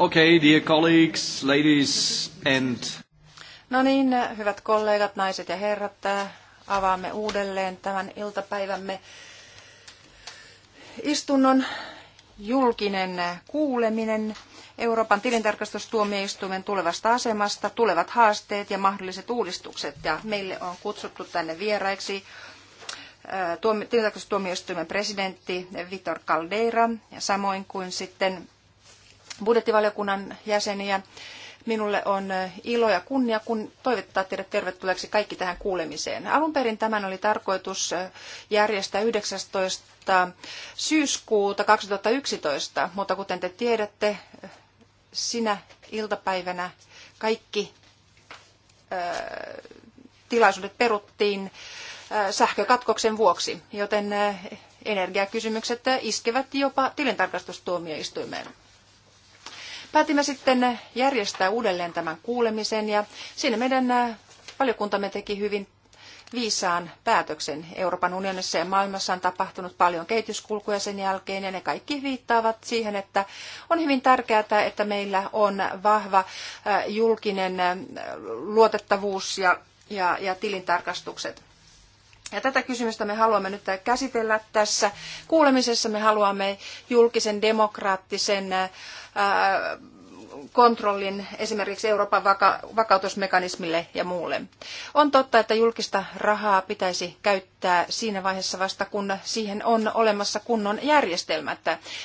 Okay, dear colleagues, ladies and... No niin, hyvät kollegat, naiset ja herrat, avaamme uudelleen tämän iltapäivämme istunnon julkinen kuuleminen Euroopan tilintarkastustuomioistuimen tulevasta asemasta, tulevat haasteet ja mahdolliset uudistukset. Ja meille on kutsuttu tänne vieraiksi tilintarkastustuomioistuimen presidentti Vitor Caldeira ja samoin kuin sitten budjettivaliokunnan jäseniä. Minulle on ilo ja kunnia kun toivottaa teidät tervetulleeksi kaikki tähän kuulemiseen. Alun perin tämän oli tarkoitus äh, järjestää 19. syyskuuta 2011, mutta kuten te tiedätte, sinä iltapäivänä kaikki äh, tilaisuudet peruttiin äh, sähkökatkoksen vuoksi, joten energiakysymykset iskevät jopa tilintarkastustuomioistuimeen. Päätimme sitten järjestää uudelleen tämän kuulemisen ja siinä meidän äh, valiokuntamme teki hyvin viisaan päätöksen. Euroopan unionissa ja maailmassa on tapahtunut paljon kehityskulkuja sen jälkeen ja ne kaikki viittaavat siihen, että on hyvin tärkeää, että meillä on vahva äh, julkinen äh, luotettavuus ja, ja, ja tilintarkastukset. Ja tätä kysymystä me haluamme nyt käsitellä tässä kuulemisessa. Me haluamme julkisen demokraattisen kontrollin esimerkiksi Euroopan vaka- vakautusmekanismille ja muulle. On totta, että julkista rahaa pitäisi käyttää siinä vaiheessa vasta, kun siihen on olemassa kunnon järjestelmät.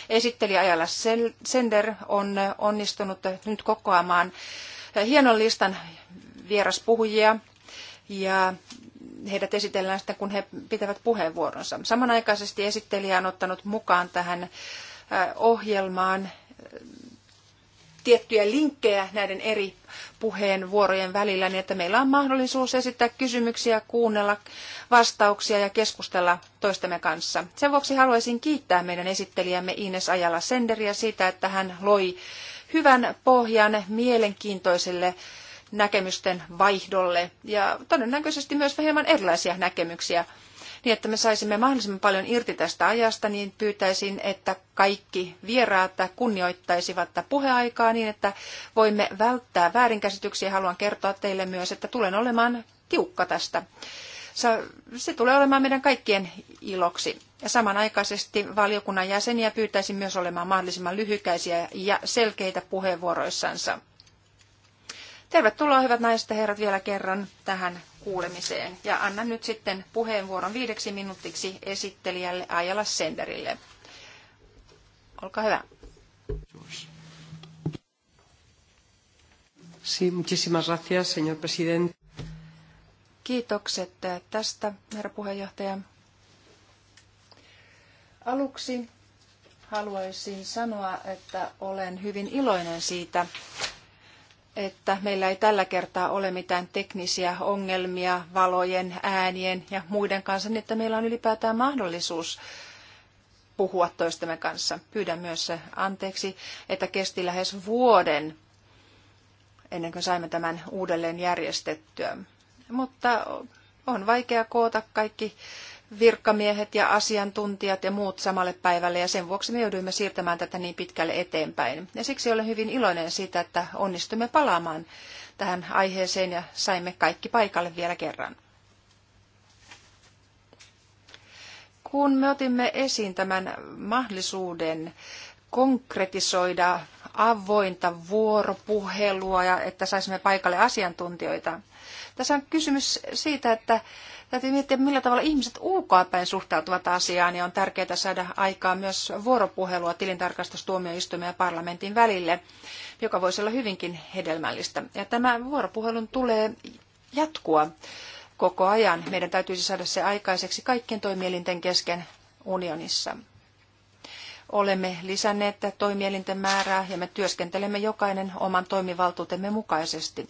Esittelijä Sender on onnistunut nyt kokoamaan hienon listan vieraspuhujia ja heidät esitellään sitten, kun he pitävät puheenvuoronsa. Samanaikaisesti esittelijä on ottanut mukaan tähän ohjelmaan tiettyjä linkkejä näiden eri puheenvuorojen välillä, niin että meillä on mahdollisuus esittää kysymyksiä, kuunnella vastauksia ja keskustella toistemme kanssa. Sen vuoksi haluaisin kiittää meidän esittelijämme Ines Ajala Senderiä siitä, että hän loi hyvän pohjan mielenkiintoiselle näkemysten vaihdolle ja todennäköisesti myös hieman erilaisia näkemyksiä niin että me saisimme mahdollisimman paljon irti tästä ajasta, niin pyytäisin, että kaikki vieraat kunnioittaisivat puheaikaa niin, että voimme välttää väärinkäsityksiä. Haluan kertoa teille myös, että tulen olemaan tiukka tästä. Se tulee olemaan meidän kaikkien iloksi. Ja samanaikaisesti valiokunnan jäseniä pyytäisin myös olemaan mahdollisimman lyhykäisiä ja selkeitä puheenvuoroissansa. Tervetuloa hyvät naiset ja herrat vielä kerran tähän kuulemiseen. Ja annan nyt sitten puheenvuoron viideksi minuuttiksi esittelijälle Ajala Senderille. Olkaa hyvä. muchísimas señor presidente. Kiitokset tästä, herra puheenjohtaja. Aluksi haluaisin sanoa, että olen hyvin iloinen siitä, että meillä ei tällä kertaa ole mitään teknisiä ongelmia valojen, äänien ja muiden kanssa, niin että meillä on ylipäätään mahdollisuus puhua toistemme kanssa. Pyydän myös anteeksi, että kesti lähes vuoden ennen kuin saimme tämän uudelleen järjestettyä. Mutta on vaikea koota kaikki virkamiehet ja asiantuntijat ja muut samalle päivälle ja sen vuoksi me jouduimme siirtämään tätä niin pitkälle eteenpäin. Ja siksi olen hyvin iloinen siitä, että onnistumme palaamaan tähän aiheeseen ja saimme kaikki paikalle vielä kerran. Kun me otimme esiin tämän mahdollisuuden konkretisoida avointa vuoropuhelua ja että saisimme paikalle asiantuntijoita. Tässä on kysymys siitä, että Täytyy miettiä, millä tavalla ihmiset ulkoapäin suhtautuvat asiaan ja on tärkeää saada aikaa myös vuoropuhelua tilintarkastustuomioistuimen ja parlamentin välille, joka voisi olla hyvinkin hedelmällistä. Ja tämä vuoropuhelun tulee jatkua koko ajan. Meidän täytyisi saada se aikaiseksi kaikkien toimielinten kesken unionissa. Olemme lisänneet toimielinten määrää ja me työskentelemme jokainen oman toimivaltuutemme mukaisesti.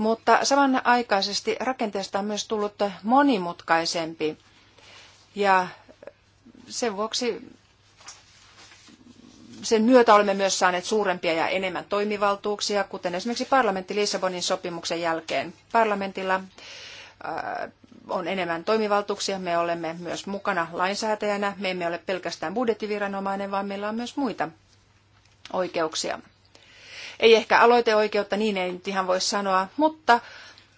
Mutta samanaikaisesti rakenteesta on myös tullut monimutkaisempi. Ja sen vuoksi sen myötä olemme myös saaneet suurempia ja enemmän toimivaltuuksia, kuten esimerkiksi parlamentti Lissabonin sopimuksen jälkeen. Parlamentilla äh, on enemmän toimivaltuuksia. Me olemme myös mukana lainsäätäjänä. Me emme ole pelkästään budjettiviranomainen, vaan meillä on myös muita oikeuksia. Ei ehkä aloiteoikeutta, niin ei nyt ihan voi sanoa, mutta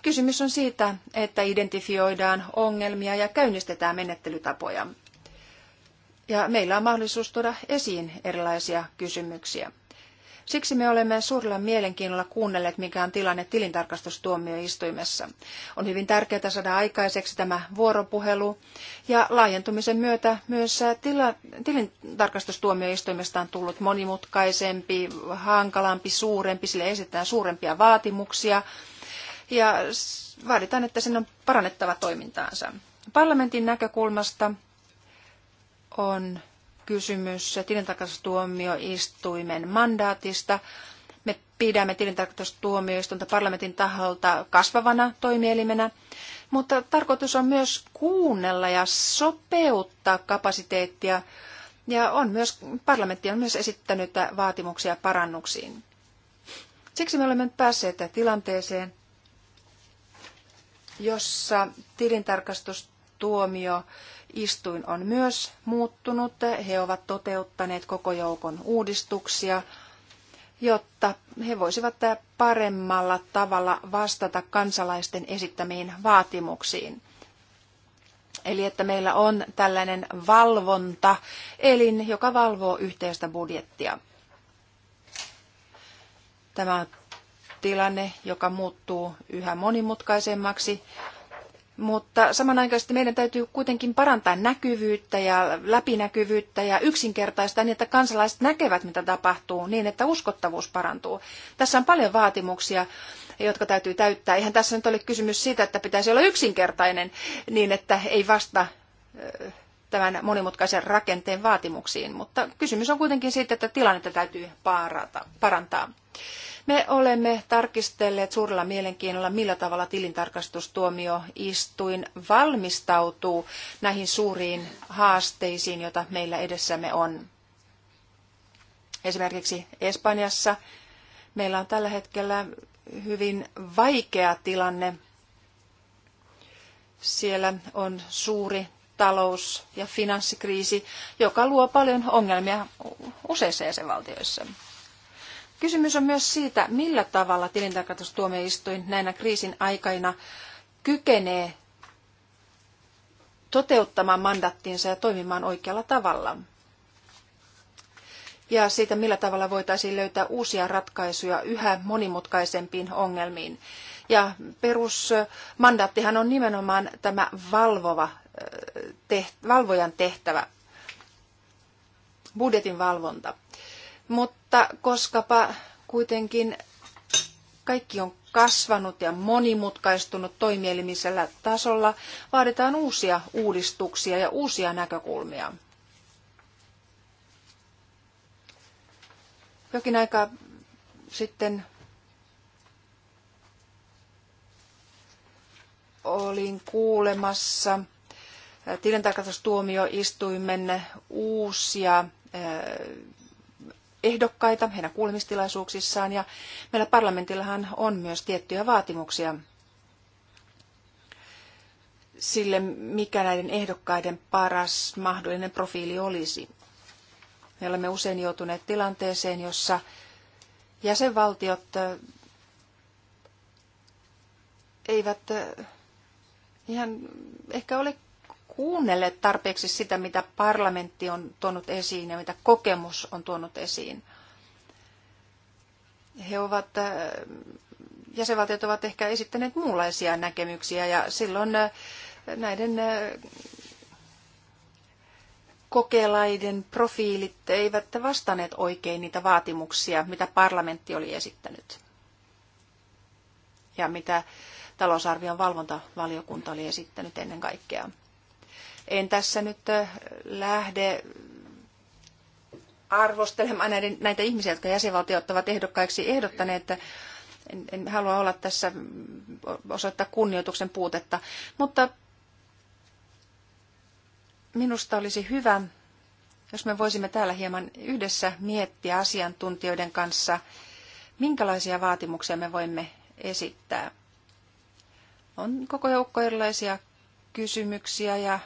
kysymys on siitä, että identifioidaan ongelmia ja käynnistetään menettelytapoja. Ja meillä on mahdollisuus tuoda esiin erilaisia kysymyksiä. Siksi me olemme suurella mielenkiinnolla kuunnelleet, mikä on tilanne tilintarkastustuomioistuimessa. On hyvin tärkeää saada aikaiseksi tämä vuoropuhelu ja laajentumisen myötä myös tila, tilintarkastustuomioistuimesta on tullut monimutkaisempi, hankalampi, suurempi, sille esitetään suurempia vaatimuksia ja vaaditaan, että sen on parannettava toimintaansa. Parlamentin näkökulmasta on kysymys tilintarkastustuomioistuimen mandaatista. Me pidämme tilintarkastustuomioistuinta parlamentin taholta kasvavana toimielimenä, mutta tarkoitus on myös kuunnella ja sopeuttaa kapasiteettia ja on myös, parlamentti on myös esittänyt vaatimuksia parannuksiin. Siksi me olemme nyt päässeet tilanteeseen, jossa tilintarkastustuomio Istuin on myös muuttunut. He ovat toteuttaneet koko joukon uudistuksia, jotta he voisivat paremmalla tavalla vastata kansalaisten esittämiin vaatimuksiin. Eli että meillä on tällainen valvonta, elin, joka valvoo yhteistä budjettia. Tämä on tilanne, joka muuttuu yhä monimutkaisemmaksi mutta samanaikaisesti meidän täytyy kuitenkin parantaa näkyvyyttä ja läpinäkyvyyttä ja yksinkertaistaa niin, että kansalaiset näkevät, mitä tapahtuu, niin että uskottavuus parantuu. Tässä on paljon vaatimuksia, jotka täytyy täyttää. Eihän tässä nyt ole kysymys siitä, että pitäisi olla yksinkertainen niin, että ei vasta tämän monimutkaisen rakenteen vaatimuksiin, mutta kysymys on kuitenkin siitä, että tilannetta täytyy parantaa. Me olemme tarkistelleet suurella mielenkiinnolla, millä tavalla tilintarkastustuomioistuin valmistautuu näihin suuriin haasteisiin, joita meillä edessämme on. Esimerkiksi Espanjassa meillä on tällä hetkellä hyvin vaikea tilanne. Siellä on suuri talous- ja finanssikriisi, joka luo paljon ongelmia useissa jäsenvaltioissa. Kysymys on myös siitä, millä tavalla tilintarkastustuomioistuin näinä kriisin aikaina kykenee toteuttamaan mandattiinsa ja toimimaan oikealla tavalla. Ja siitä, millä tavalla voitaisiin löytää uusia ratkaisuja yhä monimutkaisempiin ongelmiin. Ja perusmandaattihan on nimenomaan tämä valvova teht, valvojan tehtävä, budjetin valvonta. Mutta koskapa kuitenkin kaikki on kasvanut ja monimutkaistunut toimielimisellä tasolla, vaaditaan uusia uudistuksia ja uusia näkökulmia. Jokin aika sitten olin kuulemassa tilintarkastustuomioistuimen uusia eh, ehdokkaita heidän kuulemistilaisuuksissaan ja meillä parlamentillahan on myös tiettyjä vaatimuksia sille, mikä näiden ehdokkaiden paras mahdollinen profiili olisi. Me olemme usein joutuneet tilanteeseen, jossa jäsenvaltiot eh, eivät eh, ihan ehkä ole kuunnelleet tarpeeksi sitä, mitä parlamentti on tuonut esiin ja mitä kokemus on tuonut esiin. He ovat, äh, jäsenvaltiot ovat ehkä esittäneet muunlaisia näkemyksiä ja silloin äh, näiden äh, kokelaiden profiilit eivät vastanneet oikein niitä vaatimuksia, mitä parlamentti oli esittänyt ja mitä talousarvion valvontavaliokunta oli esittänyt ennen kaikkea. En tässä nyt lähde arvostelemaan näiden, näitä ihmisiä, jotka jäsenvaltiot ovat ehdokkaiksi ehdottaneet. En, en halua olla tässä osoittaa kunnioituksen puutetta, mutta minusta olisi hyvä, jos me voisimme täällä hieman yhdessä miettiä asiantuntijoiden kanssa, minkälaisia vaatimuksia me voimme esittää. On koko joukko erilaisia kysymyksiä ja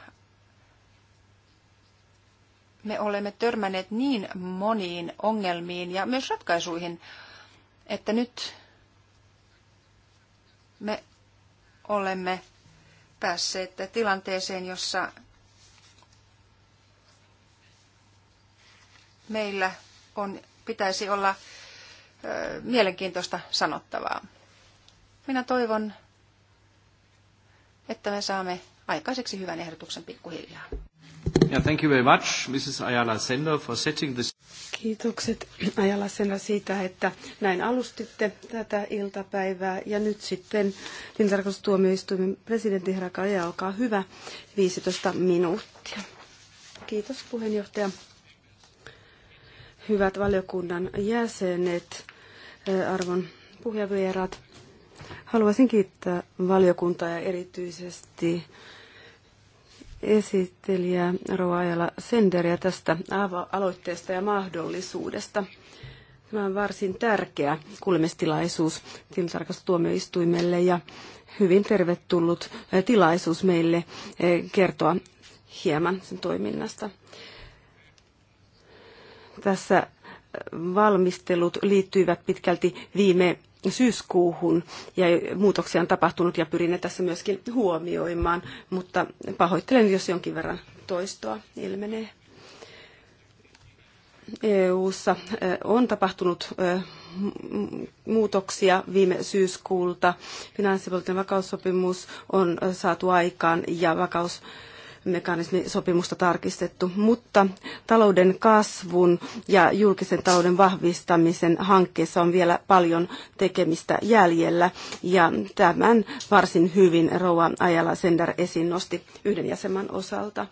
me olemme törmänneet niin moniin ongelmiin ja myös ratkaisuihin, että nyt me olemme päässeet tilanteeseen, jossa meillä on, pitäisi olla ö, mielenkiintoista sanottavaa. Minä toivon, että me saamme aikaiseksi hyvän ehdotuksen pikkuhiljaa thank you very much, Mrs. Ayala Sender, for setting this. Kiitokset Ajala Sender siitä, että näin alustitte tätä iltapäivää. Ja nyt sitten tilintarkastustuomioistuimen presidentti herra Kaja, olkaa hyvä, 15 minuuttia. Kiitos puheenjohtaja. Hyvät valiokunnan jäsenet, eh, arvon puheenvieraat. Haluaisin kiittää valiokuntaa ja erityisesti esittelijä Ajala Senderiä tästä aloitteesta ja mahdollisuudesta. Tämä on varsin tärkeä kuulemistilaisuus tilintarkastustuomioistuimelle ja hyvin tervetullut eh, tilaisuus meille eh, kertoa hieman sen toiminnasta. Tässä eh, valmistelut liittyivät pitkälti viime syyskuuhun ja muutoksia on tapahtunut ja pyrin ne tässä myöskin huomioimaan, mutta pahoittelen, jos jonkin verran toistoa ilmenee. EU:ssa on tapahtunut muutoksia viime syyskuulta. Finanssipoliittinen vakaussopimus on saatu aikaan ja vakaus mekanismisopimusta tarkistettu, mutta talouden kasvun ja julkisen talouden vahvistamisen hankkeessa on vielä paljon tekemistä jäljellä ja tämän varsin hyvin Rouva Ajala Sender esiin nosti yhden jäsenmaan osalta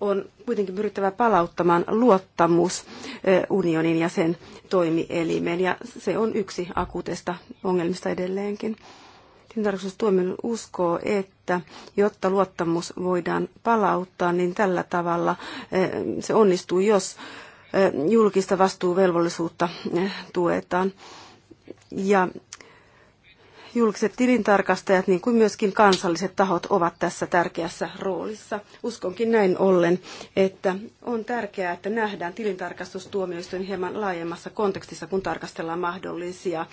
on kuitenkin pyrittävä palauttamaan luottamus unionin ja sen toimielimeen, ja se on yksi akuutesta ongelmista edelleenkin. Tilintarkastustuomioon uskoo, että jotta luottamus voidaan palauttaa, niin tällä tavalla eh, se onnistuu, jos eh, julkista vastuuvelvollisuutta eh, tuetaan. Ja julkiset tilintarkastajat, niin kuin myöskin kansalliset tahot, ovat tässä tärkeässä roolissa. Uskonkin näin ollen, että on tärkeää, että nähdään tilintarkastustuomioistuin hieman laajemmassa kontekstissa, kun tarkastellaan mahdollisia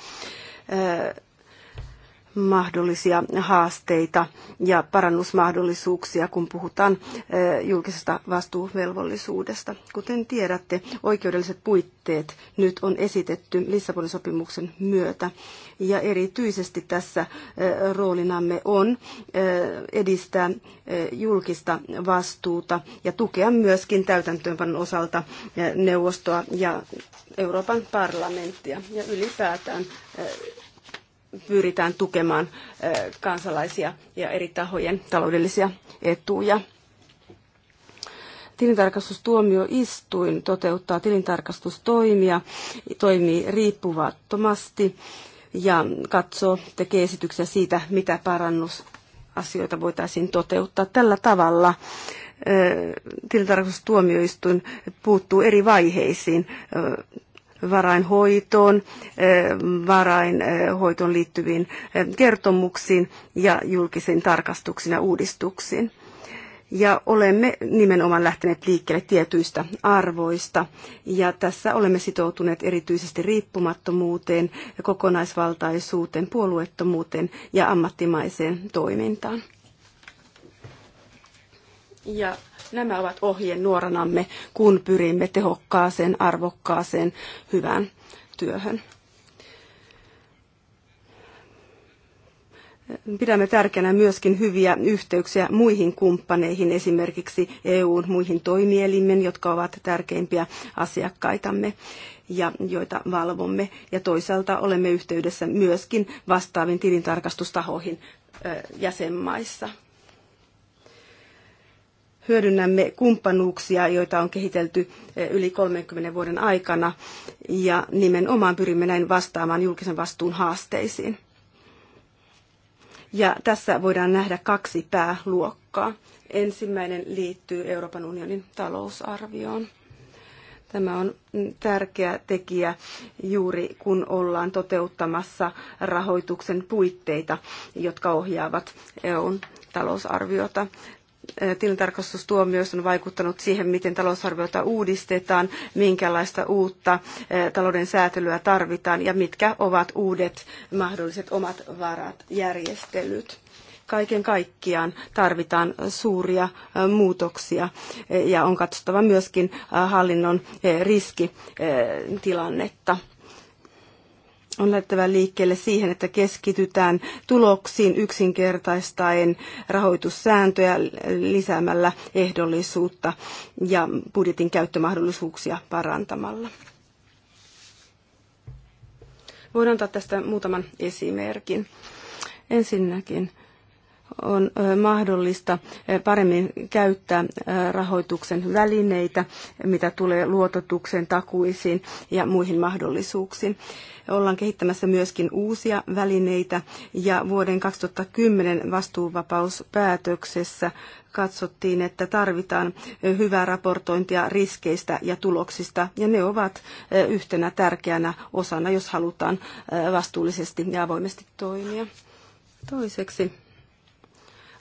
mahdollisia haasteita ja parannusmahdollisuuksia, kun puhutaan eh, julkisesta vastuuvelvollisuudesta. Kuten tiedätte, oikeudelliset puitteet nyt on esitetty Lissabonin sopimuksen myötä. Ja erityisesti tässä eh, roolinamme on eh, edistää julkista vastuuta ja tukea myöskin täytäntöönpanon osalta neuvostoa ja Euroopan parlamenttia ja ylipäätään pyritään tukemaan kansalaisia ja eri tahojen taloudellisia etuja. Tilintarkastustuomioistuin toteuttaa tilintarkastustoimia, toimii riippuvattomasti ja katsoo, tekee esityksiä siitä, mitä parannusasioita voitaisiin toteuttaa. Tällä tavalla tilintarkastustuomioistuin puuttuu eri vaiheisiin varainhoitoon, eh, varainhoitoon liittyviin eh, kertomuksiin ja julkisiin tarkastuksiin ja uudistuksiin. Ja olemme nimenomaan lähteneet liikkeelle tietyistä arvoista. Ja tässä olemme sitoutuneet erityisesti riippumattomuuteen, kokonaisvaltaisuuteen, puolueettomuuteen ja ammattimaiseen toimintaan. Ja Nämä ovat ohjeen nuoranamme, kun pyrimme tehokkaaseen, arvokkaaseen, hyvään työhön. Pidämme tärkeänä myöskin hyviä yhteyksiä muihin kumppaneihin, esimerkiksi EUn muihin toimielimen, jotka ovat tärkeimpiä asiakkaitamme ja joita valvomme. Ja toisaalta olemme yhteydessä myöskin vastaaviin tilintarkastustahoihin jäsenmaissa hyödynnämme kumppanuuksia, joita on kehitelty eh, yli 30 vuoden aikana, ja nimenomaan pyrimme näin vastaamaan julkisen vastuun haasteisiin. Ja tässä voidaan nähdä kaksi pääluokkaa. Ensimmäinen liittyy Euroopan unionin talousarvioon. Tämä on tärkeä tekijä juuri kun ollaan toteuttamassa rahoituksen puitteita, jotka ohjaavat EUn talousarviota tilintarkastustuomioissa on vaikuttanut siihen, miten talousarviota uudistetaan, minkälaista uutta talouden säätelyä tarvitaan ja mitkä ovat uudet mahdolliset omat varat, järjestelyt. Kaiken kaikkiaan tarvitaan suuria muutoksia ja on katsottava myöskin hallinnon riskitilannetta on lähtevä liikkeelle siihen, että keskitytään tuloksiin yksinkertaistaen rahoitussääntöjä lisäämällä ehdollisuutta ja budjetin käyttömahdollisuuksia parantamalla. Voin antaa tästä muutaman esimerkin. Ensinnäkin on mahdollista paremmin käyttää rahoituksen välineitä, mitä tulee luototukseen, takuisiin ja muihin mahdollisuuksiin. Ollaan kehittämässä myöskin uusia välineitä ja vuoden 2010 vastuuvapauspäätöksessä katsottiin, että tarvitaan hyvää raportointia riskeistä ja tuloksista, ja ne ovat yhtenä tärkeänä osana, jos halutaan vastuullisesti ja avoimesti toimia. Toiseksi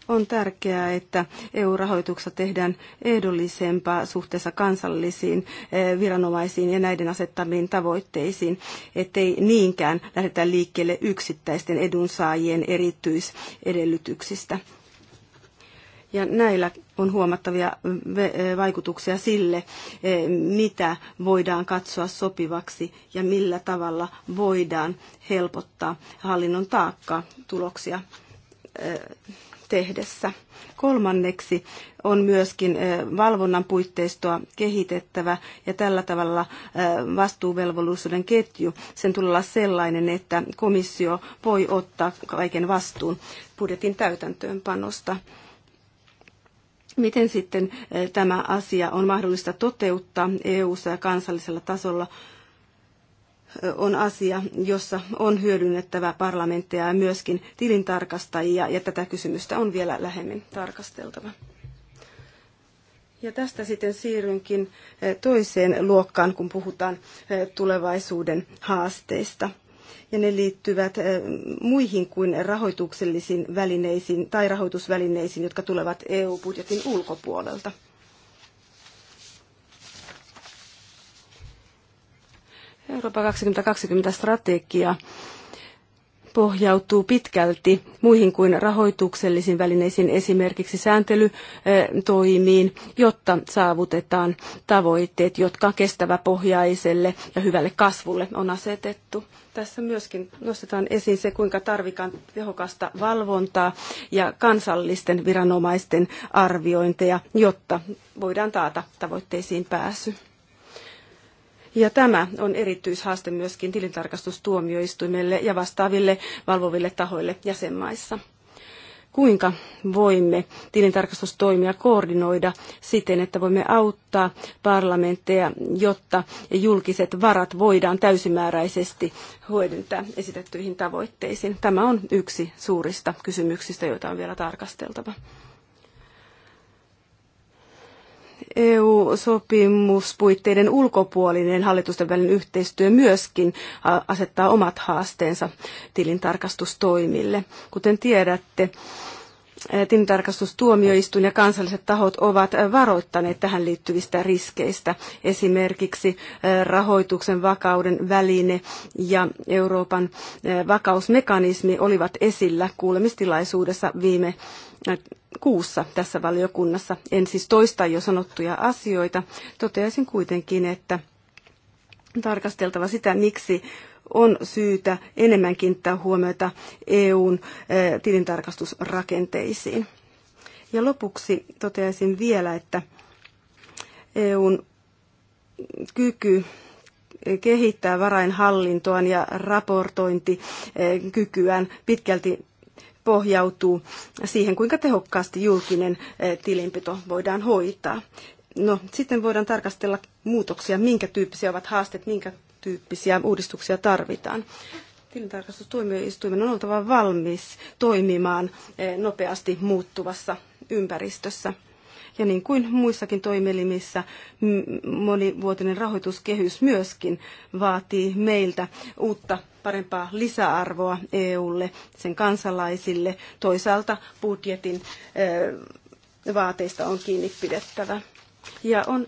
on tärkeää, että EU-rahoituksessa tehdään ehdollisempaa suhteessa kansallisiin eh, viranomaisiin ja näiden asettamiin tavoitteisiin, ettei niinkään lähdetä liikkeelle yksittäisten edunsaajien erityisedellytyksistä. Ja näillä on huomattavia eh, vaikutuksia sille, eh, mitä voidaan katsoa sopivaksi ja millä tavalla voidaan helpottaa hallinnon taakkaa tuloksia tehdessä. Kolmanneksi on myöskin valvonnan puitteistoa kehitettävä ja tällä tavalla vastuuvelvollisuuden ketju, sen tulee olla sellainen, että komissio voi ottaa kaiken vastuun budjetin täytäntöönpanosta. Miten sitten tämä asia on mahdollista toteuttaa EU-ssa ja kansallisella tasolla? on asia, jossa on hyödynnettävä parlamentteja ja myöskin tilintarkastajia, ja tätä kysymystä on vielä lähemmin tarkasteltava. Ja tästä sitten siirrynkin eh, toiseen luokkaan, kun puhutaan eh, tulevaisuuden haasteista. Ja ne liittyvät eh, muihin kuin rahoituksellisiin välineisiin tai rahoitusvälineisiin, jotka tulevat EU-budjetin ulkopuolelta. Eurooppa 2020 strategia pohjautuu pitkälti muihin kuin rahoituksellisiin välineisiin, esimerkiksi sääntelytoimiin, jotta saavutetaan tavoitteet, jotka kestävä pohjaiselle ja hyvälle kasvulle on asetettu. Tässä myöskin nostetaan esiin se, kuinka tarvitaan tehokasta valvontaa ja kansallisten viranomaisten arviointeja, jotta voidaan taata tavoitteisiin pääsy. Ja tämä on erityishaaste myöskin tilintarkastustuomioistuimelle ja vastaaville valvoville tahoille jäsenmaissa kuinka voimme tilintarkastustoimia koordinoida siten, että voimme auttaa parlamentteja, jotta julkiset varat voidaan täysimääräisesti hyödyntää esitettyihin tavoitteisiin. Tämä on yksi suurista kysymyksistä, joita on vielä tarkasteltava. EU-sopimuspuitteiden ulkopuolinen hallitusten välinen yhteistyö myöskin asettaa omat haasteensa tilintarkastustoimille. Kuten tiedätte, tilintarkastustuomioistuin ja kansalliset tahot ovat varoittaneet tähän liittyvistä riskeistä, esimerkiksi rahoituksen vakauden väline ja Euroopan vakausmekanismi olivat esillä kuulemistilaisuudessa viime kuussa tässä valiokunnassa. En siis toista jo sanottuja asioita. Toteaisin kuitenkin, että tarkasteltava sitä, miksi on syytä enemmän kiinnittää huomiota EUn eh, tilintarkastusrakenteisiin. Ja lopuksi toteaisin vielä, että EUn kyky eh, kehittää varainhallintoaan ja raportointikykyään pitkälti pohjautuu siihen, kuinka tehokkaasti julkinen eh, tilinpito voidaan hoitaa. No, sitten voidaan tarkastella muutoksia, minkä tyyppisiä ovat haasteet, minkä tyyppisiä uudistuksia tarvitaan. Tilintarkastustuomioistuimen on oltava valmis toimimaan eh, nopeasti muuttuvassa ympäristössä. Ja niin kuin muissakin toimielimissä, monivuotinen rahoituskehys myöskin vaatii meiltä uutta parempaa lisäarvoa EUlle, sen kansalaisille. Toisaalta budjetin eh, vaateista on kiinni pidettävä. Ja on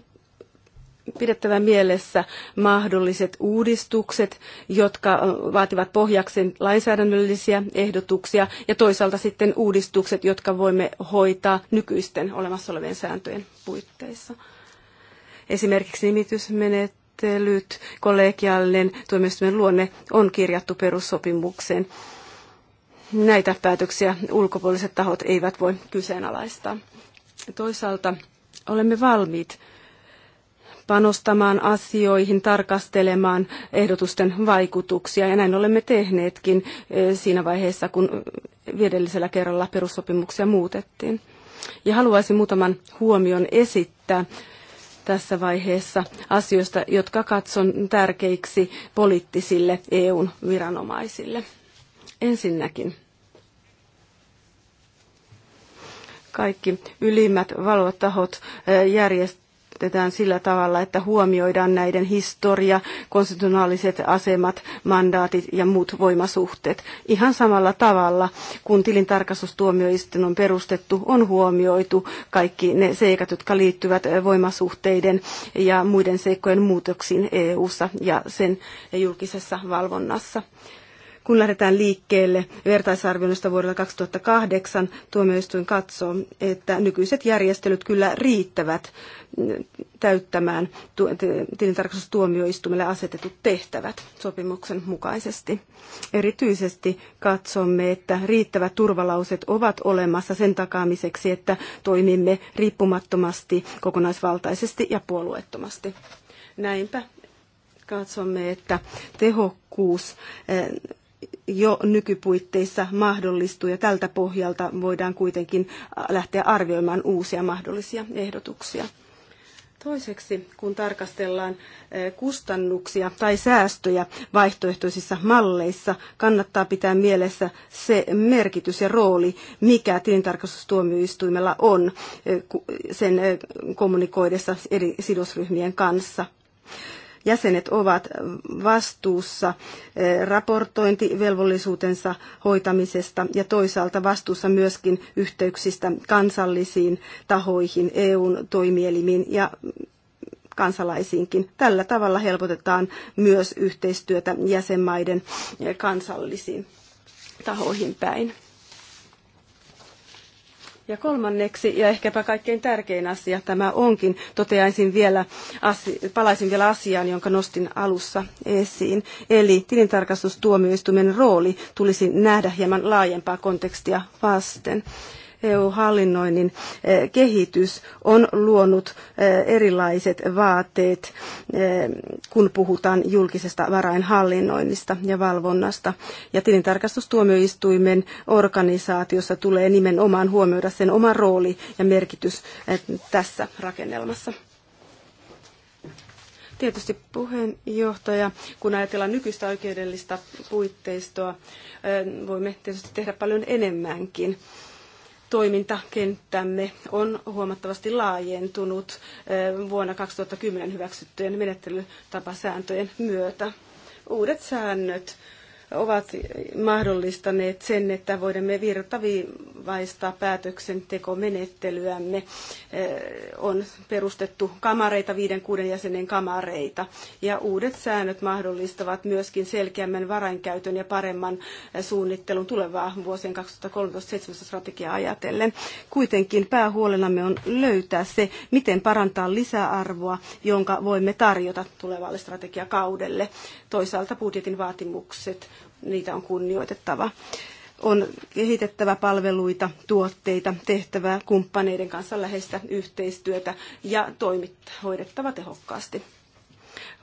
pidettävä mielessä mahdolliset uudistukset, jotka vaativat pohjakseen lainsäädännöllisiä ehdotuksia ja toisaalta sitten uudistukset, jotka voimme hoitaa nykyisten olemassa olevien sääntöjen puitteissa. Esimerkiksi nimitysmenettelyt, kollegiaalinen tuomioistuimen luonne on kirjattu perussopimukseen. Näitä päätöksiä ulkopuoliset tahot eivät voi kyseenalaistaa. Toisaalta olemme valmiit panostamaan asioihin, tarkastelemaan ehdotusten vaikutuksia. Ja näin olemme tehneetkin eh, siinä vaiheessa, kun viedellisellä kerralla perussopimuksia muutettiin. Ja haluaisin muutaman huomion esittää tässä vaiheessa asioista, jotka katson tärkeiksi poliittisille EUn viranomaisille. Ensinnäkin kaikki ylimmät valvotahot eh, järjest käytetään sillä tavalla, että huomioidaan näiden historia, konstitutionaaliset asemat, mandaatit ja muut voimasuhteet. Ihan samalla tavalla, kun tilintarkastustuomioistuin on perustettu, on huomioitu kaikki ne seikat, jotka liittyvät voimasuhteiden ja muiden seikkojen muutoksiin EU-ssa ja sen julkisessa valvonnassa. Kun lähdetään liikkeelle vertaisarvioinnista vuodelta 2008, tuomioistuin katsoo, että nykyiset järjestelyt kyllä riittävät mm, täyttämään tilintarkastustuomioistuimelle asetetut tehtävät sopimuksen mukaisesti. Erityisesti katsomme, että riittävät turvalauset ovat olemassa sen takaamiseksi, että toimimme riippumattomasti, kokonaisvaltaisesti ja puolueettomasti. Näinpä katsomme, että tehokkuus eh, jo nykypuitteissa mahdollistuu ja tältä pohjalta voidaan kuitenkin lähteä arvioimaan uusia mahdollisia ehdotuksia. Toiseksi, kun tarkastellaan kustannuksia tai säästöjä vaihtoehtoisissa malleissa, kannattaa pitää mielessä se merkitys ja rooli, mikä tilintarkastustuomioistuimella on sen kommunikoidessa eri sidosryhmien kanssa jäsenet ovat vastuussa eh, raportointivelvollisuutensa hoitamisesta ja toisaalta vastuussa myöskin yhteyksistä kansallisiin tahoihin, EUn toimielimiin ja kansalaisiinkin. Tällä tavalla helpotetaan myös yhteistyötä jäsenmaiden eh, kansallisiin tahoihin päin. Ja kolmanneksi, ja ehkäpä kaikkein tärkein asia tämä onkin, toteaisin vielä, palaisin vielä asiaan, jonka nostin alussa esiin. Eli tilintarkastustuomioistuimen rooli tulisi nähdä hieman laajempaa kontekstia vasten. EU-hallinnoinnin eh, kehitys on luonut eh, erilaiset vaateet, eh, kun puhutaan julkisesta varainhallinnoinnista ja valvonnasta. Ja tilintarkastustuomioistuimen organisaatiossa tulee nimenomaan huomioida sen oma rooli ja merkitys tässä rakennelmassa. Tietysti puheenjohtaja, kun ajatellaan nykyistä oikeudellista puitteistoa, voimme tietysti tehdä paljon enemmänkin toimintakenttämme on huomattavasti laajentunut vuonna 2010 hyväksyttyjen menettelytapasääntöjen myötä. Uudet säännöt ovat mahdollistaneet sen, että voimme virtaviivaistaa päätöksentekomenettelyämme. Eh, on perustettu kamareita, viiden kuuden jäsenen kamareita, ja uudet säännöt mahdollistavat myöskin selkeämmän varainkäytön ja paremman eh, suunnittelun tulevaa vuosien 2013-2017 strategiaa ajatellen. Kuitenkin päähuolenamme on löytää se, miten parantaa lisäarvoa, jonka voimme tarjota tulevalle strategiakaudelle. Toisaalta budjetin vaatimukset niitä on kunnioitettava. On kehitettävä palveluita, tuotteita, tehtävää kumppaneiden kanssa läheistä yhteistyötä ja toimit hoidettava tehokkaasti.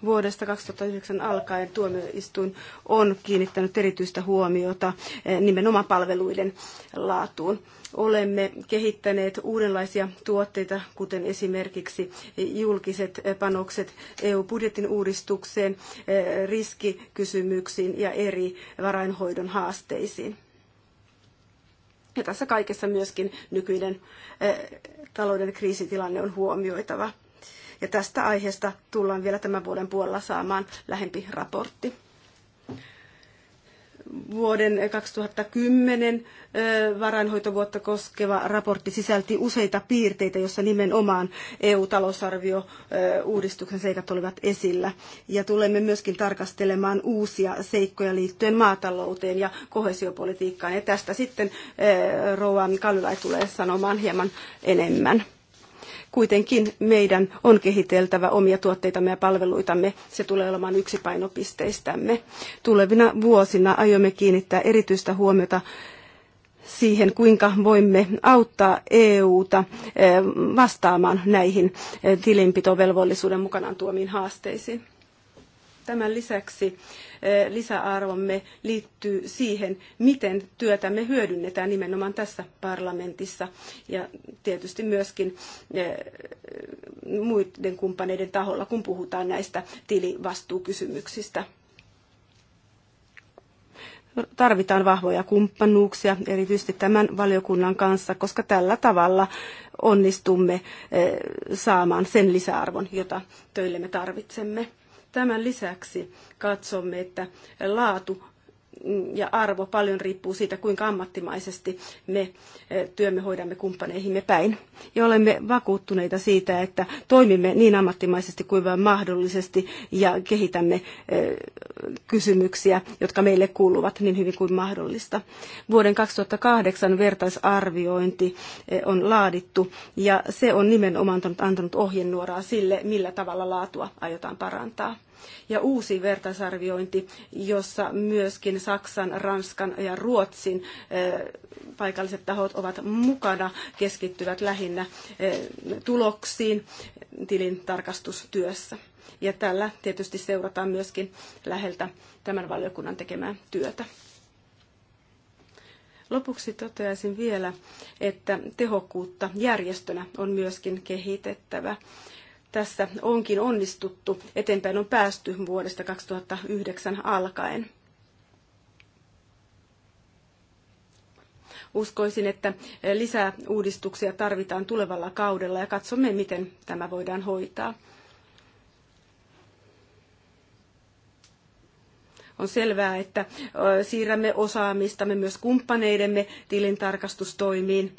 Vuodesta 2009 alkaen tuomioistuin on kiinnittänyt erityistä huomiota eh, nimenomaan palveluiden laatuun. Olemme kehittäneet uudenlaisia tuotteita, kuten esimerkiksi julkiset eh, panokset EU-budjetin uudistukseen, eh, riskikysymyksiin ja eri varainhoidon haasteisiin. Ja tässä kaikessa myöskin nykyinen talouden kriisitilanne on huomioitava. Ja tästä aiheesta tullaan vielä tämän vuoden puolella saamaan lähempi raportti. Vuoden 2010 varainhoitovuotta koskeva raportti sisälti useita piirteitä, joissa nimenomaan EU-talousarvio-uudistuksen seikat olivat esillä. Ja tulemme myöskin tarkastelemaan uusia seikkoja liittyen maatalouteen ja kohesiopolitiikkaan. Ja tästä sitten Rouva Kallilai tulee sanomaan hieman enemmän. Kuitenkin meidän on kehiteltävä omia tuotteitamme ja palveluitamme. Se tulee olemaan yksi painopisteistämme. Tulevina vuosina aiomme kiinnittää erityistä huomiota siihen, kuinka voimme auttaa EUta eh, vastaamaan näihin eh, tilinpitovelvollisuuden mukanaan tuomiin haasteisiin. Tämän lisäksi eh, lisäarvomme liittyy siihen, miten työtämme hyödynnetään nimenomaan tässä parlamentissa ja tietysti myöskin eh, muiden kumppaneiden taholla, kun puhutaan näistä tilivastuukysymyksistä. Tarvitaan vahvoja kumppanuuksia, erityisesti tämän valiokunnan kanssa, koska tällä tavalla onnistumme eh, saamaan sen lisäarvon, jota töillemme tarvitsemme. Tämän lisäksi katsomme, että laatu ja arvo paljon riippuu siitä, kuinka ammattimaisesti me eh, työmme hoidamme kumppaneihimme päin. Ja olemme vakuuttuneita siitä, että toimimme niin ammattimaisesti kuin vain mahdollisesti ja kehitämme eh, kysymyksiä, jotka meille kuuluvat niin hyvin kuin mahdollista. Vuoden 2008 vertaisarviointi eh, on laadittu ja se on nimenomaan antanut ohjenuoraa sille, millä tavalla laatua aiotaan parantaa ja uusi vertaisarviointi, jossa myöskin Saksan, Ranskan ja Ruotsin eh, paikalliset tahot ovat mukana, keskittyvät lähinnä eh, tuloksiin tilintarkastustyössä. Ja tällä tietysti seurataan myöskin läheltä tämän valiokunnan tekemää työtä. Lopuksi toteaisin vielä, että tehokkuutta järjestönä on myöskin kehitettävä tässä onkin onnistuttu. Eteenpäin on päästy vuodesta 2009 alkaen. Uskoisin, että lisää uudistuksia tarvitaan tulevalla kaudella ja katsomme, miten tämä voidaan hoitaa. on selvää, että siirrämme osaamistamme myös kumppaneidemme tilintarkastustoimiin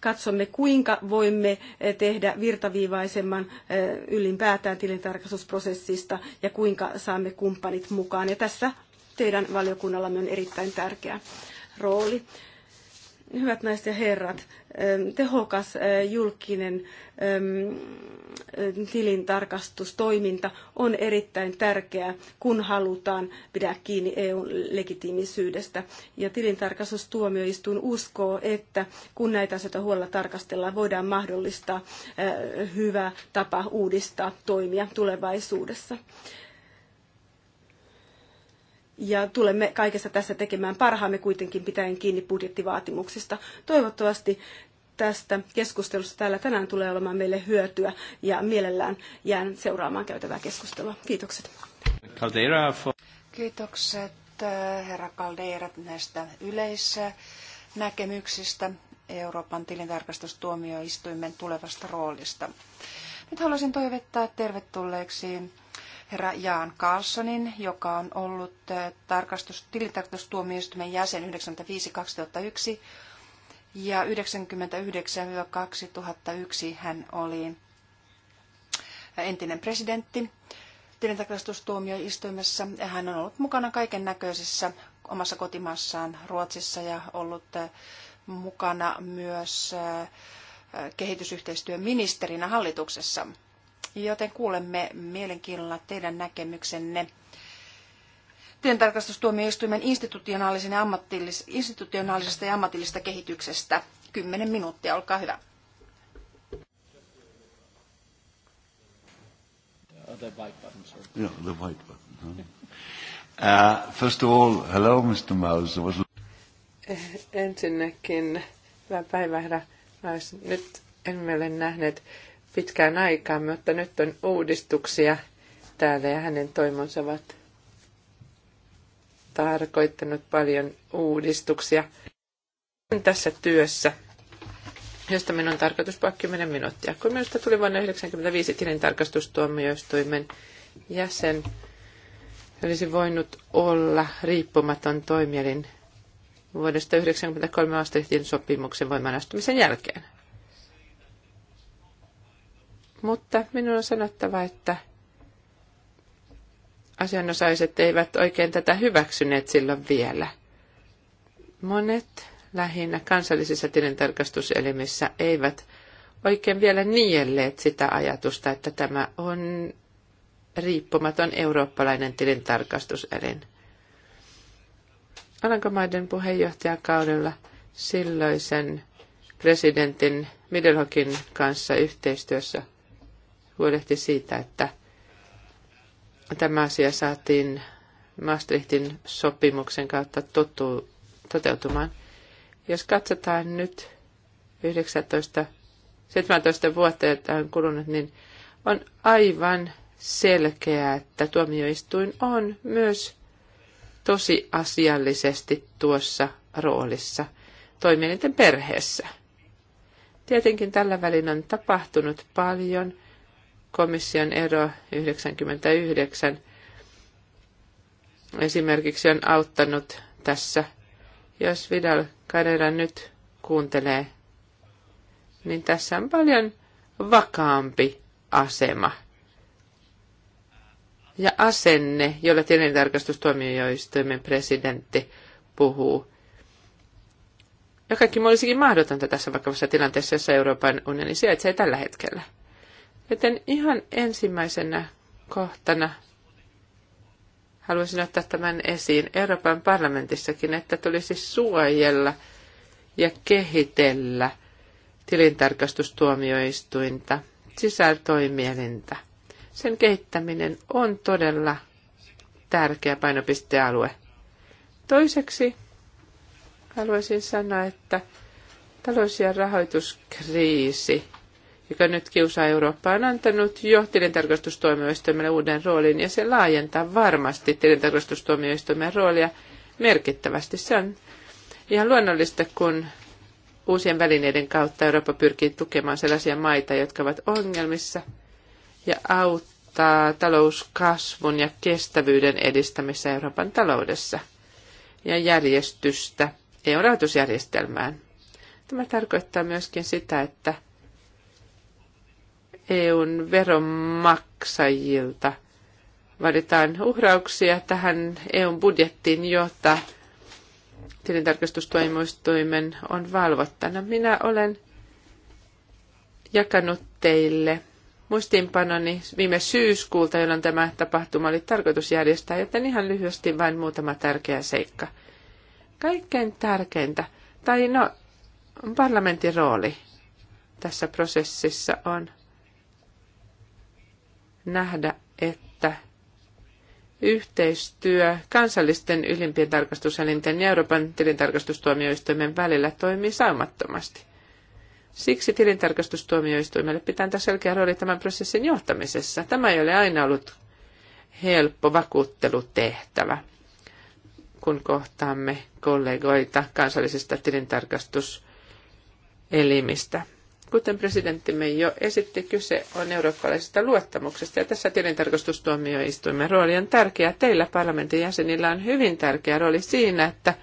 katsomme, kuinka voimme eh, tehdä virtaviivaisemman eh, ylipäätään tilintarkastusprosessista ja kuinka saamme kumppanit mukaan. Ja tässä teidän valiokunnallamme on erittäin tärkeä rooli. Hyvät naiset ja herrat, ähm, tehokas äh, julkinen ähm, äh, tilintarkastustoiminta on erittäin tärkeää, kun halutaan pitää kiinni EUn legitiimisyydestä. Ja tilintarkastustuomioistuin uskoo, että kun näitä asioita huolella tarkastellaan, voidaan mahdollistaa äh, hyvä tapa uudistaa toimia tulevaisuudessa ja tulemme kaikessa tässä tekemään parhaamme kuitenkin pitäen kiinni budjettivaatimuksista. Toivottavasti tästä keskustelusta täällä tänään tulee olemaan meille hyötyä ja mielellään jään seuraamaan käytävää keskustelua. Kiitokset. Kiitokset äh, herra Caldeira näistä yleisnäkemyksistä Euroopan tilintarkastustuomioistuimen tulevasta roolista. Nyt haluaisin toivottaa tervetulleeksi herra Jaan Carlsonin, joka on ollut eh, tarkastus, tilintarkastustuomioistuimen jäsen 95-2001 ja 99-2001 hän oli eh, entinen presidentti tilintarkastustuomioistuimessa. Hän on ollut mukana kaiken näköisissä omassa kotimaassaan Ruotsissa ja ollut eh, mukana myös kehitysyhteistyöministerinä hallituksessa. Joten kuulemme mielenkiinnolla teidän näkemyksenne tilintarkastustuomioistuimen institutionaalisen ja ammattilis institutionaalisesta ja ammatillisesta kehityksestä. Kymmenen minuuttia, olkaa hyvä. the white button, Yeah, the white button. Uh, first of all, hello, Mr. Mouse. Eh, ensinnäkin, hyvää päivää, herra Nyt emme ole nähneet pitkään aikaan, mutta nyt on uudistuksia täällä ja hänen toimonsa ovat tarkoittanut paljon uudistuksia tässä työssä, josta minun on tarkoitus puhua 10 minuuttia. Kun minusta tuli vuonna 1995 tilintarkastustuomioistuimen jäsen, olisi voinut olla riippumaton toimielin vuodesta 1993 Astrihtin sopimuksen astumisen jälkeen. Mutta minun on sanottava, että asianosaiset eivät oikein tätä hyväksyneet silloin vielä. Monet lähinnä kansallisissa tilintarkastuselimissä eivät oikein vielä nielleet sitä ajatusta, että tämä on riippumaton eurooppalainen tilintarkastuselin. Alankomaiden puheenjohtajakaudella silloisen presidentin Middelhokin kanssa yhteistyössä huolehti siitä, että tämä asia saatiin Maastrichtin sopimuksen kautta totu, toteutumaan. Jos katsotaan nyt 19, 17 vuotta, että on kulunut, niin on aivan selkeää, että tuomioistuin on myös tosi asiallisesti tuossa roolissa toimielinten perheessä. Tietenkin tällä välin on tapahtunut paljon – komission ero 99 esimerkiksi on auttanut tässä. Jos Vidal Carrera nyt kuuntelee, niin tässä on paljon vakaampi asema ja asenne, jolla tilintarkastustuomioistuimen presidentti puhuu. Ja kaikki olisikin mahdotonta tässä vakavassa tilanteessa, jossa Euroopan unioni sijaitsee tällä hetkellä. Joten ihan ensimmäisenä kohtana haluaisin ottaa tämän esiin Euroopan parlamentissakin, että tulisi suojella ja kehitellä tilintarkastustuomioistuinta, sisältoimielintä. Sen kehittäminen on todella tärkeä painopistealue. Toiseksi haluaisin sanoa, että talous- ja rahoituskriisi – joka nyt kiusaa Eurooppaa, on antanut jo tilintarkastustuomioistuimelle uuden roolin ja se laajentaa varmasti tilintarkastustuomioistuimen roolia merkittävästi. Se on ihan luonnollista, kun uusien välineiden kautta Eurooppa pyrkii tukemaan sellaisia maita, jotka ovat ongelmissa ja auttaa talouskasvun ja kestävyyden edistämisessä Euroopan taloudessa ja järjestystä EU-rahoitusjärjestelmään. Tämä tarkoittaa myöskin sitä, että EUn veronmaksajilta vaaditaan uhrauksia tähän EUn budjettiin, jota tilintarkastustoimistoimen on valvottana. Minä olen jakanut teille muistiinpanoni viime syyskuulta, jolloin tämä tapahtuma oli tarkoitus järjestää, joten ihan lyhyesti vain muutama tärkeä seikka. Kaikkein tärkeintä, tai no, parlamentin rooli tässä prosessissa on nähdä, että yhteistyö kansallisten ylimpien tarkastuselinten ja Euroopan tilintarkastustuomioistuimen välillä toimii saumattomasti. Siksi tilintarkastustuomioistuimelle pitää antaa selkeä rooli tämän prosessin johtamisessa. Tämä ei ole aina ollut helppo vakuuttelutehtävä, kun kohtaamme kollegoita kansallisista tilintarkastuselimistä. Kuten presidenttimme jo esitti, kyse on eurooppalaisesta luottamuksesta ja tässä tilintarkastustuomioistuimen rooli on tärkeä. Teillä parlamentin jäsenillä on hyvin tärkeä rooli siinä, että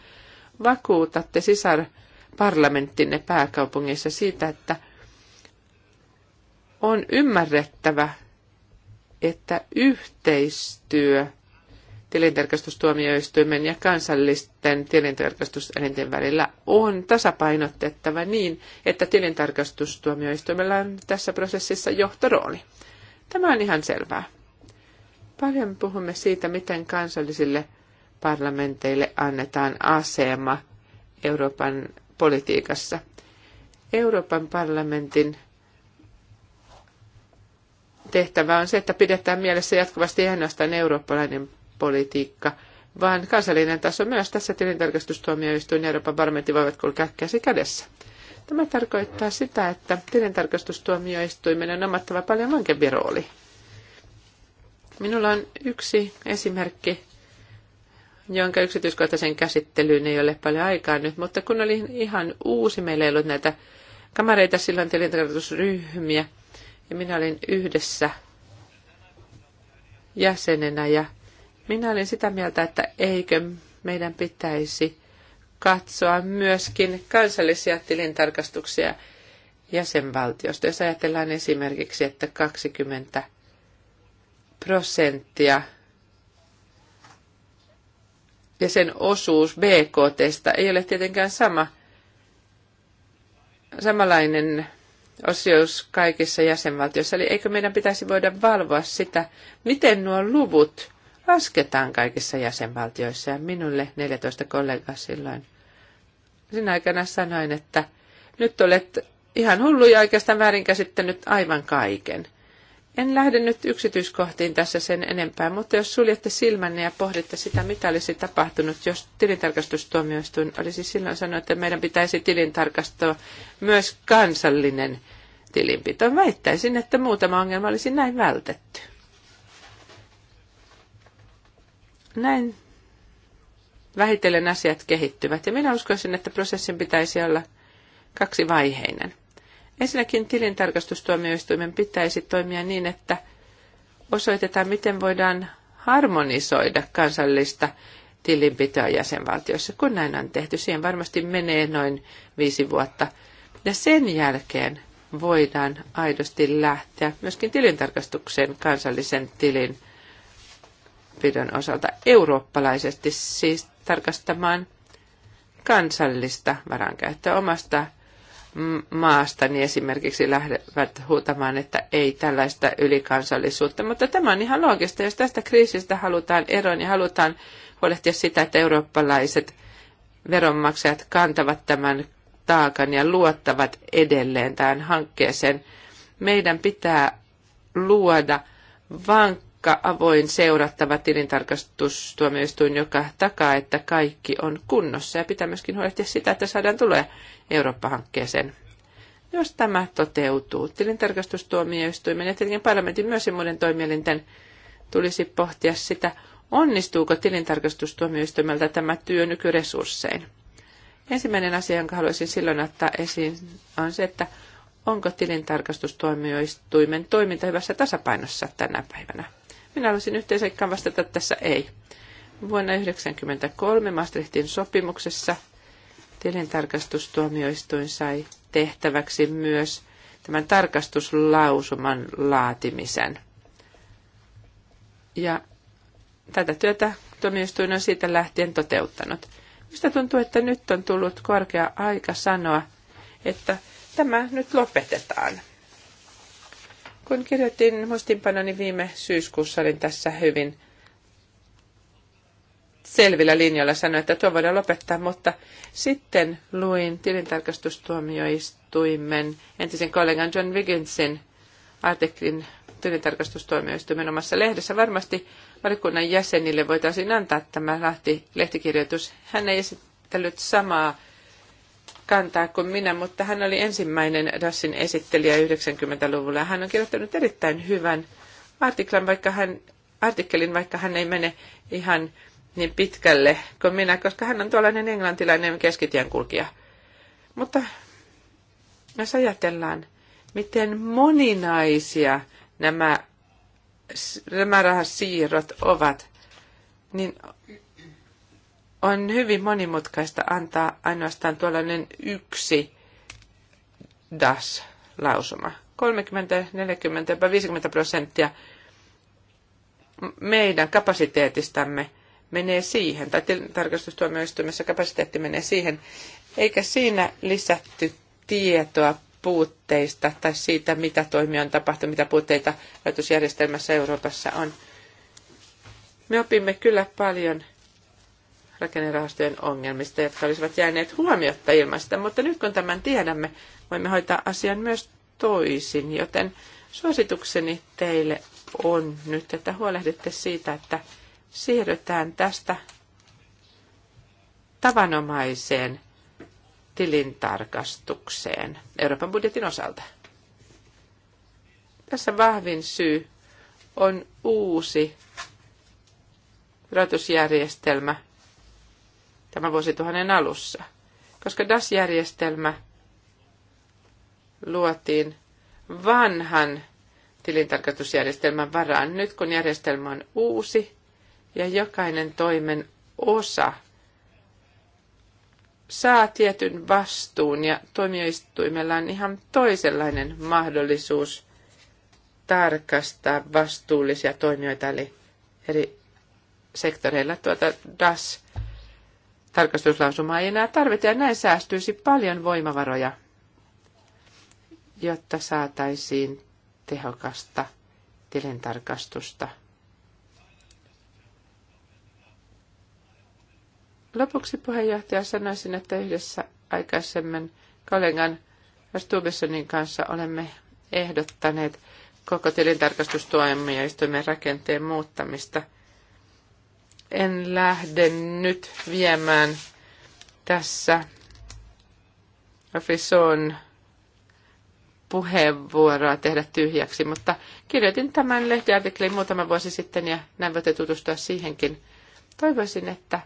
vakuutatte sisarparlamenttinne pääkaupungissa siitä, että on ymmärrettävä, että yhteistyö – tilintarkastustuomioistuimen ja kansallisten tilintarkastuselinten välillä on tasapainotettava niin, että tilintarkastustuomioistuimella on tässä prosessissa johtorooli. Tämä on ihan selvää. Paljon puhumme siitä, miten kansallisille parlamenteille annetaan asema Euroopan politiikassa. Euroopan parlamentin tehtävä on se, että pidetään mielessä jatkuvasti ainoastaan eurooppalainen politiikka, vaan kansallinen taso myös tässä tilintarkastustuomioistuin ja Euroopan parlamentti voivat kulkea käsi kädessä. Tämä tarkoittaa sitä, että tilintarkastustuomioistuimen on omattava paljon vankempi rooli. Minulla on yksi esimerkki, jonka yksityiskohtaisen käsittelyyn ei ole paljon aikaa nyt, mutta kun olin ihan uusi, meillä ei ollut näitä kamareita silloin tilintarkastusryhmiä, ja minä olin yhdessä jäsenenä ja minä olin sitä mieltä, että eikö meidän pitäisi katsoa myöskin kansallisia tilintarkastuksia jäsenvaltiosta. Jos ajatellaan esimerkiksi, että 20 prosenttia ja sen osuus BKTstä ei ole tietenkään sama, samanlainen osuus kaikissa jäsenvaltioissa. Eli eikö meidän pitäisi voida valvoa sitä, miten nuo luvut lasketaan kaikissa jäsenvaltioissa. Ja minulle 14 kollegaa silloin sinä aikana sanoin, että nyt olet ihan hullu ja oikeastaan väärinkäsittänyt aivan kaiken. En lähde nyt yksityiskohtiin tässä sen enempää, mutta jos suljette silmänne ja pohditte sitä, mitä olisi tapahtunut, jos tilintarkastustuomioistuin olisi silloin sanonut, että meidän pitäisi tilintarkastaa myös kansallinen tilinpito. Väittäisin, että muutama ongelma olisi näin vältetty. Näin vähitellen asiat kehittyvät ja minä uskoisin, että prosessin pitäisi olla kaksivaiheinen. Ensinnäkin tilintarkastustuomioistuimen pitäisi toimia niin, että osoitetaan, miten voidaan harmonisoida kansallista tilinpitoa jäsenvaltioissa, kun näin on tehty. Siihen varmasti menee noin viisi vuotta. Ja sen jälkeen voidaan aidosti lähteä myöskin tilintarkastukseen kansallisen tilin taloudenpidon osalta eurooppalaisesti, siis tarkastamaan kansallista varankäyttöä omasta maasta, niin esimerkiksi lähdevät huutamaan, että ei tällaista ylikansallisuutta. Mutta tämä on ihan loogista. Jos tästä kriisistä halutaan eroa niin halutaan huolehtia sitä, että eurooppalaiset veronmaksajat kantavat tämän taakan ja luottavat edelleen tähän hankkeeseen, meidän pitää luoda vankka tarkka avoin, seurattava tilintarkastustuomioistuin, joka takaa, että kaikki on kunnossa ja pitää myöskin huolehtia sitä, että saadaan tulee Eurooppa-hankkeeseen. Jos tämä toteutuu, tilintarkastustuomioistuimen ja tietenkin parlamentin myös ja muiden toimielinten tulisi pohtia sitä, onnistuuko tilintarkastustuomioistuimelta tämä työ nykyresurssein. Ensimmäinen asia, jonka haluaisin silloin ottaa esiin, on se, että onko tilintarkastustuomioistuimen toiminta hyvässä tasapainossa tänä päivänä. Minä olisin yhteiseikkaan vastata tässä ei. Vuonna 1993 Maastrichtin sopimuksessa tilintarkastustuomioistuin sai tehtäväksi myös tämän tarkastuslausuman laatimisen. Ja tätä työtä tuomioistuin on siitä lähtien toteuttanut. Mistä tuntuu, että nyt on tullut korkea aika sanoa, että tämä nyt lopetetaan. Kun kirjoitin muistinpanoni viime syyskuussa, olin tässä hyvin selvillä linjoilla sanoin, että tuo voidaan lopettaa, mutta sitten luin tilintarkastustuomioistuimen entisen kollegan John Wigginsin artiklin tilintarkastustuomioistuimen omassa lehdessä. Varmasti valikunnan jäsenille voitaisiin antaa tämä lahti, lehtikirjoitus. Hän ei esittänyt samaa kantaa kuin minä, mutta hän oli ensimmäinen Dassin esittelijä 90-luvulla. Hän on kirjoittanut erittäin hyvän artiklan, vaikka hän, artikkelin, vaikka hän ei mene ihan niin pitkälle kuin minä, koska hän on tuollainen englantilainen keskitien kulkija. Mutta jos ajatellaan, miten moninaisia nämä, nämä rahasiirrot ovat, niin on hyvin monimutkaista antaa ainoastaan tuollainen yksi DAS-lausuma. 30, 40, jopa 50 prosenttia meidän kapasiteetistamme menee siihen, tai tarkastustuomioistuimessa kapasiteetti menee siihen, eikä siinä lisätty tietoa puutteista tai siitä, mitä toimia on tapahtunut, mitä puutteita rajoitusjärjestelmässä Euroopassa on. Me opimme kyllä paljon – rakennerahastojen ongelmista, jotka olisivat jääneet huomiotta ilmasta, mutta nyt kun tämän tiedämme, voimme hoitaa asian myös toisin, joten suositukseni teille on nyt, että huolehditte siitä, että siirrytään tästä tavanomaiseen tilintarkastukseen Euroopan budjetin osalta. Tässä vahvin syy on uusi rahoitusjärjestelmä – tämän vuosituhannen alussa. Koska DAS-järjestelmä luotiin vanhan tilintarkastusjärjestelmän varaan. Nyt kun järjestelmä on uusi ja jokainen toimen osa saa tietyn vastuun ja toimijoistuimella on ihan toisenlainen mahdollisuus tarkastaa vastuullisia toimijoita, eli eri sektoreilla tuota DAS tarkastuslausumaa ei enää tarvita ja näin säästyisi paljon voimavaroja, jotta saataisiin tehokasta tilintarkastusta. Lopuksi puheenjohtaja sanoisin, että yhdessä aikaisemmin kollegan Stubessonin kanssa olemme ehdottaneet koko tilintarkastustuomioistuimen rakenteen muuttamista – en lähde nyt viemään tässä Frison puheenvuoroa tehdä tyhjäksi, mutta kirjoitin tämän lehtiartikkelin muutama vuosi sitten ja näin voitte tutustua siihenkin. Toivoisin, että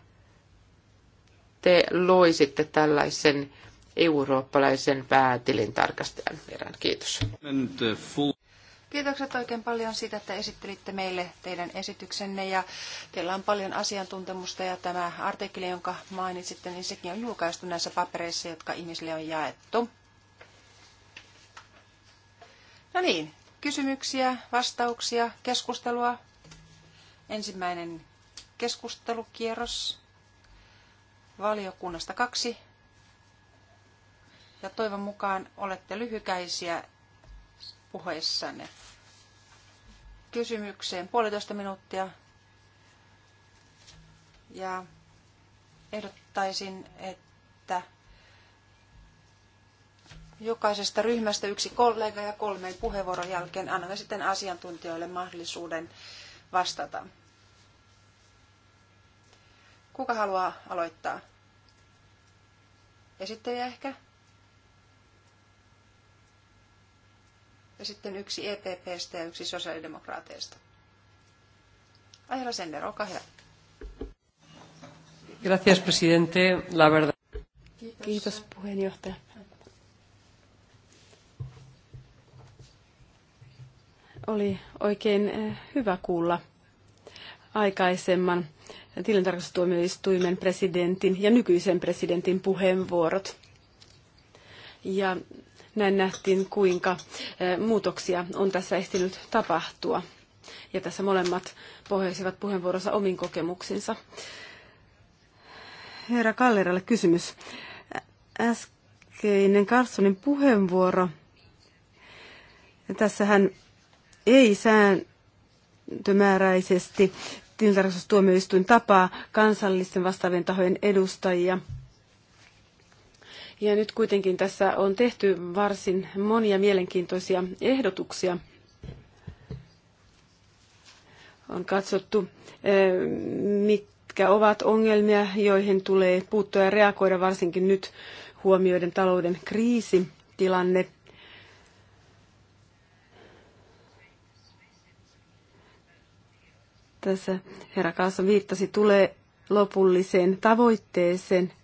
te loisitte tällaisen eurooppalaisen päätilintarkastajan verran. Kiitos. Uh, Kiitokset oikein paljon siitä, että esittelitte meille teidän esityksenne ja teillä on paljon asiantuntemusta ja tämä artikkeli, jonka mainitsitte, niin sekin on julkaistu näissä papereissa, jotka ihmisille on jaettu. No niin, kysymyksiä, vastauksia, keskustelua. Ensimmäinen keskustelukierros valiokunnasta kaksi. Ja toivon mukaan olette lyhykäisiä puheessanne Kysymykseen puolitoista minuuttia. Ja ehdottaisin, että jokaisesta ryhmästä yksi kollega ja kolmen puheenvuoron jälkeen annamme sitten asiantuntijoille mahdollisuuden vastata. Kuka haluaa aloittaa? Esittäjä ehkä? ja sitten yksi EPPstä ja yksi sosiaalidemokraateista. Ajala Sender, olkaa hyvä. Gracias, presidente. La verdad. Kiitos. Kiitos puheenjohtaja. Oli oikein eh, hyvä kuulla aikaisemman tilintarkastustuomioistuimen presidentin ja nykyisen presidentin puheenvuorot. Ja näin nähtiin, kuinka eh, muutoksia on tässä ehtinyt tapahtua. Ja tässä molemmat pohjaisivat puheenvuoronsa omin kokemuksinsa. Herra Kalleralle kysymys. Äskeinen Carsonin puheenvuoro. tässä hän ei sääntömääräisesti tilintarkastustuomioistuin tapaa kansallisten vastaavien tahojen edustajia – ja nyt kuitenkin tässä on tehty varsin monia mielenkiintoisia ehdotuksia. On katsottu, eh, mitkä ovat ongelmia, joihin tulee puuttua ja reagoida varsinkin nyt huomioiden talouden kriisitilanne. Tässä herra Kaasa viittasi, tulee lopulliseen tavoitteeseen –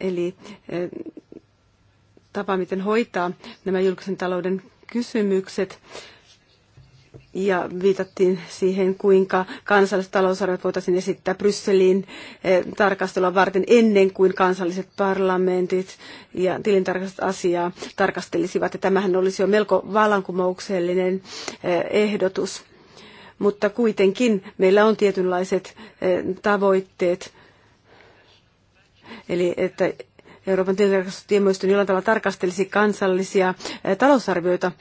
Eli eh, tapa, miten hoitaa nämä julkisen talouden kysymykset. Ja viitattiin siihen, kuinka kansalliset talousarviot voitaisiin esittää Brysseliin eh, tarkastelua varten ennen kuin kansalliset parlamentit ja tilintarkastajat asiaa tarkastelisivat. Ja tämähän olisi jo melko vallankumouksellinen eh, ehdotus. Mutta kuitenkin meillä on tietynlaiset tavoitteet Eli että Euroopan tilintarkastustuomioistuin jollain tavalla tarkastelisi kansallisia talousarvioita.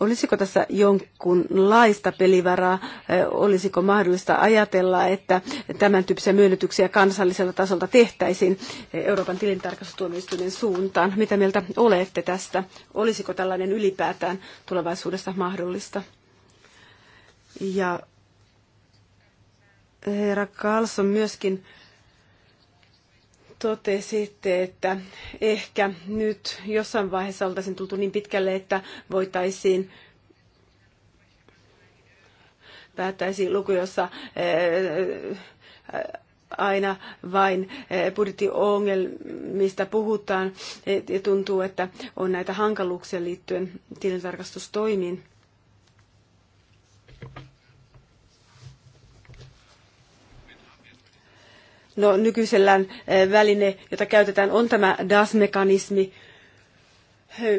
Olisiko tässä jonkunlaista pelivaraa? Olisiko mahdollista ajatella, että tämän tyyppisiä myönnytyksiä kansallisella tasolta tehtäisiin Euroopan tilintarkastustuomioistuimen suuntaan? Mitä mieltä olette tästä? Olisiko tällainen ylipäätään tulevaisuudessa mahdollista? Ja herra Carlson myöskin totesitte, että ehkä nyt jossain vaiheessa oltaisiin tultu niin pitkälle, että voitaisiin päättäisiin luku, jossa eh, aina vain eh, budjettiongelmista puhutaan ja tuntuu, että on näitä hankaluuksia liittyen tilintarkastustoimiin. No nykyisellään eh, väline, jota käytetään, on tämä DAS-mekanismi,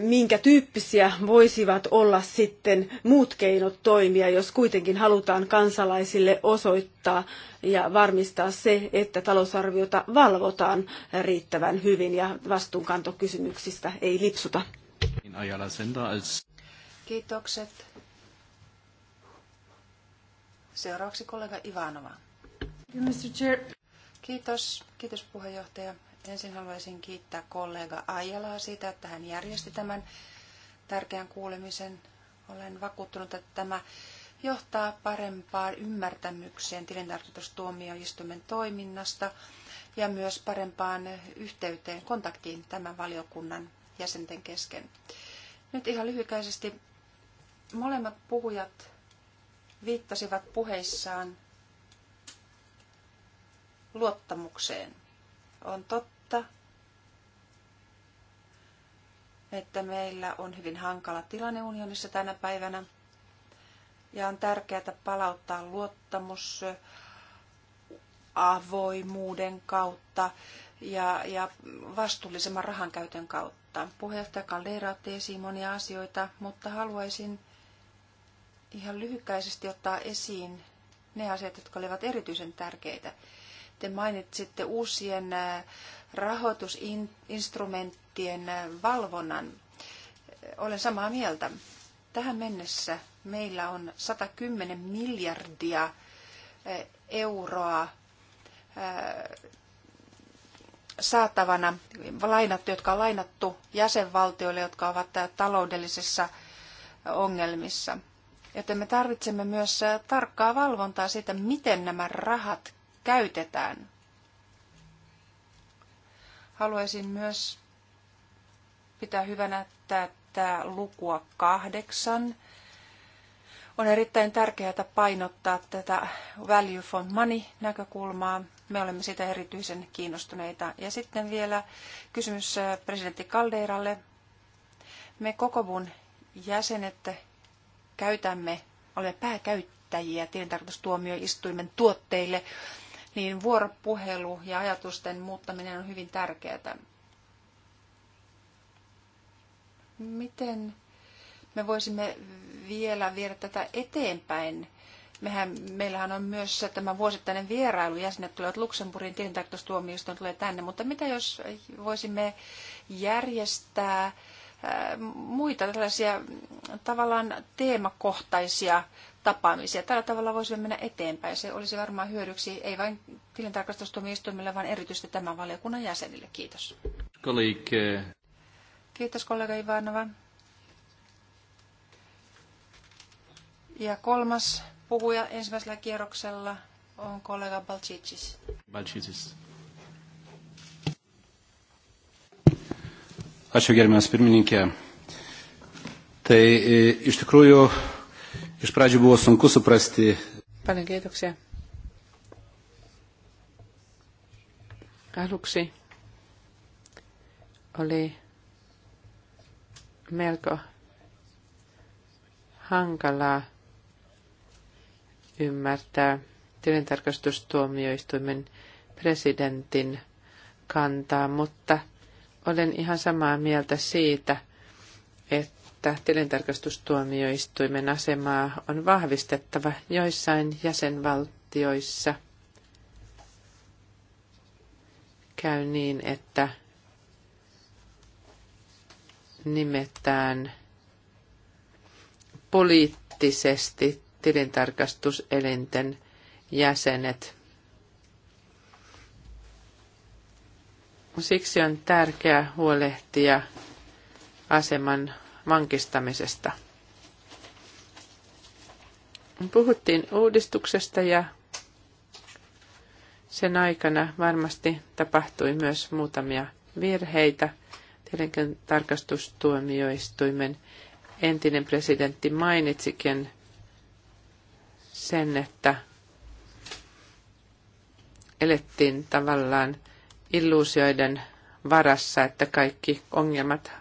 minkä tyyppisiä voisivat olla sitten muut keinot toimia, jos kuitenkin halutaan kansalaisille osoittaa ja varmistaa se, että talousarviota valvotaan riittävän hyvin ja vastuunkantokysymyksistä ei lipsuta. Kiitokset. Seuraavaksi kollega Ivanova. Mr. Chair. Kiitos, kiitos puheenjohtaja. Ensin haluaisin kiittää kollega Aijalaa siitä, että hän järjesti tämän tärkeän kuulemisen. Olen vakuuttunut, että tämä johtaa parempaan ymmärtämykseen tilintarkastustuomioistuimen toiminnasta ja myös parempaan yhteyteen, kontaktiin tämän valiokunnan jäsenten kesken. Nyt ihan lyhykäisesti molemmat puhujat viittasivat puheissaan luottamukseen. On totta, että meillä on hyvin hankala tilanne unionissa tänä päivänä ja on tärkeää palauttaa luottamus avoimuuden kautta ja, ja vastuullisemman rahankäytön kautta. Puheenjohtaja Kalleira otti esiin monia asioita, mutta haluaisin ihan lyhykäisesti ottaa esiin ne asiat, jotka olivat erityisen tärkeitä. Te mainitsitte uusien äh, rahoitusinstrumenttien äh, valvonnan. Olen samaa mieltä. Tähän mennessä meillä on 110 miljardia äh, euroa saatavana lainattu, jotka on lainattu jäsenvaltioille, jotka ovat taloudellisissa ongelmissa. Joten me tarvitsemme myös tarkkaa valvontaa siitä, miten nämä rahat käytetään. Haluaisin myös pitää hyvänä tätä lukua kahdeksan. On erittäin tärkeää painottaa tätä value for money näkökulmaa. Me olemme sitä erityisen kiinnostuneita. Ja sitten vielä kysymys äh, presidentti Kaldeiralle. Me kokobun jäsenet käytämme, olemme pääkäyttäjiä tilintarkastustuomioistuimen tuotteille niin vuoropuhelu ja ajatusten muuttaminen on hyvin tärkeää. Miten me voisimme vielä viedä tätä eteenpäin? Mehän, meillähän on myös tämä vuosittainen vierailu. Jäsenet tulevat Luxemburgin, tilintarkastustuomioistuin tulee tänne. Mutta mitä jos voisimme järjestää muita tällaisia tavallaan teemakohtaisia tapaamisia. Tällä tavalla voisimme mennä eteenpäin. Se olisi varmaan hyödyksi ei vain tilintarkastustuomioistuimille, vaan erityisesti tämän valiokunnan jäsenille. Kiitos. Kollega. Kiitos kollega Ivanova. Ja kolmas puhuja ensimmäisellä kierroksella on kollega Balcicis. Balcicis. Ačiū gerbiamas pirmininkė. Tai e, iš tikrųjų Iš pradžių buvo sunku suprasti. Paljon kiitoksia. Aluksi oli melko hankalaa ymmärtää tilintarkastustuomioistuimen presidentin kantaa, mutta olen ihan samaa mieltä siitä, että että tilintarkastustuomioistuimen asemaa on vahvistettava joissain jäsenvaltioissa. Käy niin, että nimetään poliittisesti tilintarkastuselinten jäsenet. Siksi on tärkeää huolehtia aseman vankistamisesta. Puhuttiin uudistuksesta ja sen aikana varmasti tapahtui myös muutamia virheitä. Tietenkin tarkastustuomioistuimen entinen presidentti mainitsikin sen, että elettiin tavallaan illuusioiden varassa, että kaikki ongelmat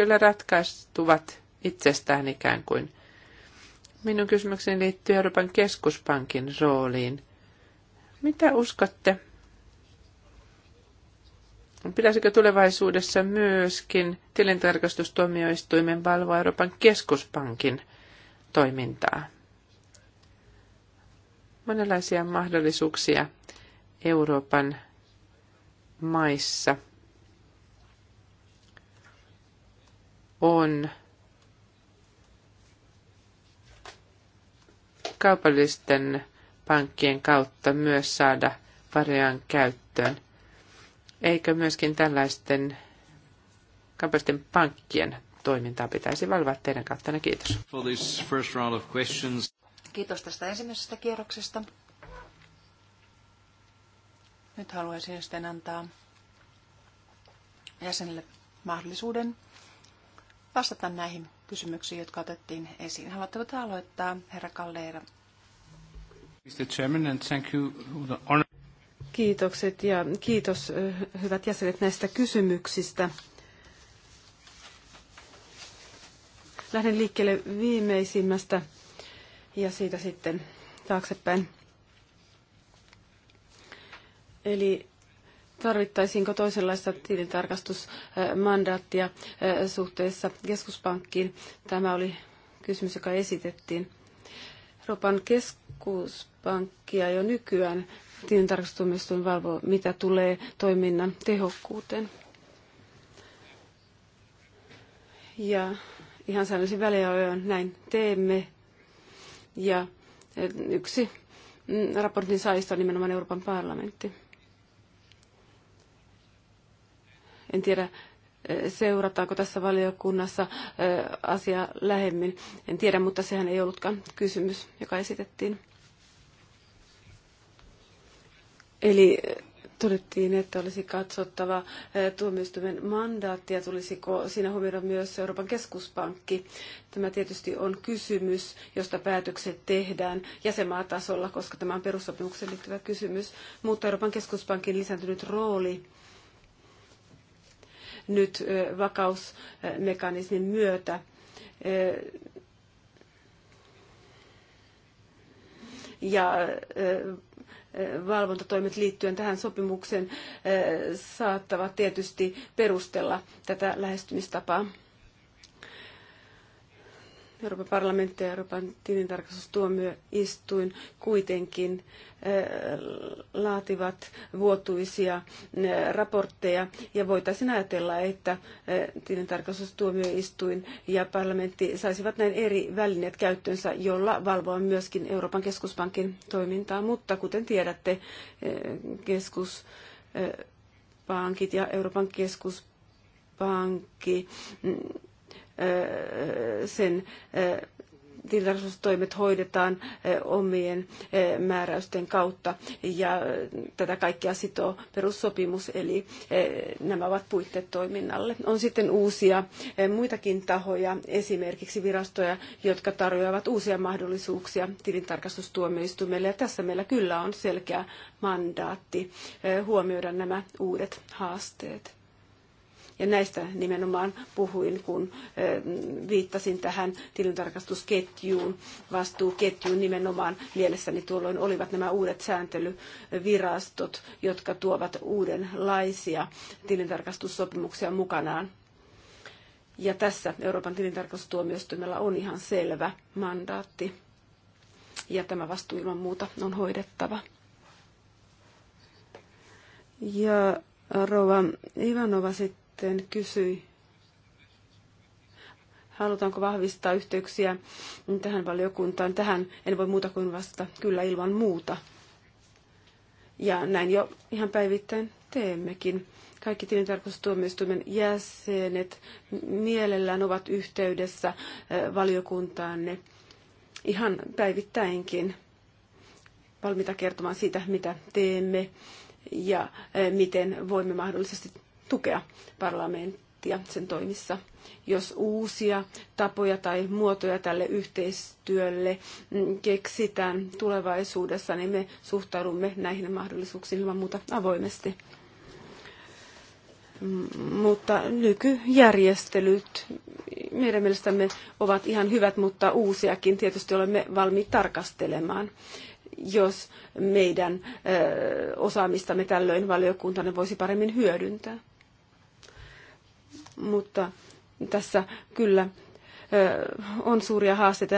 kyllä ratkaistuvat itsestään ikään kuin. Minun kysymykseni liittyy Euroopan keskuspankin rooliin. Mitä uskotte? Pitäisikö tulevaisuudessa myöskin tilintarkastustuomioistuimen valvoa Euroopan keskuspankin toimintaa? Monenlaisia mahdollisuuksia Euroopan maissa – on kaupallisten pankkien kautta myös saada varojaan käyttöön. Eikö myöskin tällaisten kaupallisten pankkien toimintaa pitäisi valvoa teidän kautta Kiitos. Kiitos tästä ensimmäisestä kierroksesta. Nyt haluaisin sitten antaa jäsenille mahdollisuuden vastata näihin kysymyksiin, jotka otettiin esiin. Haluatteko te aloittaa, herra Kalleira? Kiitokset ja kiitos hyvät jäsenet näistä kysymyksistä. Lähden liikkeelle viimeisimmästä ja siitä sitten taaksepäin. Eli tarvittaisiinko toisenlaista tilintarkastusmandaattia suhteessa keskuspankkiin. Tämä oli kysymys, joka esitettiin. Euroopan keskuspankkia jo nykyään tilintarkastustuomioistuin valvoo, mitä tulee toiminnan tehokkuuteen. Ja ihan säännöllisin väliajoin näin teemme. Ja yksi mm, raportin saista on nimenomaan Euroopan parlamentti. En tiedä, seurataanko tässä valiokunnassa asiaa lähemmin. En tiedä, mutta sehän ei ollutkaan kysymys, joka esitettiin. Eli todettiin, että olisi katsottava tuomioistuimen mandaattia, tulisiko siinä huomioida myös Euroopan keskuspankki. Tämä tietysti on kysymys, josta päätökset tehdään jäsenmaatasolla, koska tämä on perussopimukseen liittyvä kysymys, mutta Euroopan keskuspankin lisääntynyt rooli nyt vakausmekanismin myötä. Ja valvontatoimet liittyen tähän sopimukseen saattavat tietysti perustella tätä lähestymistapaa. Euroopan parlamentti ja Euroopan tilintarkastustuomioistuin kuitenkin eh, laativat vuotuisia eh, raportteja ja voitaisiin ajatella, että eh, tilintarkastustuomioistuin ja parlamentti saisivat näin eri välineet käyttöönsä, jolla valvoa myöskin Euroopan keskuspankin toimintaa, mutta kuten tiedätte, keskuspankit ja Euroopan keskuspankki mm, sen tilintarkastustoimet hoidetaan omien määräysten kautta ja tätä kaikkea sitoo perussopimus, eli nämä ovat puitteet toiminnalle. On sitten uusia muitakin tahoja, esimerkiksi virastoja, jotka tarjoavat uusia mahdollisuuksia tilintarkastustuomioistuimelle ja tässä meillä kyllä on selkeä mandaatti huomioida nämä uudet haasteet. Ja näistä nimenomaan puhuin, kun viittasin tähän tilintarkastusketjuun, vastuuketjuun nimenomaan mielessäni tuolloin olivat nämä uudet sääntelyvirastot, jotka tuovat uudenlaisia tilintarkastussopimuksia mukanaan. Ja tässä Euroopan tilintarkastustuomioistuimella on ihan selvä mandaatti. Ja tämä vastuu ilman muuta on hoidettava. Ja Rova Ivanova sitten sitten kysyi, halutaanko vahvistaa yhteyksiä tähän valiokuntaan. Tähän en voi muuta kuin vastata kyllä ilman muuta. Ja näin jo ihan päivittäin teemmekin. Kaikki tilintarkastustuomioistuimen jäsenet mielellään ovat yhteydessä valiokuntaanne ihan päivittäinkin valmiita kertomaan siitä, mitä teemme ja miten voimme mahdollisesti tukea parlamenttia sen toimissa. Jos uusia tapoja tai muotoja tälle yhteistyölle mm, keksitään tulevaisuudessa, niin me suhtaudumme näihin mahdollisuuksiin ilman muuta avoimesti mutta nykyjärjestelyt meidän mielestämme ovat ihan hyvät, mutta uusiakin tietysti olemme valmiit tarkastelemaan. Jos meidän ö, osaamistamme tällöin valiokunta ne voisi paremmin hyödyntää mutta tässä kyllä on suuria haasteita.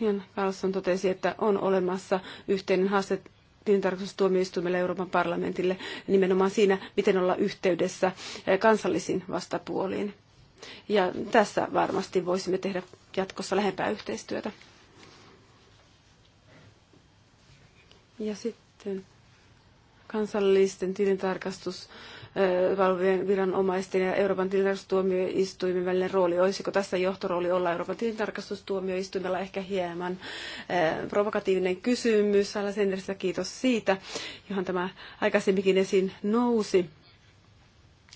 Jan Carlson totesi, että on olemassa yhteinen haaste tilintarkastustuomioistuimelle Euroopan parlamentille nimenomaan siinä, miten olla yhteydessä kansallisiin vastapuoliin. Ja tässä varmasti voisimme tehdä jatkossa lähempää yhteistyötä. Ja sitten kansallisten tilintarkastus valvovien viranomaisten ja Euroopan tilintarkastustuomioistuimen välinen rooli. Olisiko tässä johtorooli olla Euroopan tilintarkastustuomioistuimella ehkä hieman eh, provokatiivinen kysymys? Sala Senderistä kiitos siitä, johon tämä aikaisemminkin esiin nousi.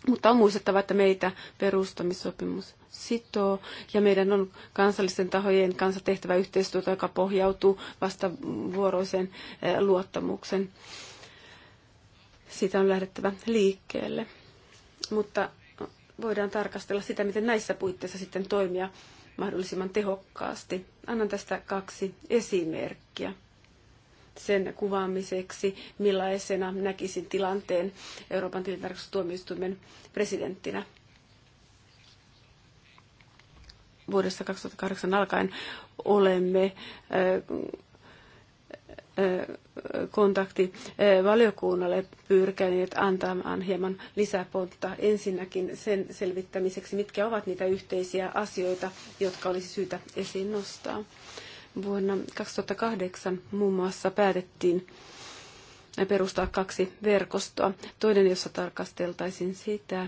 Mutta on muistettava, että meitä perustamissopimus sitoo ja meidän on kansallisten tahojen kanssa tehtävä yhteistyötä, joka pohjautuu vastavuoroisen eh, luottamuksen siitä on lähdettävä liikkeelle. Mutta voidaan tarkastella sitä, miten näissä puitteissa sitten toimia mahdollisimman tehokkaasti. Annan tästä kaksi esimerkkiä sen kuvaamiseksi, millaisena näkisin tilanteen Euroopan tilintarkastustuomioistuimen presidenttinä. Vuodesta 2008 alkaen olemme kontakti valiokunnalle pyrkäneet antamaan hieman lisäpontta ensinnäkin sen selvittämiseksi, mitkä ovat niitä yhteisiä asioita, jotka olisi syytä esiin nostaa. Vuonna 2008 muun muassa päätettiin perustaa kaksi verkostoa. Toinen, jossa tarkasteltaisiin sitä,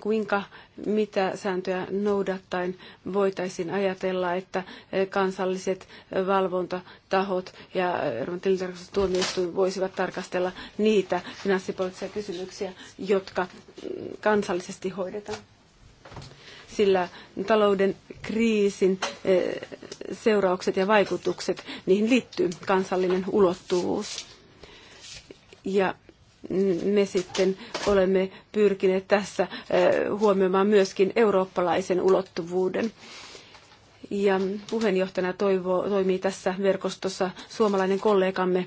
kuinka, mitä sääntöjä noudattaen voitaisiin ajatella, että kansalliset valvontatahot ja tilintarkastustuomioistuin voisivat tarkastella niitä finanssipoliittisia kysymyksiä, jotka kansallisesti hoidetaan sillä talouden kriisin eh, seuraukset ja vaikutukset, niihin liittyy kansallinen ulottuvuus. Ja me sitten olemme pyrkineet tässä eh, huomioimaan myöskin eurooppalaisen ulottuvuuden. Ja puheenjohtajana toivoo, toimii tässä verkostossa suomalainen kollegamme,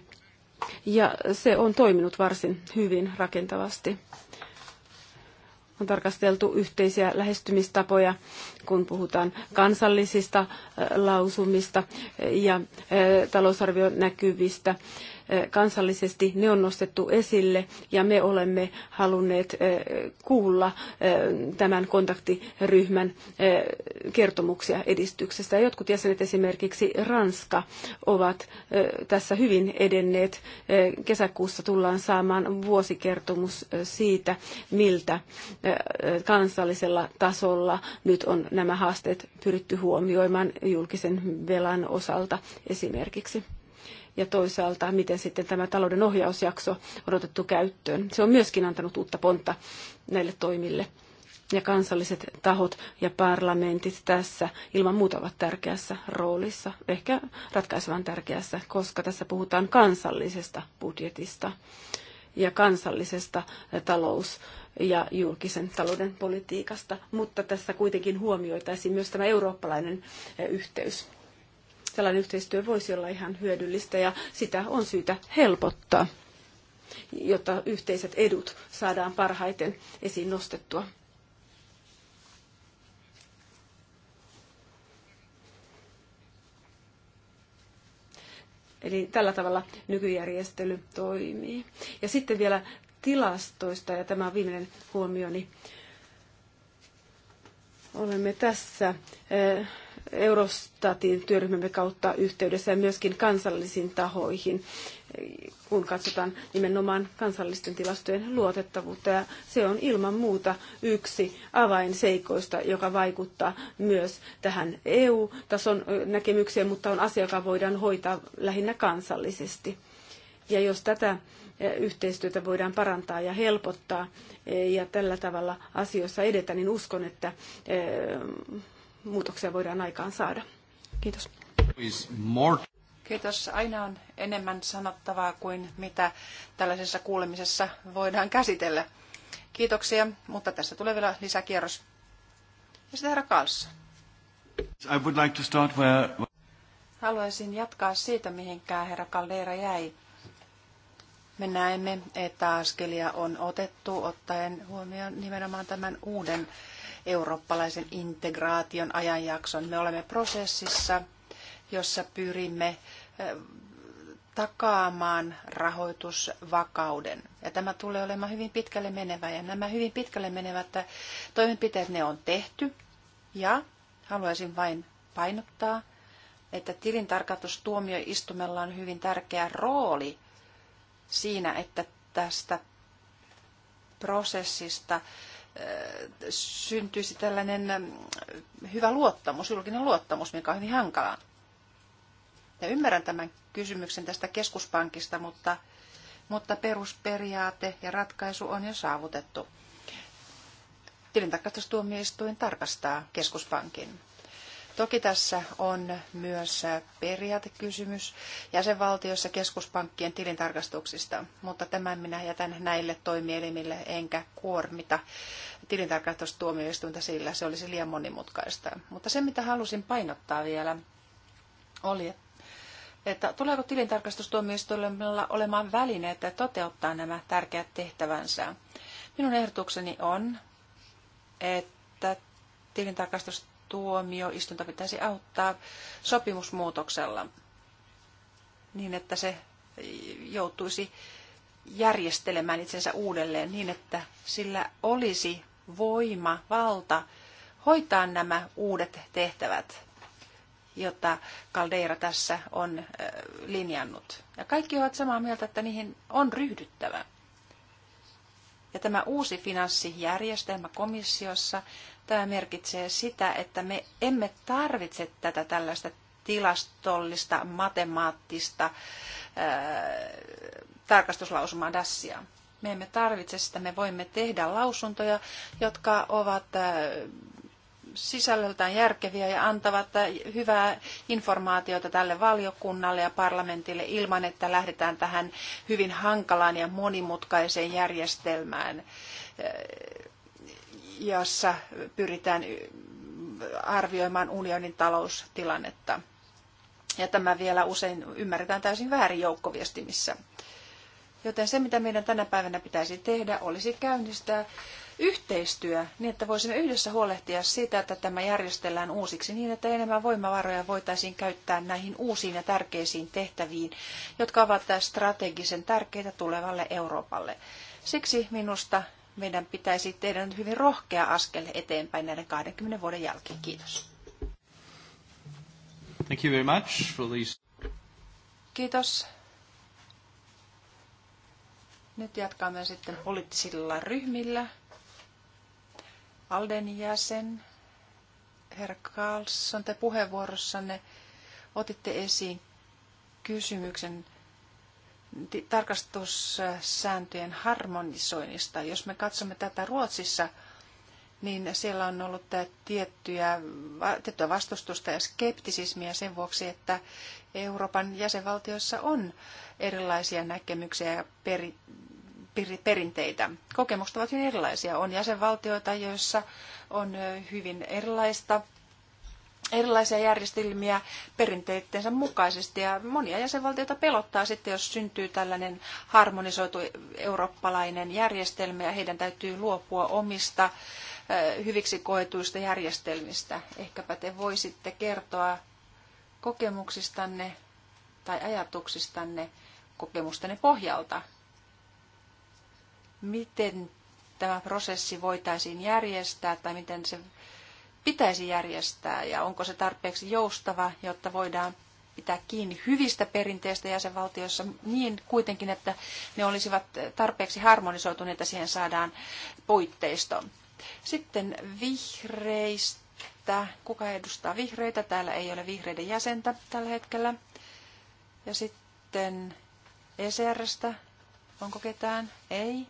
ja se on toiminut varsin hyvin rakentavasti. On tarkasteltu yhteisiä lähestymistapoja, kun puhutaan kansallisista eh, lausumista eh, ja talousarvion näkyvistä kansallisesti, ne on nostettu esille ja me olemme halunneet kuulla tämän kontaktiryhmän kertomuksia edistyksestä. Jotkut jäsenet, esimerkiksi Ranska, ovat tässä hyvin edenneet. Kesäkuussa tullaan saamaan vuosikertomus siitä, miltä kansallisella tasolla nyt on nämä haasteet pyritty huomioimaan julkisen velan osalta esimerkiksi ja toisaalta miten sitten tämä talouden ohjausjakso on otettu käyttöön. Se on myöskin antanut uutta pontta näille toimille ja kansalliset tahot ja parlamentit tässä ilman muuta ovat tärkeässä roolissa, ehkä ratkaisevan tärkeässä, koska tässä puhutaan kansallisesta budjetista ja kansallisesta talous- ja julkisen talouden politiikasta, mutta tässä kuitenkin huomioitaisiin myös tämä eurooppalainen yhteys. Tällainen yhteistyö voisi olla ihan hyödyllistä ja sitä on syytä helpottaa, jotta yhteiset edut saadaan parhaiten esiin nostettua. Eli tällä tavalla nykyjärjestely toimii. Ja sitten vielä tilastoista, ja tämä on viimeinen huomioni. Olemme tässä eh, Eurostatin työryhmämme kautta yhteydessä ja myöskin kansallisiin tahoihin, kun katsotaan nimenomaan kansallisten tilastojen luotettavuutta. Ja se on ilman muuta yksi avainseikoista, joka vaikuttaa myös tähän EU-tason näkemykseen, mutta on asia, joka voidaan hoitaa lähinnä kansallisesti. Ja jos tätä yhteistyötä voidaan parantaa ja helpottaa e, ja tällä tavalla asioissa edetä, niin uskon, että muutoksia voidaan aikaan saada. Kiitos. Kiitos. Aina on enemmän sanottavaa kuin mitä tällaisessa kuulemisessa voidaan käsitellä. Kiitoksia, mutta tässä tulee vielä lisäkierros. Ja sitten herra Kals. I would like to start where... Haluaisin jatkaa siitä, mihin herra Kaldeira jäi. Me näemme, että askelia on otettu ottaen huomioon nimenomaan tämän uuden eurooppalaisen integraation ajanjakson. Me olemme prosessissa, jossa pyrimme takaamaan rahoitusvakauden. Ja tämä tulee olemaan hyvin pitkälle menevä. Ja nämä hyvin pitkälle menevät toimenpiteet, ne on tehty. Ja haluaisin vain painottaa, että tilintarkastustuomioistumella on hyvin tärkeä rooli – siinä, että tästä prosessista äh, syntyisi tällainen äh, hyvä luottamus, julkinen luottamus, mikä on hyvin hankalaa. Ja ymmärrän tämän kysymyksen tästä keskuspankista, mutta, mutta perusperiaate ja ratkaisu on jo saavutettu. Tilintarkastustuomioistuin tarkastaa keskuspankin. Toki tässä on myös periaatekysymys jäsenvaltioissa keskuspankkien tilintarkastuksista, mutta tämän minä jätän näille toimielimille enkä kuormita tilintarkastustuomioistuinta sillä, se olisi liian monimutkaista. Mutta se, mitä halusin painottaa vielä, oli, että tuleeko tilintarkastustuomioistuimella olemaan välineet toteuttaa nämä tärkeät tehtävänsä. Minun ehdotukseni on, että tilintarkastus tuomioistuinta pitäisi auttaa sopimusmuutoksella niin, että se joutuisi järjestelemään itsensä uudelleen niin, että sillä olisi voima, valta hoitaa nämä uudet tehtävät, jota Caldeira tässä on linjannut. Ja kaikki ovat samaa mieltä, että niihin on ryhdyttävä. Ja tämä uusi finanssijärjestelmä komissiossa Tämä merkitsee sitä, että me emme tarvitse tätä tällaista tilastollista, matemaattista ää, tarkastuslausumaa dassia. Me emme tarvitse sitä, me voimme tehdä lausuntoja, jotka ovat ää, sisällöltään järkeviä ja antavat hyvää informaatiota tälle valiokunnalle ja parlamentille ilman, että lähdetään tähän hyvin hankalaan ja monimutkaiseen järjestelmään jossa pyritään arvioimaan unionin taloustilannetta. Ja tämä vielä usein ymmärretään täysin väärin joukkoviestimissä. Joten se, mitä meidän tänä päivänä pitäisi tehdä, olisi käynnistää yhteistyö niin, että voisimme yhdessä huolehtia siitä, että tämä järjestellään uusiksi niin, että enemmän voimavaroja voitaisiin käyttää näihin uusiin ja tärkeisiin tehtäviin, jotka ovat strategisen tärkeitä tulevalle Euroopalle. Siksi minusta meidän pitäisi tehdä nyt hyvin rohkea askel eteenpäin näiden 20 vuoden jälkeen. Kiitos. Thank you very much for these. Kiitos. Nyt jatkamme sitten poliittisilla ryhmillä. Alden jäsen, herra Karlsson, te puheenvuorossanne otitte esiin kysymyksen tarkastussääntöjen harmonisoinnista. Jos me katsomme tätä Ruotsissa, niin siellä on ollut tiettyjä, tiettyä vastustusta ja skeptisismiä sen vuoksi, että Euroopan jäsenvaltioissa on erilaisia näkemyksiä ja peri, per, perinteitä. Kokemukset ovat hyvin erilaisia. On jäsenvaltioita, joissa on hyvin erilaista erilaisia järjestelmiä perinteittensä mukaisesti. Ja monia jäsenvaltioita pelottaa sitten, jos syntyy tällainen harmonisoitu eurooppalainen järjestelmä ja heidän täytyy luopua omista hyviksi koetuista järjestelmistä. Ehkäpä te voisitte kertoa kokemuksistanne tai ajatuksistanne kokemustanne pohjalta. Miten tämä prosessi voitaisiin järjestää tai miten se pitäisi järjestää ja onko se tarpeeksi joustava, jotta voidaan pitää kiinni hyvistä perinteistä jäsenvaltioissa niin kuitenkin, että ne olisivat tarpeeksi harmonisoituneita, siihen saadaan puitteisto. Sitten vihreistä. Kuka edustaa vihreitä? Täällä ei ole vihreiden jäsentä tällä hetkellä. Ja sitten ECRstä. Onko ketään? Ei.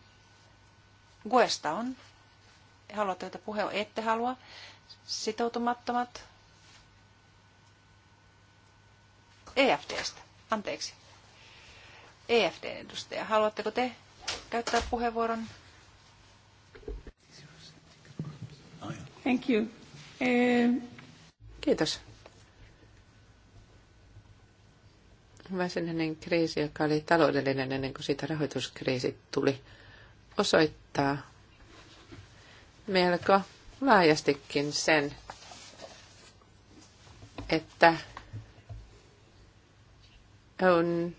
Guesta on. Haluatteko puheen? Ette halua. Sitoutumattomat. EFDstä. Anteeksi. efd edustaja. Haluatteko te käyttää puheenvuoron? Thank you. Eh, Kiitos. Varsinainen kriisi, joka oli taloudellinen ennen kuin siitä rahoituskriisi tuli, osoittaa melko laajastikin sen, että on,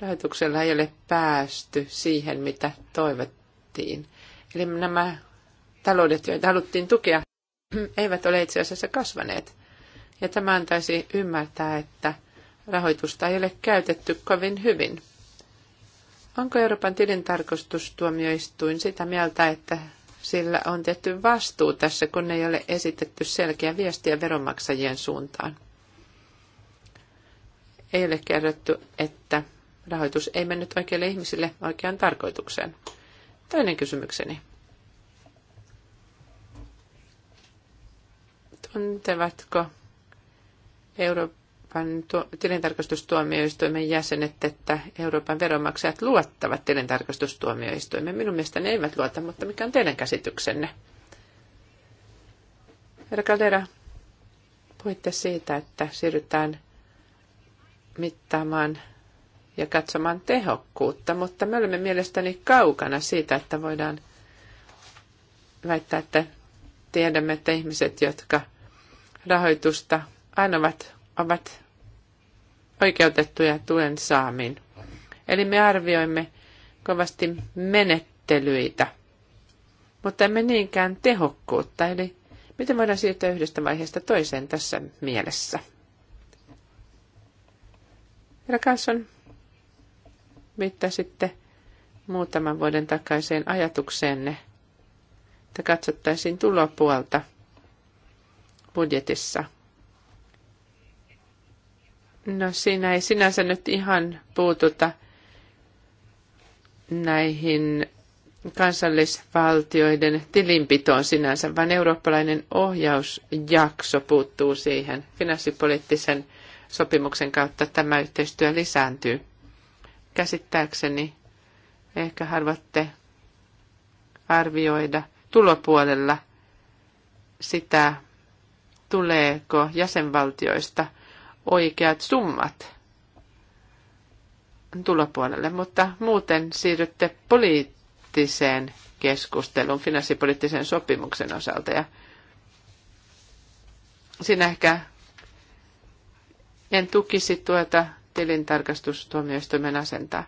rahoituksella ei ole päästy siihen, mitä toivottiin. Eli nämä taloudet, joita haluttiin tukea, eivät ole itse asiassa kasvaneet. Ja tämä antaisi ymmärtää, että rahoitusta ei ole käytetty kovin hyvin. Onko Euroopan tilintarkastustuomioistuin sitä mieltä, että sillä on tietty vastuu tässä, kun ei ole esitetty selkeä viestiä veronmaksajien suuntaan. Ei ole kerrottu, että rahoitus ei mennyt oikeille ihmisille oikeaan tarkoitukseen. Toinen kysymykseni. Tuntevatko Euroopan Euroopan tilintarkastustuomioistuimen jäsenet, että Euroopan veronmaksajat luottavat tilintarkastustuomioistuimen. Minun mielestäni ne eivät luota, mutta mikä on teidän käsityksenne? Herra Caldera, puhuitte siitä, että siirrytään mittaamaan ja katsomaan tehokkuutta, mutta me olemme mielestäni kaukana siitä, että voidaan väittää, että tiedämme, että ihmiset, jotka rahoitusta anovat, ovat oikeutettuja tuen saamiin. Eli me arvioimme kovasti menettelyitä, mutta emme niinkään tehokkuutta, eli miten voidaan siirtyä yhdestä vaiheesta toiseen tässä mielessä. Herra Kanson, sitten muutaman vuoden takaiseen ajatukseenne, että katsottaisiin tulopuolta budjetissa – No siinä ei sinänsä nyt ihan puututa näihin kansallisvaltioiden tilinpitoon sinänsä, vaan eurooppalainen ohjausjakso puuttuu siihen. Finanssipoliittisen sopimuksen kautta tämä yhteistyö lisääntyy. Käsittääkseni ehkä harvatte arvioida tulopuolella sitä, tuleeko jäsenvaltioista – oikeat summat tulopuolelle, mutta muuten siirrytte poliittiseen keskusteluun finanssipoliittisen sopimuksen osalta. Ja siinä ehkä en tukisi tuota tilintarkastustuomioistuimen asentaa.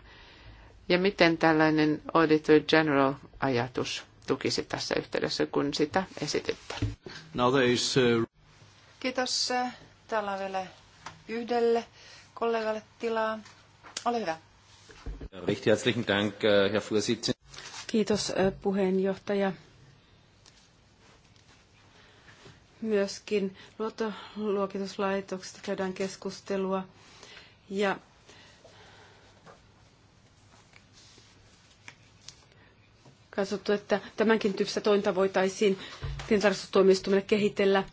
Ja miten tällainen Auditor General-ajatus tukisi tässä yhteydessä, kun sitä esititte? Uh, Kiitos. Täällä on vielä yhdelle kollegalle tilaa. Ole hyvä. Recht herzlichen Dank, äh, Herr Kiitos äh, puheenjohtaja. Myöskin luottoluokituslaitoksesta käydään keskustelua. Ja katsottu, että tämänkin tyyppistä tointa voitaisiin tintarkastustuomioistuimelle kehitellä.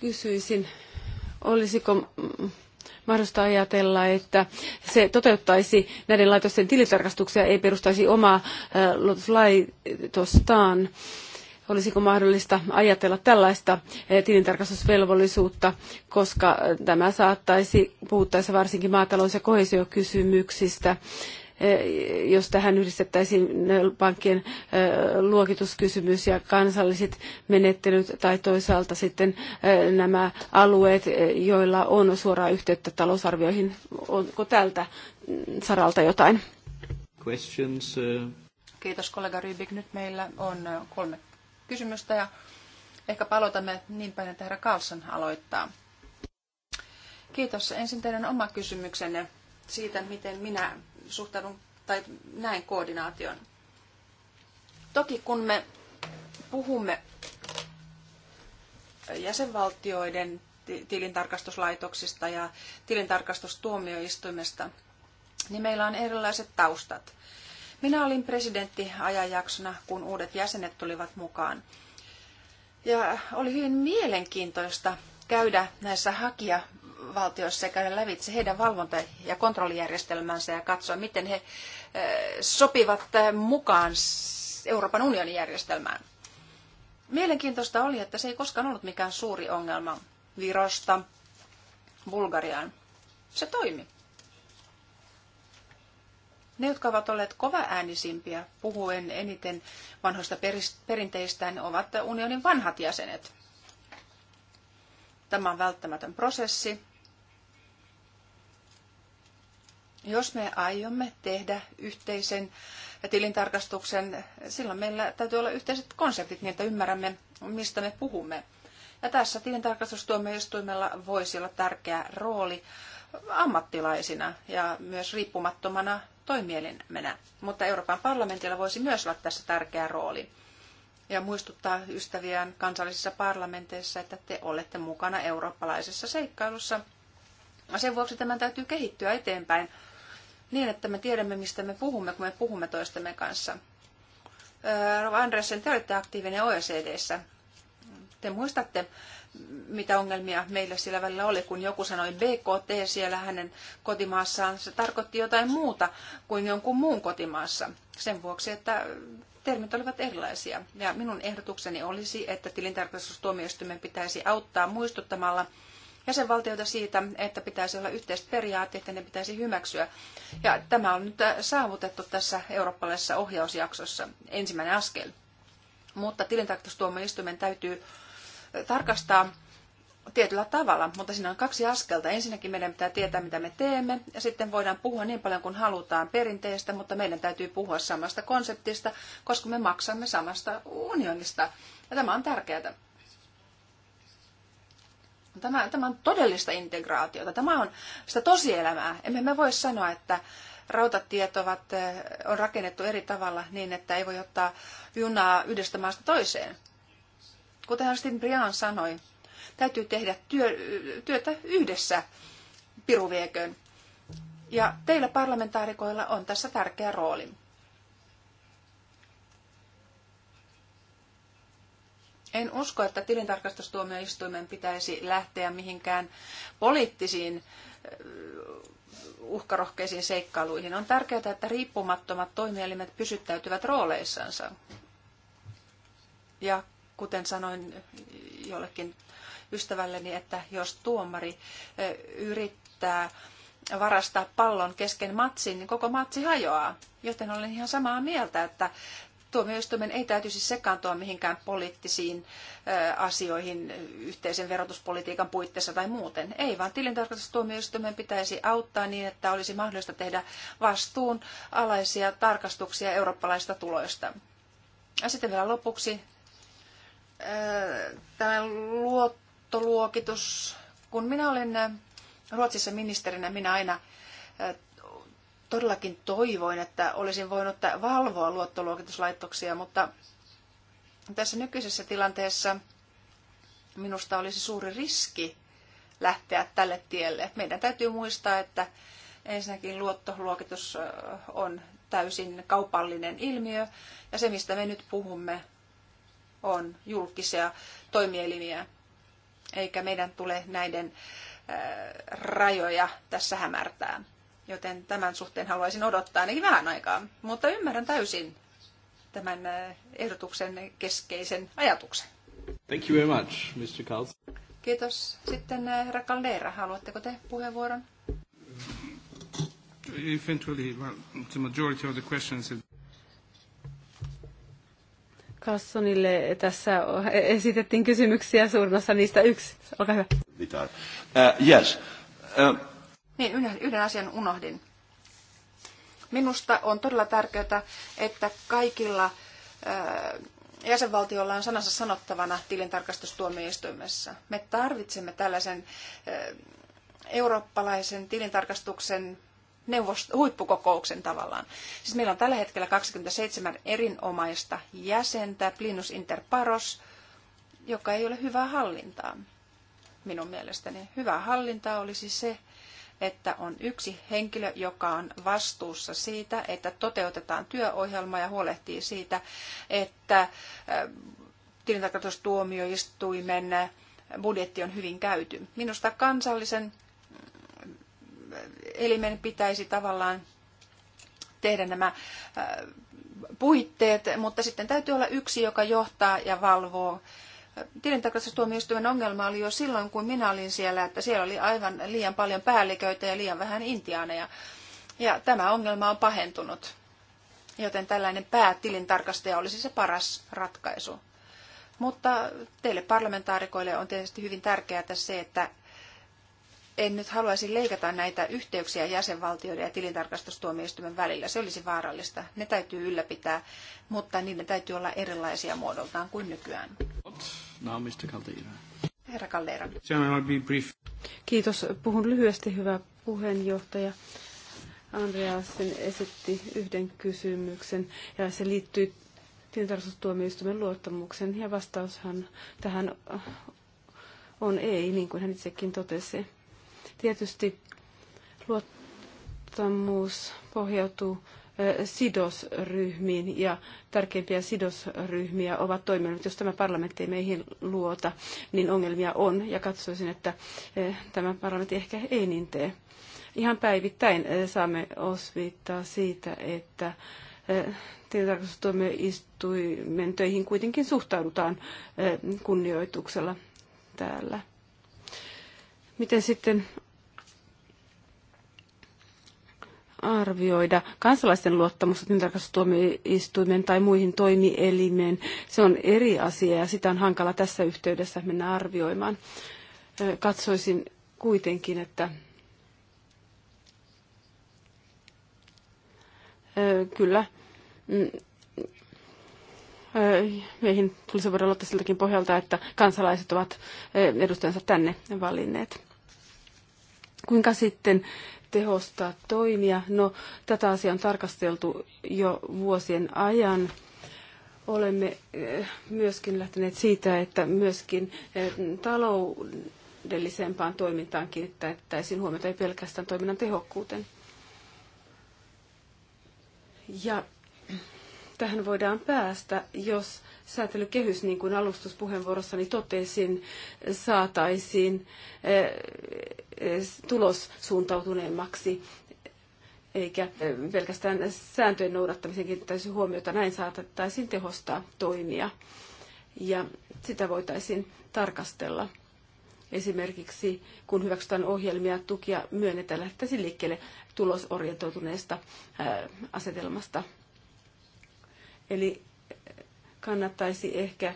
Kysyisin Olisiko mahdollista ajatella, että se toteuttaisi näiden laitosten tilitarkastuksia, ei perustaisi omaa laitostaan. olisiko mahdollista ajatella tällaista tilintarkastusvelvollisuutta, koska tämä saattaisi puhuttaessa varsinkin maatalous- ja kohesiokysymyksistä Eh, jos tähän yhdistettäisiin pankkien eh, luokituskysymys ja kansalliset menettelyt tai toisaalta sitten eh, nämä alueet, joilla on suoraa yhteyttä talousarvioihin. Onko tältä saralta jotain? Questions, Kiitos kollega Rybik. Nyt meillä on kolme kysymystä ja ehkä palotamme niin päin, että herra Carlson aloittaa. Kiitos. Ensin teidän oma kysymyksenne siitä, miten minä suhtaudun tai näin koordinaation. Toki kun me puhumme jäsenvaltioiden tilintarkastuslaitoksista ja tilintarkastustuomioistuimesta, niin meillä on erilaiset taustat. Minä olin presidentti ajanjaksona, kun uudet jäsenet tulivat mukaan. Ja oli hyvin mielenkiintoista käydä näissä hakija valtioissa ja käydä lävitse heidän valvonta- ja kontrollijärjestelmänsä ja katsoa, miten he eh, sopivat eh, mukaan Euroopan unionin järjestelmään. Mielenkiintoista oli, että se ei koskaan ollut mikään suuri ongelma Virosta Bulgariaan. Se toimi. Ne, jotka ovat olleet kovaäänisimpiä puhuen eniten vanhoista perinteistään, ovat unionin vanhat jäsenet. Tämä on välttämätön prosessi, Jos me aiomme tehdä yhteisen tilintarkastuksen, silloin meillä täytyy olla yhteiset konseptit niin, että ymmärrämme, mistä me puhumme. Ja tässä tilintarkastustuomioistuimella voisi olla tärkeä rooli ammattilaisina ja myös riippumattomana toimielimenä. Mutta Euroopan parlamentilla voisi myös olla tässä tärkeä rooli ja muistuttaa ystäviään kansallisissa parlamenteissa, että te olette mukana eurooppalaisessa seikkailussa. Sen vuoksi tämän täytyy kehittyä eteenpäin niin, että me tiedämme, mistä me puhumme, kun me puhumme toistemme kanssa. Rova Andressen, te olette aktiivinen OECDssä. Te muistatte, mitä ongelmia meillä sillä välillä oli, kun joku sanoi BKT siellä hänen kotimaassaan. Se tarkoitti jotain muuta kuin jonkun muun kotimaassa. Sen vuoksi, että termit olivat erilaisia. Ja minun ehdotukseni olisi, että tilintarkastustuomioistuimen pitäisi auttaa muistuttamalla jäsenvaltioita siitä, että pitäisi olla yhteiset periaatteet ja ne pitäisi hyväksyä. Ja tämä on nyt äh, saavutettu tässä eurooppalaisessa ohjausjaksossa ensimmäinen askel. Mutta tilintarkastustuomioistuimen täytyy äh, tarkastaa tietyllä tavalla, mutta siinä on kaksi askelta. Ensinnäkin meidän pitää tietää, mitä me teemme, ja sitten voidaan puhua niin paljon kuin halutaan perinteistä, mutta meidän täytyy puhua samasta konseptista, koska me maksamme samasta unionista. Ja tämä on tärkeää. No, tämä, tämä on todellista integraatiota. Tämä on sitä tosielämää. Emme me voi sanoa, että rautatiet ovat, eh, on rakennettu eri tavalla niin, että ei voi ottaa junaa yhdestä maasta toiseen. Kuten Austin Brian sanoi, täytyy tehdä työ, työtä yhdessä piruvieköön. Ja teillä parlamentaarikoilla on tässä tärkeä rooli. En usko, että tilintarkastustuomioistuimen pitäisi lähteä mihinkään poliittisiin eh, uhkarohkeisiin seikkailuihin. On tärkeää, että riippumattomat toimielimet pysyttäytyvät rooleissansa. Ja kuten sanoin jollekin ystävälleni, että jos tuomari eh, yrittää varastaa pallon kesken matsin, niin koko matsi hajoaa. Joten olen ihan samaa mieltä, että tuomioistuimen ei täytyisi sekaantua mihinkään poliittisiin asioihin yhteisen verotuspolitiikan puitteissa tai muuten. Ei, vaan tilintarkastustuomioistuimen pitäisi auttaa niin, että olisi mahdollista tehdä vastuun alaisia tarkastuksia eurooppalaisista tuloista. Ja sitten vielä lopuksi tämä luottoluokitus. Kun minä olin Ruotsissa ministerinä, minä aina todellakin toivoin, että olisin voinut valvoa luottoluokituslaitoksia, mutta tässä nykyisessä tilanteessa minusta olisi suuri riski lähteä tälle tielle. Meidän täytyy muistaa, että ensinnäkin luottoluokitus on täysin kaupallinen ilmiö, ja se, mistä me nyt puhumme, on julkisia toimielimiä, eikä meidän tule näiden rajoja tässä hämärtää. Joten tämän suhteen haluaisin odottaa ainakin vähän aikaa. Mutta ymmärrän täysin tämän äh, ehdotuksen keskeisen ajatuksen. Thank you very much, Mr. Carlson. Kiitos. Sitten äh, herra Caldera, haluatteko te puheenvuoron? Eventually, well, the majority of the questions... Kassonille tässä esitettiin kysymyksiä, suurin osa niistä yksi. Olkaa hyvä. Uh, yes. Uh, niin, yhden asian unohdin. Minusta on todella tärkeää, että kaikilla jäsenvaltiolla on sanansa sanottavana tilintarkastustuomioistuimessa. Me tarvitsemme tällaisen eurooppalaisen tilintarkastuksen neuvost- huippukokouksen tavallaan. Siis meillä on tällä hetkellä 27 erinomaista jäsentä, plinus inter paros, joka ei ole hyvää hallintaa. Minun mielestäni hyvää hallintaa olisi se, että on yksi henkilö, joka on vastuussa siitä, että toteutetaan työohjelma ja huolehtii siitä, että äh, tilintarkastustuomioistuimen äh, budjetti on hyvin käyty. Minusta kansallisen äh, elimen pitäisi tavallaan tehdä nämä puitteet, mutta sitten täytyy olla yksi, joka johtaa ja valvoo tilintarkastustuomioistuimen ongelma oli jo silloin, kun minä olin siellä, että siellä oli aivan liian paljon päälliköitä ja liian vähän intiaaneja. Ja tämä ongelma on pahentunut. Joten tällainen päätilintarkastaja olisi se paras ratkaisu. Mutta teille parlamentaarikoille on tietysti hyvin tärkeää se, että en nyt haluaisi leikata näitä yhteyksiä jäsenvaltioiden ja tilintarkastustuomioistuimen välillä. Se olisi vaarallista. Ne täytyy ylläpitää, mutta niiden täytyy olla erilaisia muodoltaan kuin nykyään. Now, Mr. Herra Caldera. Kiitos. Puhun lyhyesti, hyvä puheenjohtaja. Andreasen esitti yhden kysymyksen ja se liittyy tilintarkastustuomioistuimen luottamuksen ja vastaushan tähän on ei, niin kuin hän itsekin totesi. Tietysti luottamus pohjautuu sidosryhmiin ja tärkeimpiä sidosryhmiä ovat toimineet. Jos tämä parlamentti ei meihin luota, niin ongelmia on ja katsoisin, että tämä parlamentti ehkä ei niin tee. Ihan päivittäin saamme osviittaa siitä, että tilintarkastustuomioistuimen töihin kuitenkin suhtaudutaan kunnioituksella täällä. Miten sitten arvioida kansalaisten luottamusta tilintarkastustuomioistuimen tai muihin toimielimeen. Se on eri asia ja sitä on hankala tässä yhteydessä mennä arvioimaan. Katsoisin kuitenkin, että kyllä mm, meihin tulisi voida luottaa siltäkin pohjalta, että kansalaiset ovat edustajansa tänne valinneet. Kuinka sitten tehostaa toimia. No, tätä asiaa on tarkasteltu jo vuosien ajan. Olemme eh, myöskin lähteneet siitä, että myöskin eh, taloudellisempaan toimintaan kiinnittäisiin huomiota, ei pelkästään toiminnan tehokkuuteen. Ja tähän voidaan päästä, jos säätelykehys, niin kuin alustuspuheenvuorossani totesin, saataisiin eh, eh, tulos suuntautuneemmaksi eikä eh, pelkästään sääntöjen noudattamisen kiinnittäisi huomiota. Näin saatettaisiin tehostaa toimia ja sitä voitaisiin tarkastella. Esimerkiksi kun hyväksytään ohjelmia, tukia myönnetään, lähdettäisiin liikkeelle tulosorientoituneesta asetelmasta. Eli kannattaisi ehkä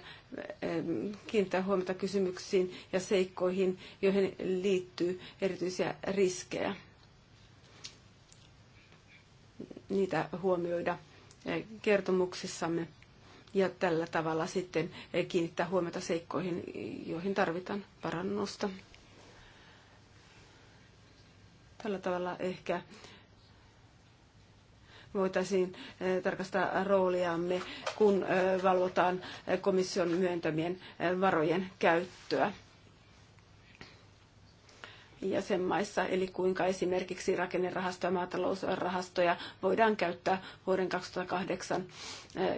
kiinnittää huomiota kysymyksiin ja seikkoihin, joihin liittyy erityisiä riskejä. Niitä huomioida eh, kertomuksissamme ja tällä tavalla sitten eh, kiinnittää huomiota seikkoihin, joihin tarvitaan parannusta. Tällä tavalla ehkä voitaisiin eh, tarkastaa rooliamme, kun eh, valvotaan eh, komission myöntämien varojen käyttöä jäsenmaissa, eli kuinka esimerkiksi rakennerahastoja ja maatalousrahastoja voidaan käyttää vuoden 2008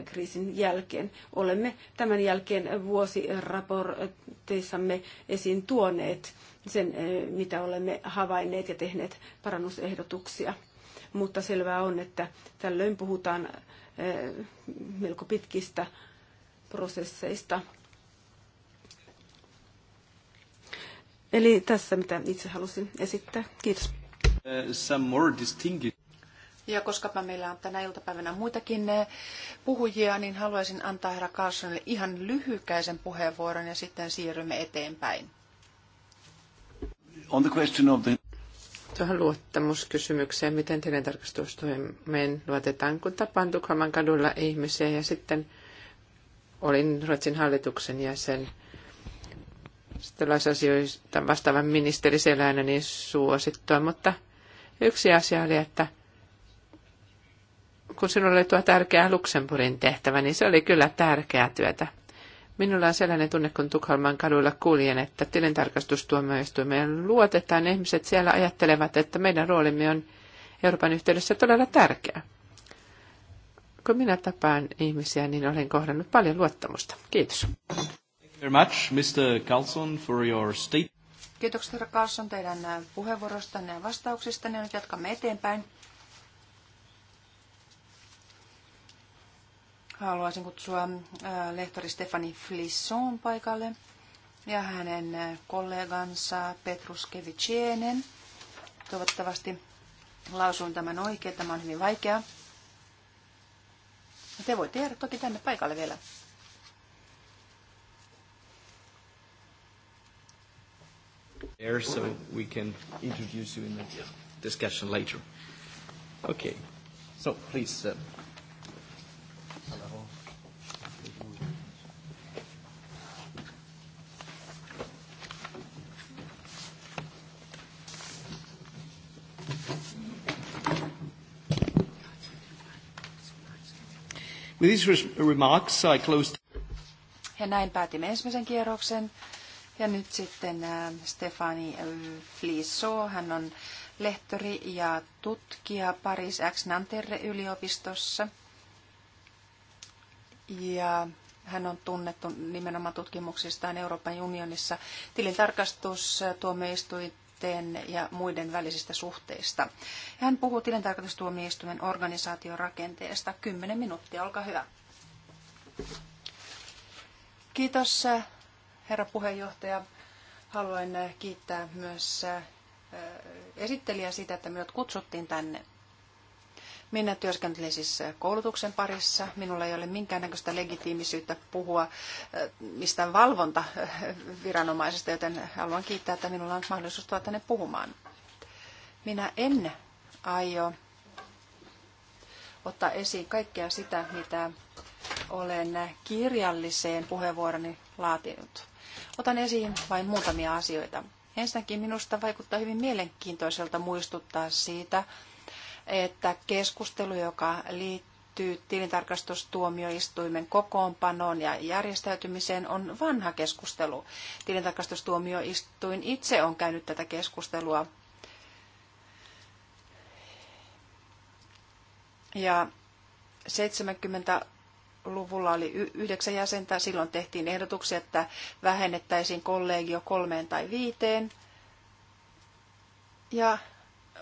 kriisin jälkeen. Olemme tämän jälkeen vuosiraporteissamme esiin tuoneet sen, mitä olemme havainneet ja tehneet parannusehdotuksia mutta selvää on, että tällöin puhutaan eh, melko pitkistä prosesseista. Eli tässä mitä itse halusin esittää. Kiitos. Eh, some more distinguished. Ja koska meillä on tänä iltapäivänä muitakin eh, puhujia, niin haluaisin antaa herra Carlsonille ihan lyhykäisen puheenvuoron ja sitten siirrymme eteenpäin. On the question of the tuohon luottamuskysymykseen, miten tilintarkastustoimeen luotetaan, kun tapaan Tukholman kadulla ihmisiä ja sitten olin Ruotsin hallituksen jäsen. asioista vastaavan ministeri Selänä niin suosittua, mutta yksi asia oli, että kun sinulla oli tuo tärkeä Luxemburgin tehtävä, niin se oli kyllä tärkeää työtä. Minulla on sellainen tunne, kun Tukholman kaduilla kuljen, että tilintarkastustuomioistuimeen luotetaan. Ihmiset siellä ajattelevat, että meidän roolimme on Euroopan yhteydessä todella tärkeä. Kun minä tapaan ihmisiä, niin olen kohdannut paljon luottamusta. Kiitos. Kiitokset, herra Carlson, teidän puheenvuorostanne ja vastauksistanne. Nyt jatkamme eteenpäin. Haluaisin kutsua lehtori Stefani Flisson paikalle ja hänen kollegansa Petrus Kevicienen. Toivottavasti lausun tämän oikein. Tämä on hyvin vaikea. No, te voitte jäädä toki tänne paikalle vielä. There, so we can introduce you in the discussion later. Okay. So please. Uh, With these remarks, I Ja näin päätimme ensimmäisen kierroksen. Ja nyt sitten äh, Stefani äh, Fliso, hän on lehtori ja tutkija Paris X Nanterre yliopistossa. Ja hän on tunnettu nimenomaan tutkimuksistaan Euroopan unionissa äh, tuomioistuin lasten ja muiden välisistä suhteista. Ja hän puhuu tilintarkastustuomioistuimen rakenteesta Kymmenen minuuttia, olkaa hyvä. Kiitos, herra puheenjohtaja. Haluan kiittää myös esittelijä siitä, että minut kutsuttiin tänne. Minä työskentelen siis äh, koulutuksen parissa. Minulla ei ole minkäännäköistä legitiimisyyttä puhua äh, mistään valvontaviranomaisesta, äh, joten haluan kiittää, että minulla on mahdollisuus tulla tänne puhumaan. Minä en aio ottaa esiin kaikkea sitä, mitä olen kirjalliseen puheenvuoroni laatinut. Otan esiin vain muutamia asioita. Ensinnäkin minusta vaikuttaa hyvin mielenkiintoiselta muistuttaa siitä, että keskustelu, joka liittyy tilintarkastustuomioistuimen kokoonpanoon ja järjestäytymiseen, on vanha keskustelu. Tilintarkastustuomioistuin itse on käynyt tätä keskustelua. Ja 70 luvulla oli yhdeksän jäsentä. Silloin tehtiin ehdotuksia, että vähennettäisiin kollegio kolmeen tai viiteen. Ja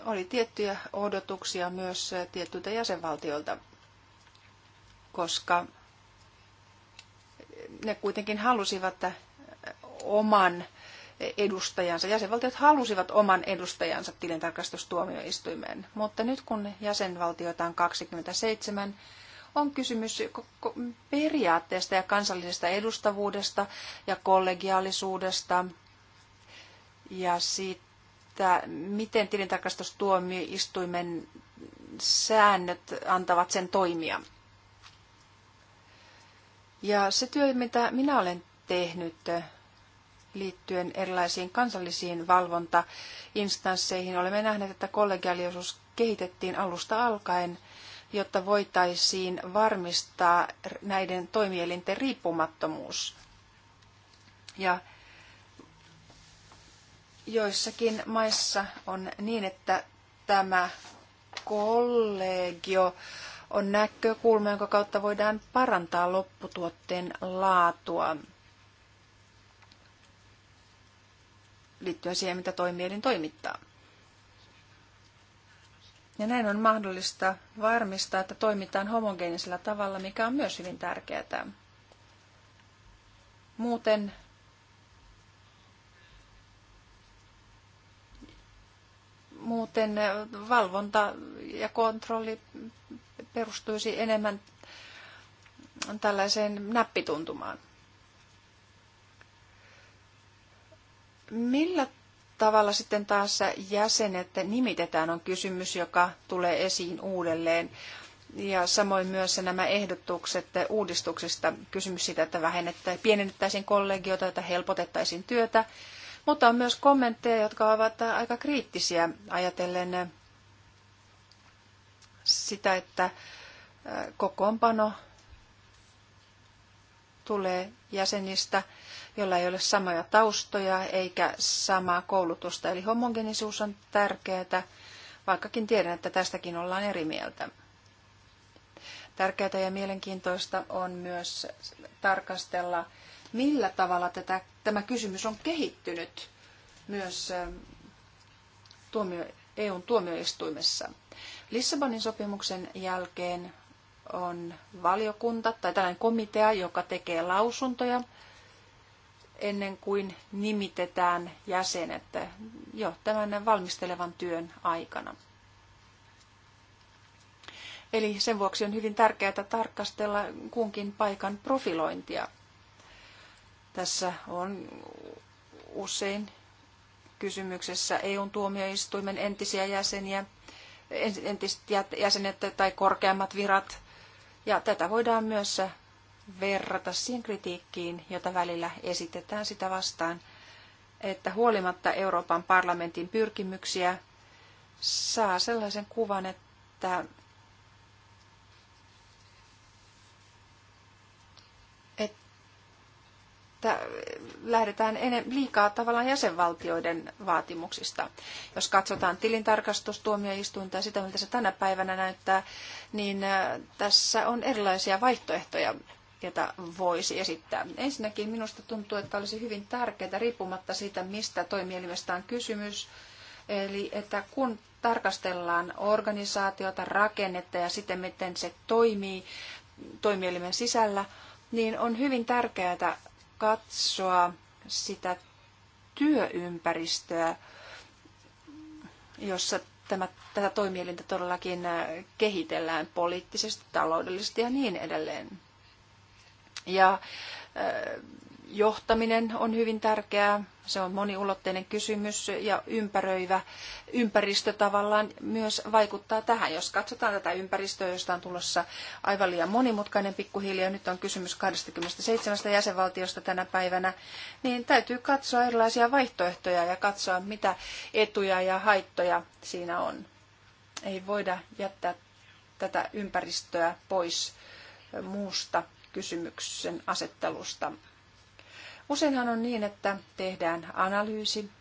oli tiettyjä odotuksia myös tietyiltä jäsenvaltioilta, koska ne kuitenkin halusivat oman edustajansa. Jäsenvaltiot halusivat oman edustajansa tilintarkastustuomioistuimeen, mutta nyt kun jäsenvaltioita on 27, on kysymys periaatteesta ja kansallisesta edustavuudesta ja kollegiaalisuudesta ja siitä, että miten tilintarkastustuomioistuimen säännöt antavat sen toimia. Ja se työ, mitä minä olen tehnyt liittyen erilaisiin kansallisiin valvontainstansseihin, olemme nähneet, että kollegiaalisuus kehitettiin alusta alkaen, jotta voitaisiin varmistaa näiden toimielinten riippumattomuus. Ja Joissakin maissa on niin, että tämä kollegio on näkökulma, jonka kautta voidaan parantaa lopputuotteen laatua liittyen siihen, mitä toimielin toimittaa. Ja näin on mahdollista varmistaa, että toimitaan homogeenisella tavalla, mikä on myös hyvin tärkeää. Muuten muuten valvonta ja kontrolli perustuisi enemmän tällaiseen näppituntumaan. Millä tavalla sitten taas jäsenet nimitetään on kysymys, joka tulee esiin uudelleen. Ja samoin myös nämä ehdotukset uudistuksista, kysymys siitä, että vähennettäisiin, pienennettäisiin kollegioita, että helpotettaisiin työtä mutta on myös kommentteja, jotka ovat aika kriittisiä ajatellen sitä, että kokoonpano tulee jäsenistä, jolla ei ole samoja taustoja eikä samaa koulutusta. Eli homogenisuus on tärkeää, vaikkakin tiedän, että tästäkin ollaan eri mieltä. Tärkeää ja mielenkiintoista on myös tarkastella millä tavalla tätä, tämä kysymys on kehittynyt myös tuomio, EUn tuomioistuimessa. Lissabonin sopimuksen jälkeen on valiokunta tai tällainen komitea, joka tekee lausuntoja ennen kuin nimitetään jäsenet jo tämän valmistelevan työn aikana. Eli sen vuoksi on hyvin tärkeää tarkastella kunkin paikan profilointia – tässä on usein kysymyksessä EUn tuomioistuimen entisiä jäseniä, entiset jäsenet tai korkeammat virat. Ja tätä voidaan myös verrata siihen kritiikkiin, jota välillä esitetään sitä vastaan, että huolimatta Euroopan parlamentin pyrkimyksiä saa sellaisen kuvan, että että lähdetään liikaa tavallaan jäsenvaltioiden vaatimuksista. Jos katsotaan tilintarkastustuomioistuinta ja sitä, miltä se tänä päivänä näyttää, niin äh, tässä on erilaisia vaihtoehtoja joita voisi esittää. Ensinnäkin minusta tuntuu, että olisi hyvin tärkeää, riippumatta siitä, mistä toimielimestä on kysymys, eli että kun tarkastellaan organisaatiota, rakennetta ja sitä, miten se toimii toimielimen sisällä, niin on hyvin tärkeää katsoa sitä työympäristöä, jossa tämä, tätä toimielintä todellakin äh, kehitellään poliittisesti, taloudellisesti ja niin edelleen. Ja äh, johtaminen on hyvin tärkeää. Se on moniulotteinen kysymys ja ympäröivä ympäristö tavallaan myös vaikuttaa tähän. Jos katsotaan tätä ympäristöä, josta on tulossa aivan liian monimutkainen pikkuhiljaa, nyt on kysymys 27 jäsenvaltiosta tänä päivänä, niin täytyy katsoa erilaisia vaihtoehtoja ja katsoa, mitä etuja ja haittoja siinä on. Ei voida jättää tätä ympäristöä pois muusta kysymyksen asettelusta. Useinhan on niin, että tehdään analyysi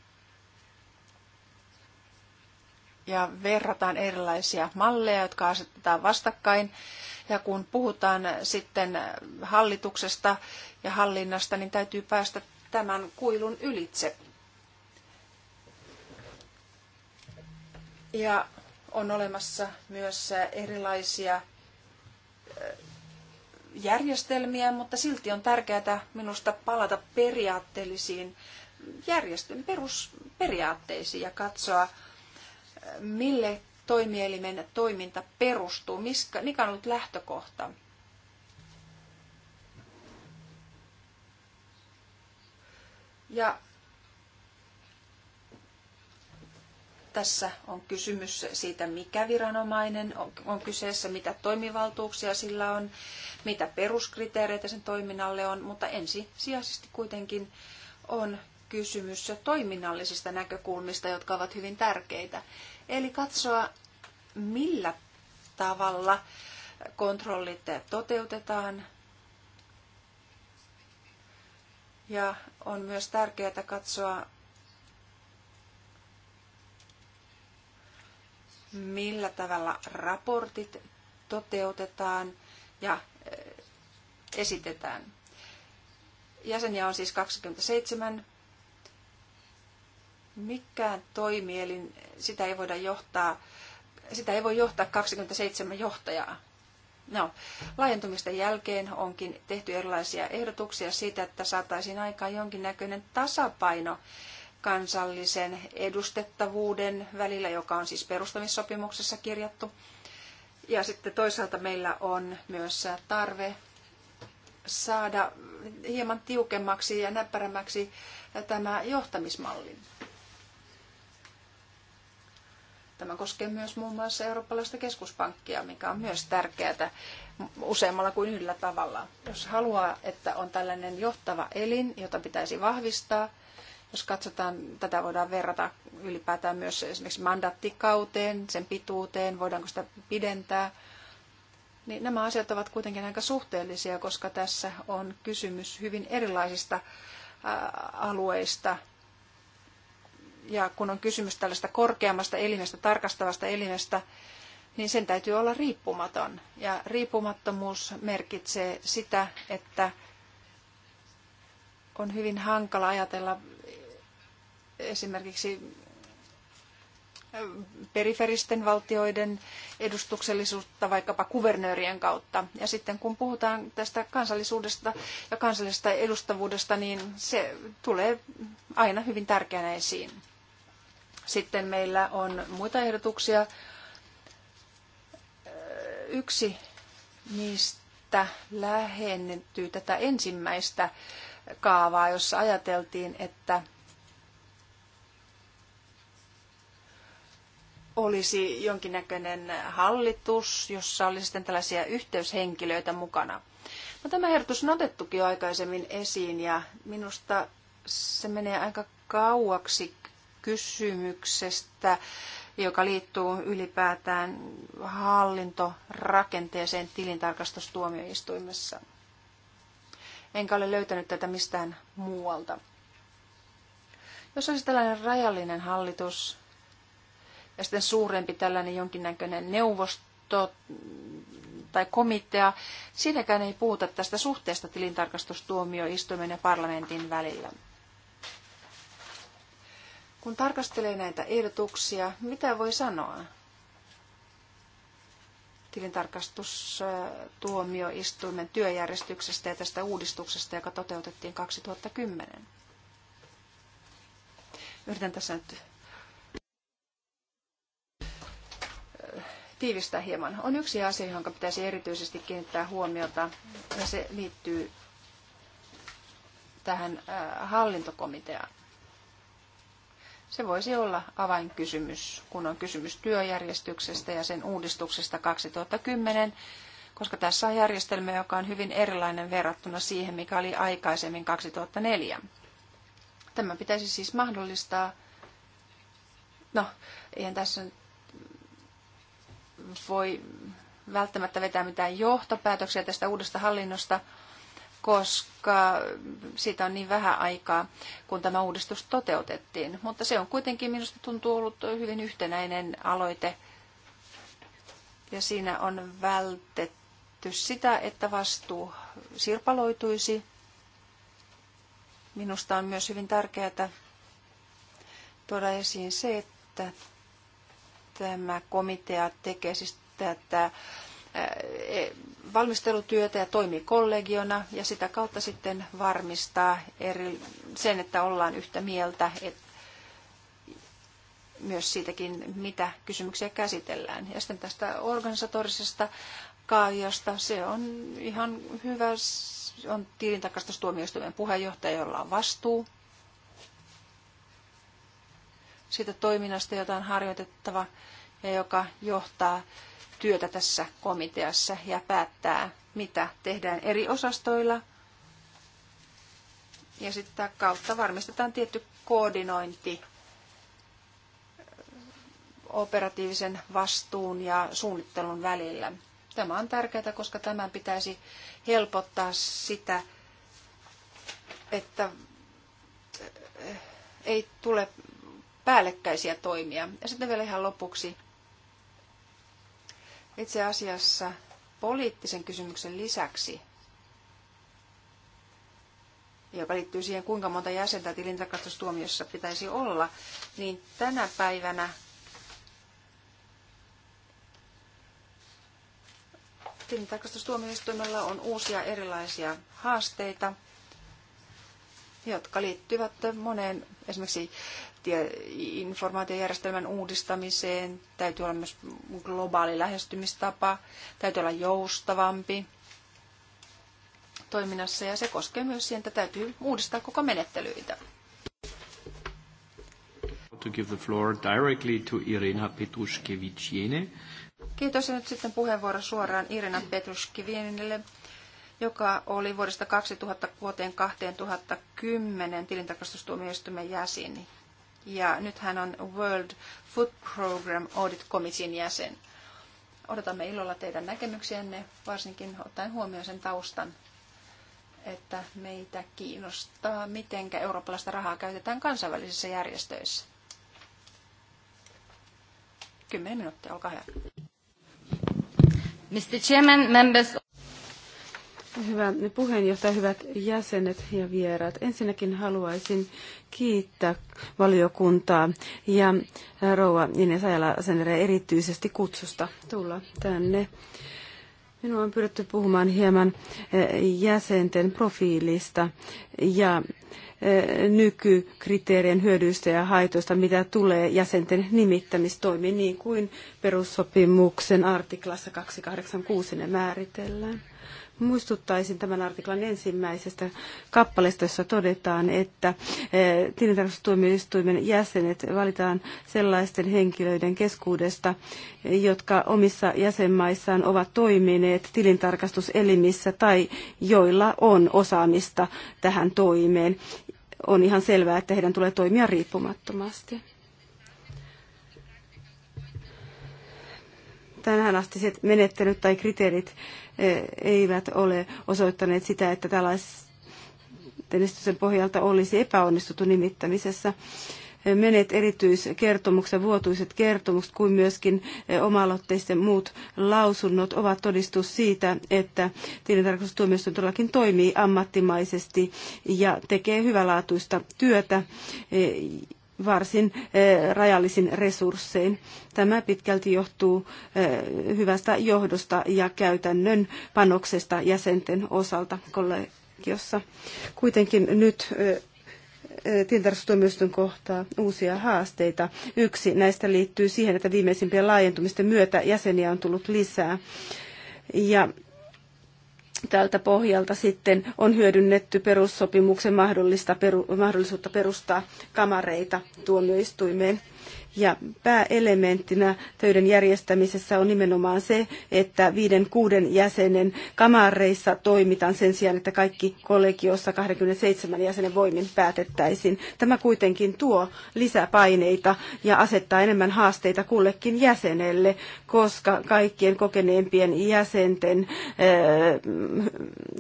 ja verrataan erilaisia malleja, jotka asetetaan vastakkain. Ja kun puhutaan sitten hallituksesta ja hallinnasta, niin täytyy päästä tämän kuilun ylitse. Ja on olemassa myös erilaisia järjestelmiä, mutta silti on tärkeää minusta palata periaatteellisiin järjestön perusperiaatteisiin ja katsoa, mille toimielimen toiminta perustuu, mikä on ollut lähtökohta. Ja Tässä on kysymys siitä, mikä viranomainen on kyseessä, mitä toimivaltuuksia sillä on, mitä peruskriteereitä sen toiminnalle on, mutta ensisijaisesti kuitenkin on kysymys toiminnallisista näkökulmista, jotka ovat hyvin tärkeitä. Eli katsoa, millä tavalla kontrollit toteutetaan. Ja on myös tärkeää katsoa, millä tavalla raportit toteutetaan ja eh, esitetään. Jäseniä on siis 27. Mikään toimielin, sitä ei voida johtaa, sitä ei voi johtaa 27 johtajaa. No, laajentumisten jälkeen onkin tehty erilaisia ehdotuksia siitä, että saataisiin aikaan jonkinnäköinen tasapaino kansallisen edustettavuuden välillä, joka on siis perustamissopimuksessa kirjattu. Ja sitten toisaalta meillä on myös tarve saada hieman tiukemmaksi ja näppärämmäksi tämä johtamismalli. Tämä koskee myös muun muassa eurooppalaista keskuspankkia, mikä on myös tärkeää useammalla kuin yhdellä tavalla. Jos haluaa, että on tällainen johtava elin, jota pitäisi vahvistaa, jos katsotaan, tätä voidaan verrata ylipäätään myös esimerkiksi mandattikauteen sen pituuteen, voidaanko sitä pidentää. Niin nämä asiat ovat kuitenkin aika suhteellisia, koska tässä on kysymys hyvin erilaisista alueista. Ja kun on kysymys tällaista korkeammasta elimestä, tarkastavasta elimestä, niin sen täytyy olla riippumaton. Ja riippumattomuus merkitsee sitä, että on hyvin hankala ajatella esimerkiksi periferisten valtioiden edustuksellisuutta vaikkapa kuvernöörien kautta. Ja sitten kun puhutaan tästä kansallisuudesta ja kansallisesta edustavuudesta, niin se tulee aina hyvin tärkeänä esiin. Sitten meillä on muita ehdotuksia. Yksi niistä lähentyy tätä ensimmäistä kaavaa, jossa ajateltiin, että olisi jonkinnäköinen hallitus, jossa olisi sitten tällaisia yhteyshenkilöitä mukana. No, tämä ehdotus on otettukin jo aikaisemmin esiin ja minusta se menee aika kauaksi kysymyksestä, joka liittyy ylipäätään hallintorakenteeseen tilintarkastustuomioistuimessa. Enkä ole löytänyt tätä mistään muualta. Jos olisi tällainen rajallinen hallitus, ja sitten suurempi tällainen jonkinnäköinen neuvosto tai komitea, siinäkään ei puhuta tästä suhteesta tilintarkastustuomioistuimen ja parlamentin välillä. Kun tarkastelee näitä ehdotuksia, mitä voi sanoa? tilintarkastustuomioistuimen työjärjestyksestä ja tästä uudistuksesta, joka toteutettiin 2010. Yritän tässä nyt tiivistää hieman. On yksi asia, johon pitäisi erityisesti kiinnittää huomiota, ja se liittyy tähän hallintokomiteaan. Se voisi olla avainkysymys, kun on kysymys työjärjestyksestä ja sen uudistuksesta 2010, koska tässä on järjestelmä, joka on hyvin erilainen verrattuna siihen, mikä oli aikaisemmin 2004. Tämä pitäisi siis mahdollistaa, no, eihän tässä nyt voi välttämättä vetää mitään johtopäätöksiä tästä uudesta hallinnosta, koska siitä on niin vähän aikaa, kun tämä uudistus toteutettiin. Mutta se on kuitenkin minusta tuntuu ollut hyvin yhtenäinen aloite. Ja siinä on vältetty sitä, että vastuu sirpaloituisi. Minusta on myös hyvin tärkeää tuoda esiin se, että tämä komitea tekee siis tätä e, valmistelutyötä ja toimii kollegiona ja sitä kautta sitten varmistaa eri, sen, että ollaan yhtä mieltä et, myös siitäkin, mitä kysymyksiä käsitellään. Ja sitten tästä organisatorisesta kaaviosta, se on ihan hyvä, on tilintarkastustuomioistuimen puheenjohtaja, jolla on vastuu siitä toiminnasta, jota on harjoitettava ja joka johtaa työtä tässä komiteassa ja päättää, mitä tehdään eri osastoilla. Ja sitten kautta varmistetaan tietty koordinointi operatiivisen vastuun ja suunnittelun välillä. Tämä on tärkeää, koska tämän pitäisi helpottaa sitä, että ei tule päällekkäisiä toimia. Ja sitten vielä ihan lopuksi. Itse asiassa poliittisen kysymyksen lisäksi, joka liittyy siihen, kuinka monta jäsentä tilintarkastustuomiossa pitäisi olla, niin tänä päivänä tilintarkastustuomioistuimella on uusia erilaisia haasteita, jotka liittyvät moneen esimerkiksi informaatiojärjestelmän uudistamiseen, täytyy olla myös globaali lähestymistapa, täytyy olla joustavampi toiminnassa ja se koskee myös siihen, että täytyy uudistaa koko menettelyitä. To give the floor directly to Irina Kiitos ja nyt sitten puheenvuoro suoraan Irina Petruskivienille joka oli vuodesta 2000 vuoteen 2010 tilintarkastustuomioistuimen jäsen ja nyt hän on World Food Program Audit Committeein jäsen. Odotamme ilolla teidän näkemyksiänne, varsinkin ottaen huomioon sen taustan, että meitä kiinnostaa, miten eurooppalaista rahaa käytetään kansainvälisissä järjestöissä. Kymmenen minuuttia, olkaa hyvä. Mr. Chairman, members... Hyvä puheenjohtaja, hyvät jäsenet ja vieraat. Ensinnäkin haluaisin kiittää valiokuntaa ja rouva Ines ajala erityisesti kutsusta tulla tänne. Minua on pyydetty puhumaan hieman eh, jäsenten profiilista ja eh, nykykriteerien hyödyistä ja haitoista, mitä tulee jäsenten nimittämistoimiin, niin kuin perussopimuksen artiklassa 286 ne määritellään. Muistuttaisin tämän artiklan ensimmäisestä kappaleesta, jossa todetaan, että eh, tilintarkastustuomioistuimen jäsenet valitaan sellaisten henkilöiden keskuudesta, jotka omissa jäsenmaissaan ovat toimineet tilintarkastuselimissä tai joilla on osaamista tähän toimeen. On ihan selvää, että heidän tulee toimia riippumattomasti. tähän asti menettelyt tai kriteerit E, eivät ole osoittaneet sitä, että tällaisten pohjalta olisi epäonnistuttu nimittämisessä e, menet erityiskertomuksen, vuotuiset kertomukset kuin myöskin e, oma muut lausunnot ovat todistus siitä, että tilintarkastustuomioistuin todellakin toimii ammattimaisesti ja tekee hyvälaatuista työtä varsin eh, rajallisin resurssein. Tämä pitkälti johtuu eh, hyvästä johdosta ja käytännön panoksesta jäsenten osalta kollegiossa. Kuitenkin nyt eh, tilintarkastustuomioistuin kohtaa uusia haasteita. Yksi näistä liittyy siihen, että viimeisimpien laajentumisten myötä jäseniä on tullut lisää. Ja tältä pohjalta sitten on hyödynnetty perussopimuksen mahdollista, peru, mahdollisuutta perustaa kamareita tuomioistuimeen. Ja pääelementtinä töiden järjestämisessä on nimenomaan se, että viiden kuuden jäsenen kamareissa toimitaan sen sijaan, että kaikki kollegiossa 27 jäsenen voimin päätettäisiin. Tämä kuitenkin tuo lisäpaineita ja asettaa enemmän haasteita kullekin jäsenelle, koska kaikkien kokeneempien jäsenten eh,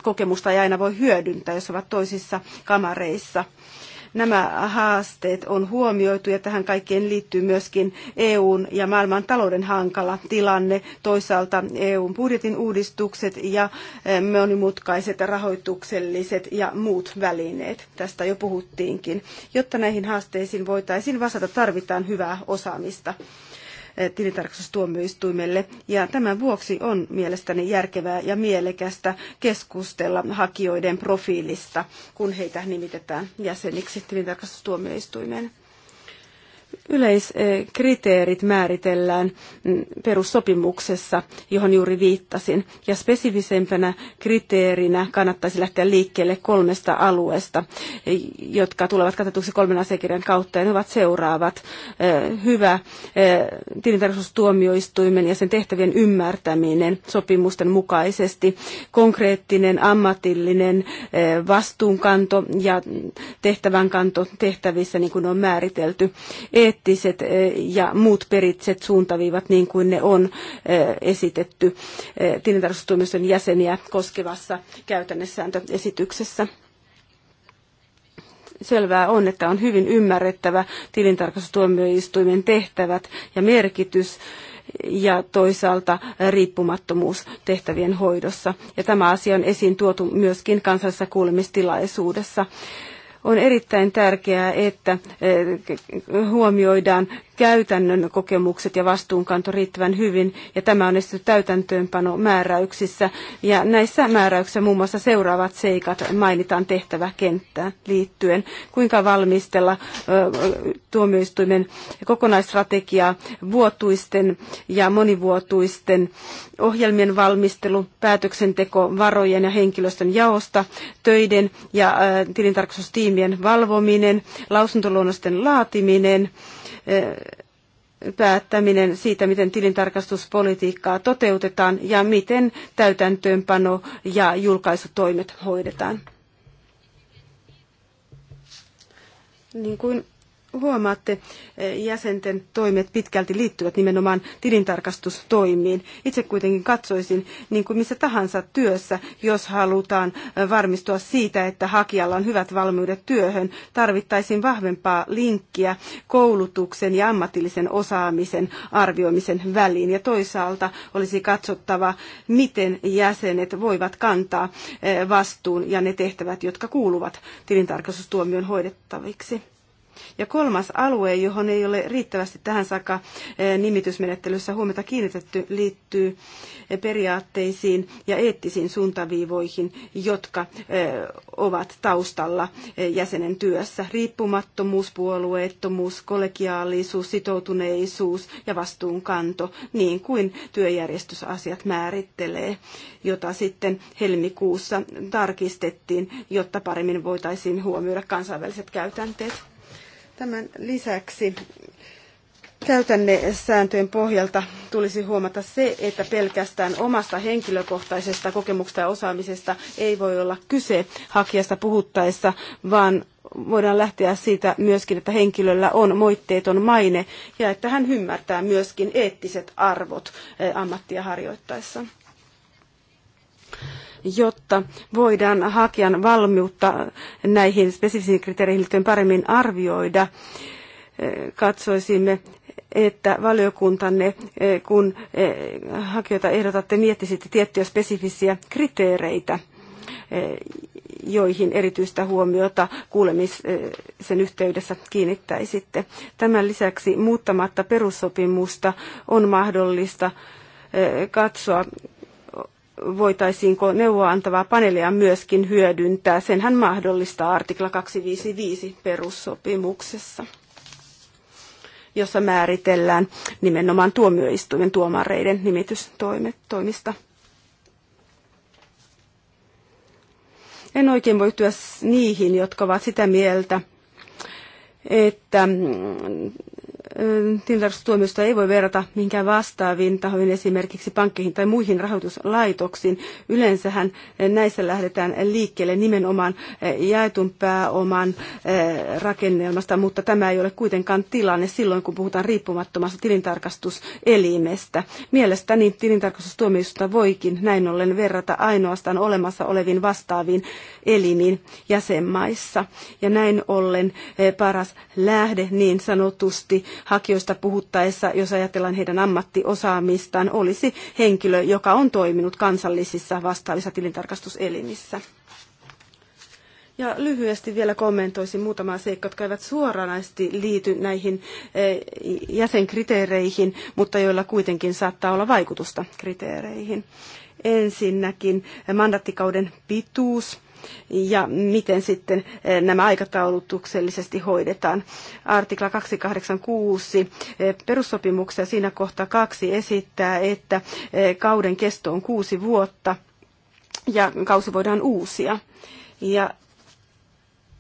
kokemusta ei aina voi hyödyntää, jos ovat toisissa kamareissa nämä haasteet on huomioitu ja tähän kaikkeen liittyy myöskin EUn ja maailman talouden hankala tilanne, toisaalta EUn budjetin uudistukset ja eh, monimutkaiset rahoitukselliset ja muut välineet. Tästä jo puhuttiinkin. Jotta näihin haasteisiin voitaisiin vastata, tarvitaan hyvää osaamista. Eh, tilintarkastustuomioistuimelle. Ja tämän vuoksi on mielestäni järkevää ja mielekästä keskustella hakijoiden profiilista, kun heitä nimitetään jäseniksi tilintarkastustuomioistuimeen. Yleiskriteerit määritellään perussopimuksessa, johon juuri viittasin, ja spesifisempänä kriteerinä kannattaisi lähteä liikkeelle kolmesta alueesta, jotka tulevat katsotuksi kolmen asiakirjan kautta, ja ne ovat seuraavat. Hyvä tilintarkastustuomioistuimen ja sen tehtävien ymmärtäminen sopimusten mukaisesti, konkreettinen ammatillinen vastuunkanto ja tehtävänkanto tehtävissä, niin kuin on määritelty, eettiset eh, ja muut peritset suuntaviivat niin kuin ne on eh, esitetty eh, tilintarkastustuomioistuimen jäseniä koskevassa käytännessääntöesityksessä selvää on, että on hyvin ymmärrettävä tilintarkastustuomioistuimen tehtävät ja merkitys ja toisaalta riippumattomuus tehtävien hoidossa. Ja tämä asia on esiin tuotu myöskin kansallisessa kuulemistilaisuudessa. On erittäin tärkeää, että eh, huomioidaan käytännön kokemukset ja vastuunkanto riittävän hyvin, ja tämä on esitetty täytäntöönpanomääräyksissä. Ja näissä määräyksissä muun muassa seuraavat seikat mainitaan tehtäväkenttään liittyen. Kuinka valmistella eh, tuomioistuimen kokonaisstrategiaa vuotuisten ja monivuotuisten ohjelmien valmistelu, päätöksenteko varojen ja henkilöstön jaosta, töiden ja äh, tilintarkastustiimien valvominen, lausuntoluonnosten laatiminen, äh, päättäminen siitä, miten tilintarkastuspolitiikkaa toteutetaan ja miten täytäntöönpano ja julkaisutoimet hoidetaan. Niin kuin huomaatte, eh, jäsenten toimet pitkälti liittyvät nimenomaan tilintarkastustoimiin. Itse kuitenkin katsoisin niin kuin missä tahansa työssä, jos halutaan eh, varmistua siitä, että hakijalla on hyvät valmiudet työhön, tarvittaisiin vahvempaa linkkiä koulutuksen ja ammatillisen osaamisen arvioimisen väliin. Ja toisaalta olisi katsottava, miten jäsenet voivat kantaa eh, vastuun ja ne tehtävät, jotka kuuluvat tilintarkastustuomion hoidettaviksi. Ja kolmas alue, johon ei ole riittävästi tähän saakka eh, nimitysmenettelyssä huomiota kiinnitetty, liittyy eh, periaatteisiin ja eettisiin suuntaviivoihin, jotka eh, ovat taustalla jäsenen työssä. Riippumattomuus, puolueettomuus, kollegiaalisuus, sitoutuneisuus ja vastuunkanto, niin kuin työjärjestysasiat määrittelee, jota sitten helmikuussa tarkistettiin, jotta paremmin voitaisiin huomioida kansainväliset käytänteet. Tämän lisäksi Käytännesääntöjen pohjalta tulisi huomata se, että pelkästään omasta henkilökohtaisesta kokemuksesta ja osaamisesta ei voi olla kyse hakijasta puhuttaessa, vaan voidaan lähteä siitä myöskin, että henkilöllä on moitteeton maine ja että hän ymmärtää myöskin eettiset arvot eh, ammattia harjoittaessaan jotta voidaan hakijan valmiutta näihin spesifisiin kriteereihin liittyen paremmin arvioida. Eh, katsoisimme, että valiokuntanne, eh, kun eh, hakijoita ehdotatte, miettisitte tiettyjä spesifisiä kriteereitä joihin erityistä huomiota kuulemisen yhteydessä kiinnittäisitte. Tämän lisäksi muuttamatta perussopimusta on mahdollista katsoa voitaisiinko neuvoa antavaa paneelia myöskin hyödyntää. Senhän mahdollistaa artikla 255 perussopimuksessa jossa määritellään nimenomaan tuomioistuimen tuomareiden nimitystoimista. En oikein voi yhtyä niihin, jotka ovat sitä mieltä, että tilintarkastustuomioista ei voi verrata minkään vastaaviin tahoihin, esimerkiksi pankkeihin tai muihin rahoituslaitoksiin. Yleensähän näissä lähdetään liikkeelle nimenomaan jaetun pääoman rakennelmasta, mutta tämä ei ole kuitenkaan tilanne silloin, kun puhutaan riippumattomasta tilintarkastuselimestä. Mielestäni tilintarkastustuomioista voikin näin ollen verrata ainoastaan olemassa oleviin vastaaviin elimiin jäsenmaissa. Ja näin ollen paras lähde niin sanotusti hakijoista puhuttaessa, jos ajatellaan heidän ammattiosaamistaan, olisi henkilö, joka on toiminut kansallisissa vastaavissa tilintarkastuselimissä. Ja lyhyesti vielä kommentoisin muutamaa seikkaa, jotka eivät suoranaisesti liity näihin eh, jäsenkriteereihin, mutta joilla kuitenkin saattaa olla vaikutusta kriteereihin. Ensinnäkin eh, mandattikauden pituus ja miten sitten eh, nämä aikataulutuksellisesti hoidetaan. Artikla 286 eh, perussopimuksessa siinä kohta kaksi esittää, että eh, kauden kesto on kuusi vuotta ja kausi voidaan uusia. Ja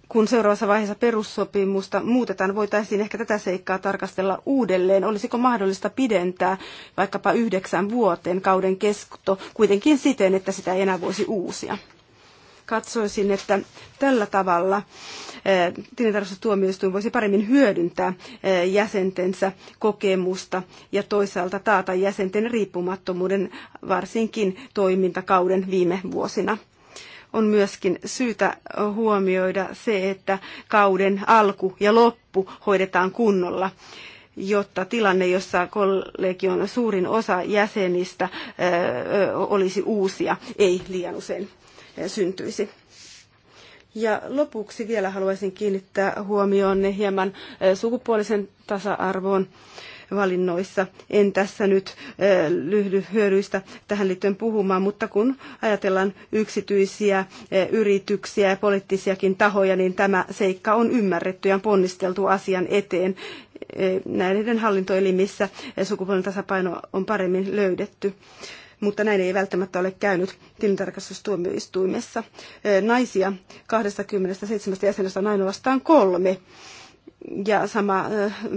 kun seuraavassa vaiheessa perussopimusta muutetaan, voitaisiin ehkä tätä seikkaa tarkastella uudelleen. Olisiko mahdollista pidentää vaikkapa yhdeksän vuoteen kauden kesto kuitenkin siten, että sitä ei enää voisi uusia? katsoisin, että tällä tavalla eh, tilintarkastustuomioistuin voisi paremmin hyödyntää eh, jäsentensä kokemusta ja toisaalta taata jäsenten riippumattomuuden varsinkin toimintakauden viime vuosina on myöskin syytä huomioida se, että kauden alku ja loppu hoidetaan kunnolla jotta tilanne, jossa kollegion suurin osa jäsenistä eh, olisi uusia, ei liian usein Eh, syntyisi. Ja lopuksi vielä haluaisin kiinnittää huomioon hieman eh, sukupuolisen tasa-arvoon valinnoissa. En tässä nyt eh, lyhdy hyödyistä tähän liittyen puhumaan, mutta kun ajatellaan yksityisiä yrityksiä ja poliittisiakin tahoja, niin tämä seikka on ymmärretty ja ponnisteltu asian eteen. Näiden hallintoelimissä sukupuolen tasapaino on paremmin löydetty mutta näin ei välttämättä ole käynyt tilintarkastustuomioistuimessa. Naisia 27 jäsenestä on ainoastaan kolme. Ja sama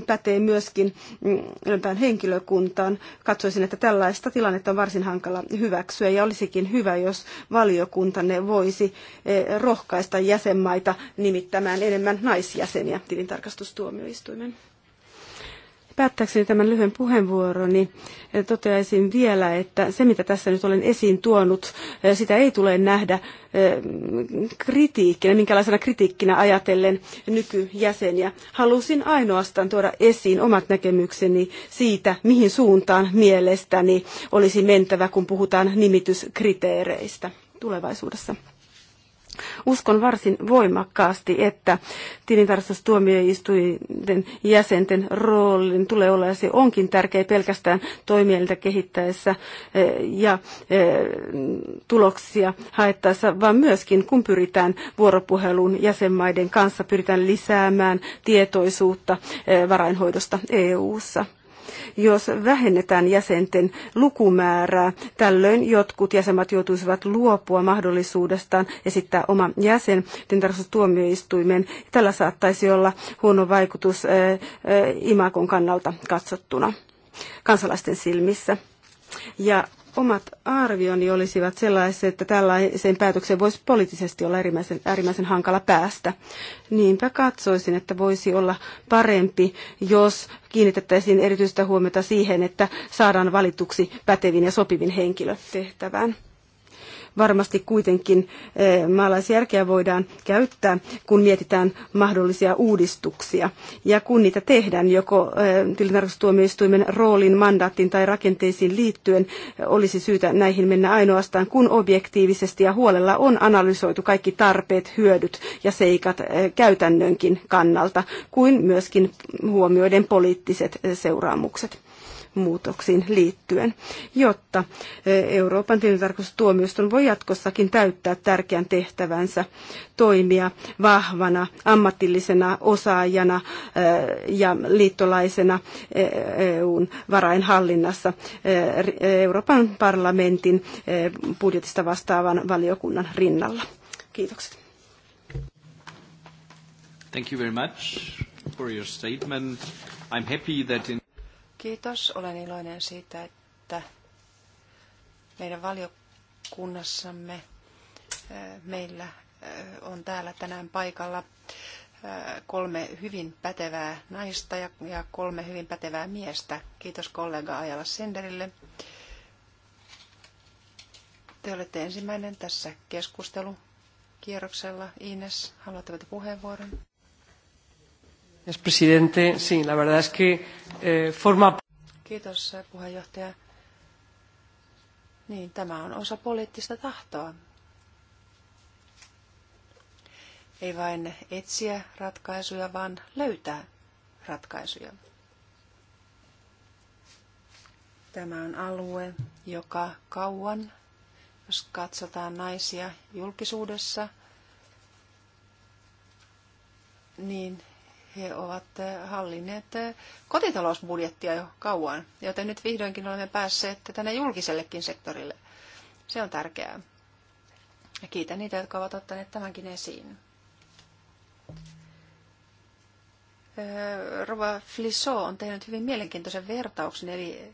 pätee myöskin mm, ylempään henkilökuntaan. Katsoisin, että tällaista tilannetta on varsin hankala hyväksyä ja olisikin hyvä, jos valiokuntanne voisi rohkaista jäsenmaita nimittämään enemmän naisjäseniä tilintarkastustuomioistuimen. Päättääkseni tämän lyhyen puheenvuoroni eh, toteaisin vielä, että se mitä tässä nyt olen esiin tuonut, eh, sitä ei tule nähdä eh, kritiikkinä, minkälaisena kritiikkinä ajatellen nykyjäseniä. Halusin ainoastaan tuoda esiin omat näkemykseni siitä, mihin suuntaan mielestäni olisi mentävä, kun puhutaan nimityskriteereistä tulevaisuudessa. Uskon varsin voimakkaasti, että tilintarkastustuomioistuinten jäsenten roolin tulee olla, ja se onkin tärkeä pelkästään toimielintä kehittäessä eh, ja eh, tuloksia haettaessa, vaan myöskin kun pyritään vuoropuheluun jäsenmaiden kanssa, pyritään lisäämään tietoisuutta eh, varainhoidosta EU-ssa jos vähennetään jäsenten lukumäärää. Tällöin jotkut jäsenmaat joutuisivat luopua mahdollisuudestaan esittää oma jäsen tuomioistuimen. Tällä saattaisi olla huono vaikutus eh, eh, imakon kannalta katsottuna kansalaisten silmissä. Ja omat arvioni olisivat sellaisia, että tällaiseen päätökseen voisi poliittisesti olla äärimmäisen, äärimmäisen hankala päästä. Niinpä katsoisin, että voisi olla parempi, jos kiinnitettäisiin erityistä huomiota siihen, että saadaan valituksi pätevin ja sopivin henkilö tehtävään varmasti kuitenkin eh, maalaisjärkeä voidaan käyttää, kun mietitään mahdollisia uudistuksia. Ja kun niitä tehdään joko eh, tilintarkastustuomioistuimen roolin, mandaattiin tai rakenteisiin liittyen, eh, olisi syytä näihin mennä ainoastaan, kun objektiivisesti ja huolella on analysoitu kaikki tarpeet, hyödyt ja seikat käytännönkin kannalta, kuin myöskin huomioiden poliittiset seuraamukset muutoksiin liittyen, jotta e, Euroopan tilintarkastustuomioistuin voi jatkossakin täyttää tärkeän tehtävänsä toimia vahvana ammatillisena osaajana e, ja liittolaisena EUn e varainhallinnassa Euroopan parlamentin budjetista vastaavan valiokunnan rinnalla. Kiitokset. Thank you very much for your statement. I'm happy that in Kiitos. Olen iloinen siitä, että meidän valiokunnassamme meillä on täällä tänään paikalla kolme hyvin pätevää naista ja kolme hyvin pätevää miestä. Kiitos kollega Ajala Senderille. Te olette ensimmäinen tässä keskustelukierroksella. Ines, haluatteko puheenvuoron? presidente. Sí, la verdad es que eh, forma... Kiitos puheenjohtaja. Niin, tämä on osa poliittista tahtoa. Ei vain etsiä ratkaisuja, vaan löytää ratkaisuja. Tämä on alue, joka kauan, jos katsotaan naisia julkisuudessa, niin he ovat eh, hallinneet eh, kotitalousbudjettia jo kauan, joten nyt vihdoinkin olemme päässeet tänne julkisellekin sektorille. Se on tärkeää. Ja kiitän niitä, jotka ovat ottaneet tämänkin esiin. Eh, Rova Flissot on tehnyt hyvin mielenkiintoisen vertauksen eri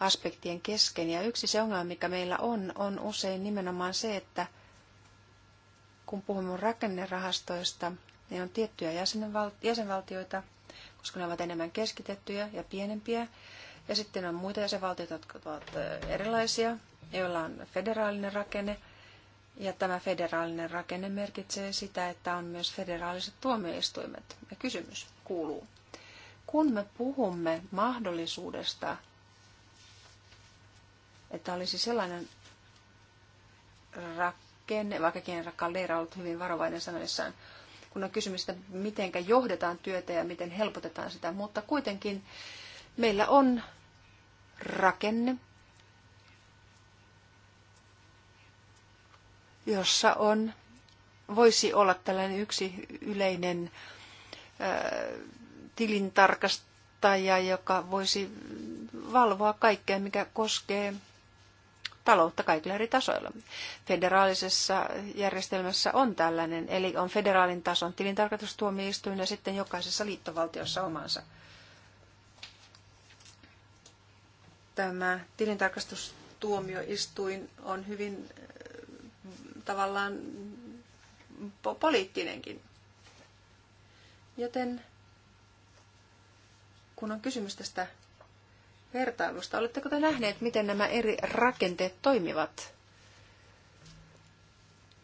aspektien kesken. Ja yksi se ongelma, mikä meillä on, on usein nimenomaan se, että kun puhumme rakennerahastoista, ne on tiettyjä jäsenvaltioita, koska ne ovat enemmän keskitettyjä ja pienempiä. Ja sitten on muita jäsenvaltioita, jotka ovat erilaisia, joilla on federaalinen rakenne. Ja tämä federaalinen rakenne merkitsee sitä, että on myös federaaliset tuomioistuimet. Ja kysymys kuuluu, kun me puhumme mahdollisuudesta, että olisi sellainen rakenne, vaikkakin Caldeira on ollut hyvin varovainen sanoissaan, kun on kysymys, että miten johdetaan työtä ja miten helpotetaan sitä. Mutta kuitenkin meillä on rakenne, jossa on, voisi olla tällainen yksi yleinen tilintarkastaja, joka voisi valvoa kaikkea, mikä koskee taloutta kaikilla eri tasoilla. Federaalisessa järjestelmässä on tällainen, eli on federaalin tason tilintarkastustuomioistuin ja sitten jokaisessa liittovaltiossa omansa. Tämä tilintarkastustuomioistuin on hyvin eh, tavallaan poliittinenkin. Joten kun on kysymys tästä vertailusta. Oletteko te nähneet, miten nämä eri rakenteet toimivat?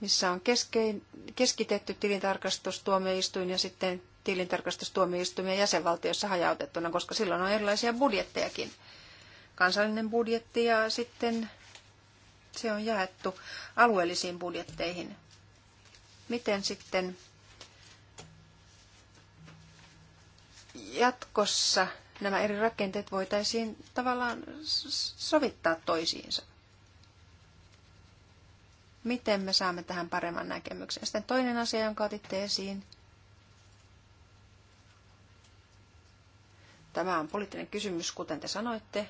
Missä on keskein, keskitetty tilintarkastustuomioistuin ja sitten tilintarkastustuomioistuimien jäsenvaltiossa hajautettuna, koska silloin on erilaisia budjettejakin. Kansallinen budjetti ja sitten se on jaettu alueellisiin budjetteihin. Miten sitten jatkossa nämä eri rakenteet voitaisiin tavallaan sovittaa toisiinsa. Miten me saamme tähän paremman näkemyksen? Sitten toinen asia, jonka otitte esiin. Tämä on poliittinen kysymys, kuten te sanoitte,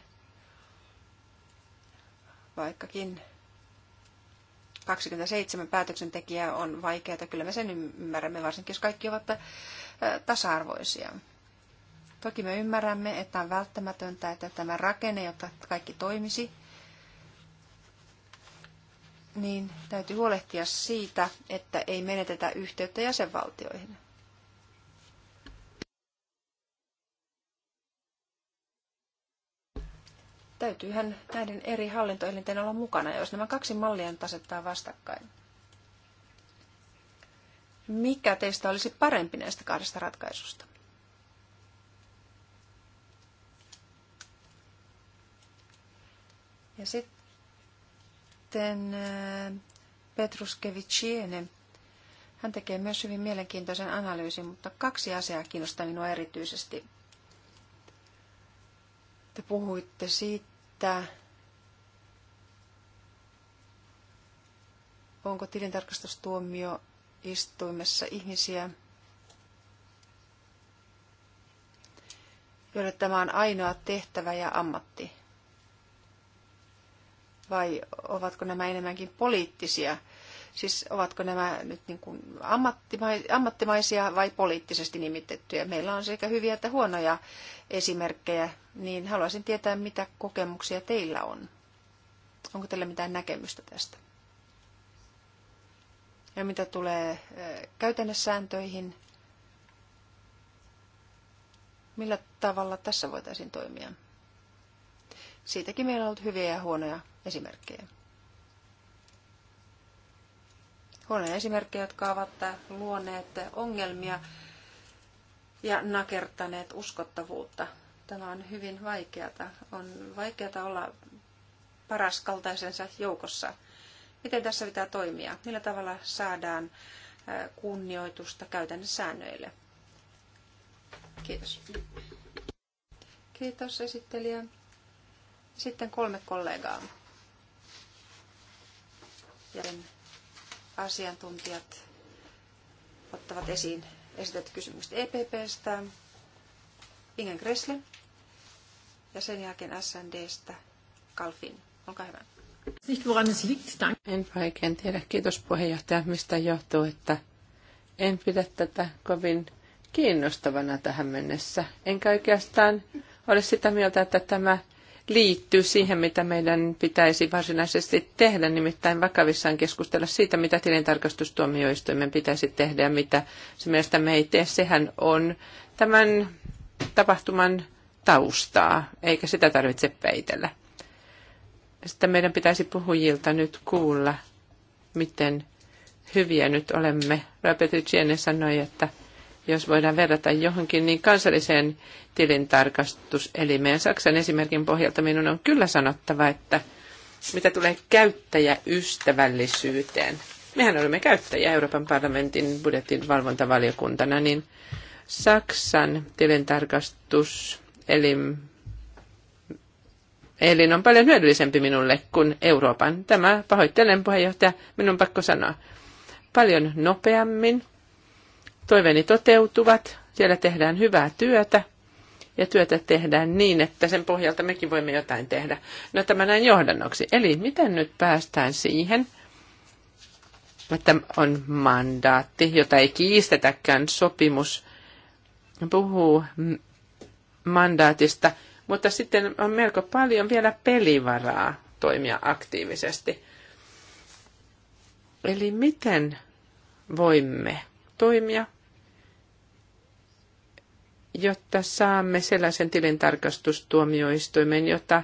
vaikkakin 27 päätöksentekijää on vaikeaa. Kyllä me sen ymmärrämme, varsinkin jos kaikki ovat äh, tasa-arvoisia. Toki me ymmärrämme, että on välttämätöntä, että tämä rakenne, jotta kaikki toimisi, niin täytyy huolehtia siitä, että ei menetetä yhteyttä jäsenvaltioihin. Täytyyhän näiden eri hallintoelinten olla mukana, jos nämä kaksi mallia tasettaa vastakkain. Mikä teistä olisi parempi näistä kahdesta ratkaisusta? Ja sitten äh, Petrus Kevicsiene. Hän tekee myös hyvin mielenkiintoisen analyysin, mutta kaksi asiaa kiinnostaa minua erityisesti. Te puhuitte siitä, onko tilintarkastustuomio istuimessa ihmisiä, joille tämä on ainoa tehtävä ja ammatti vai ovatko nämä enemmänkin poliittisia? Siis ovatko nämä nyt niin kuin ammattimaisia vai poliittisesti nimitettyjä? Meillä on sekä hyviä että huonoja esimerkkejä, niin haluaisin tietää, mitä kokemuksia teillä on. Onko teillä mitään näkemystä tästä? Ja mitä tulee käytännössääntöihin, millä tavalla tässä voitaisiin toimia? Siitäkin meillä on ollut hyviä ja huonoja esimerkkejä. Huonoja esimerkkejä, jotka ovat luoneet ongelmia ja nakertaneet uskottavuutta. Tämä on hyvin vaikeata. On vaikeata olla paras kaltaisensa joukossa. Miten tässä pitää toimia? Millä tavalla saadaan kunnioitusta käytännön säännöille? Kiitos. Kiitos esittelijä. Sitten kolme kollegaa. Ja asiantuntijat ottavat esiin esitetty kysymykset EPPstä, Ingen Gressle ja sen jälkeen SNDstä Kalfin. Olkaa hyvä. En oikein tiedä. Kiitos puheenjohtaja, mistä johtuu, että en pidä tätä kovin kiinnostavana tähän mennessä. Enkä oikeastaan ole sitä mieltä, että tämä liittyy siihen, mitä meidän pitäisi varsinaisesti tehdä, nimittäin vakavissaan keskustella siitä, mitä tilintarkastustuomioistuimen pitäisi tehdä ja mitä se mielestämme ei tee. Sehän on tämän tapahtuman taustaa, eikä sitä tarvitse peitellä. Sitten meidän pitäisi puhujilta nyt kuulla, miten hyviä nyt olemme. Rapetitiene sanoi, että jos voidaan verrata johonkin, niin kansalliseen tilintarkastuselimeen. Saksan esimerkin pohjalta minun on kyllä sanottava, että mitä tulee käyttäjäystävällisyyteen. Mehän olemme käyttäjä Euroopan parlamentin budjetin valvontavaliokuntana, niin Saksan tilintarkastuselim eli on paljon hyödyllisempi minulle kuin Euroopan. Tämä pahoittelen puheenjohtaja, minun pakko sanoa. Paljon nopeammin, toiveeni toteutuvat. Siellä tehdään hyvää työtä ja työtä tehdään niin, että sen pohjalta mekin voimme jotain tehdä. No tämä näin johdannoksi. Eli miten nyt päästään siihen, että on mandaatti, jota ei kiistetäkään sopimus, puhuu mandaatista, mutta sitten on melko paljon vielä pelivaraa toimia aktiivisesti. Eli miten voimme toimia jotta saamme sellaisen tilintarkastustuomioistuimen, jota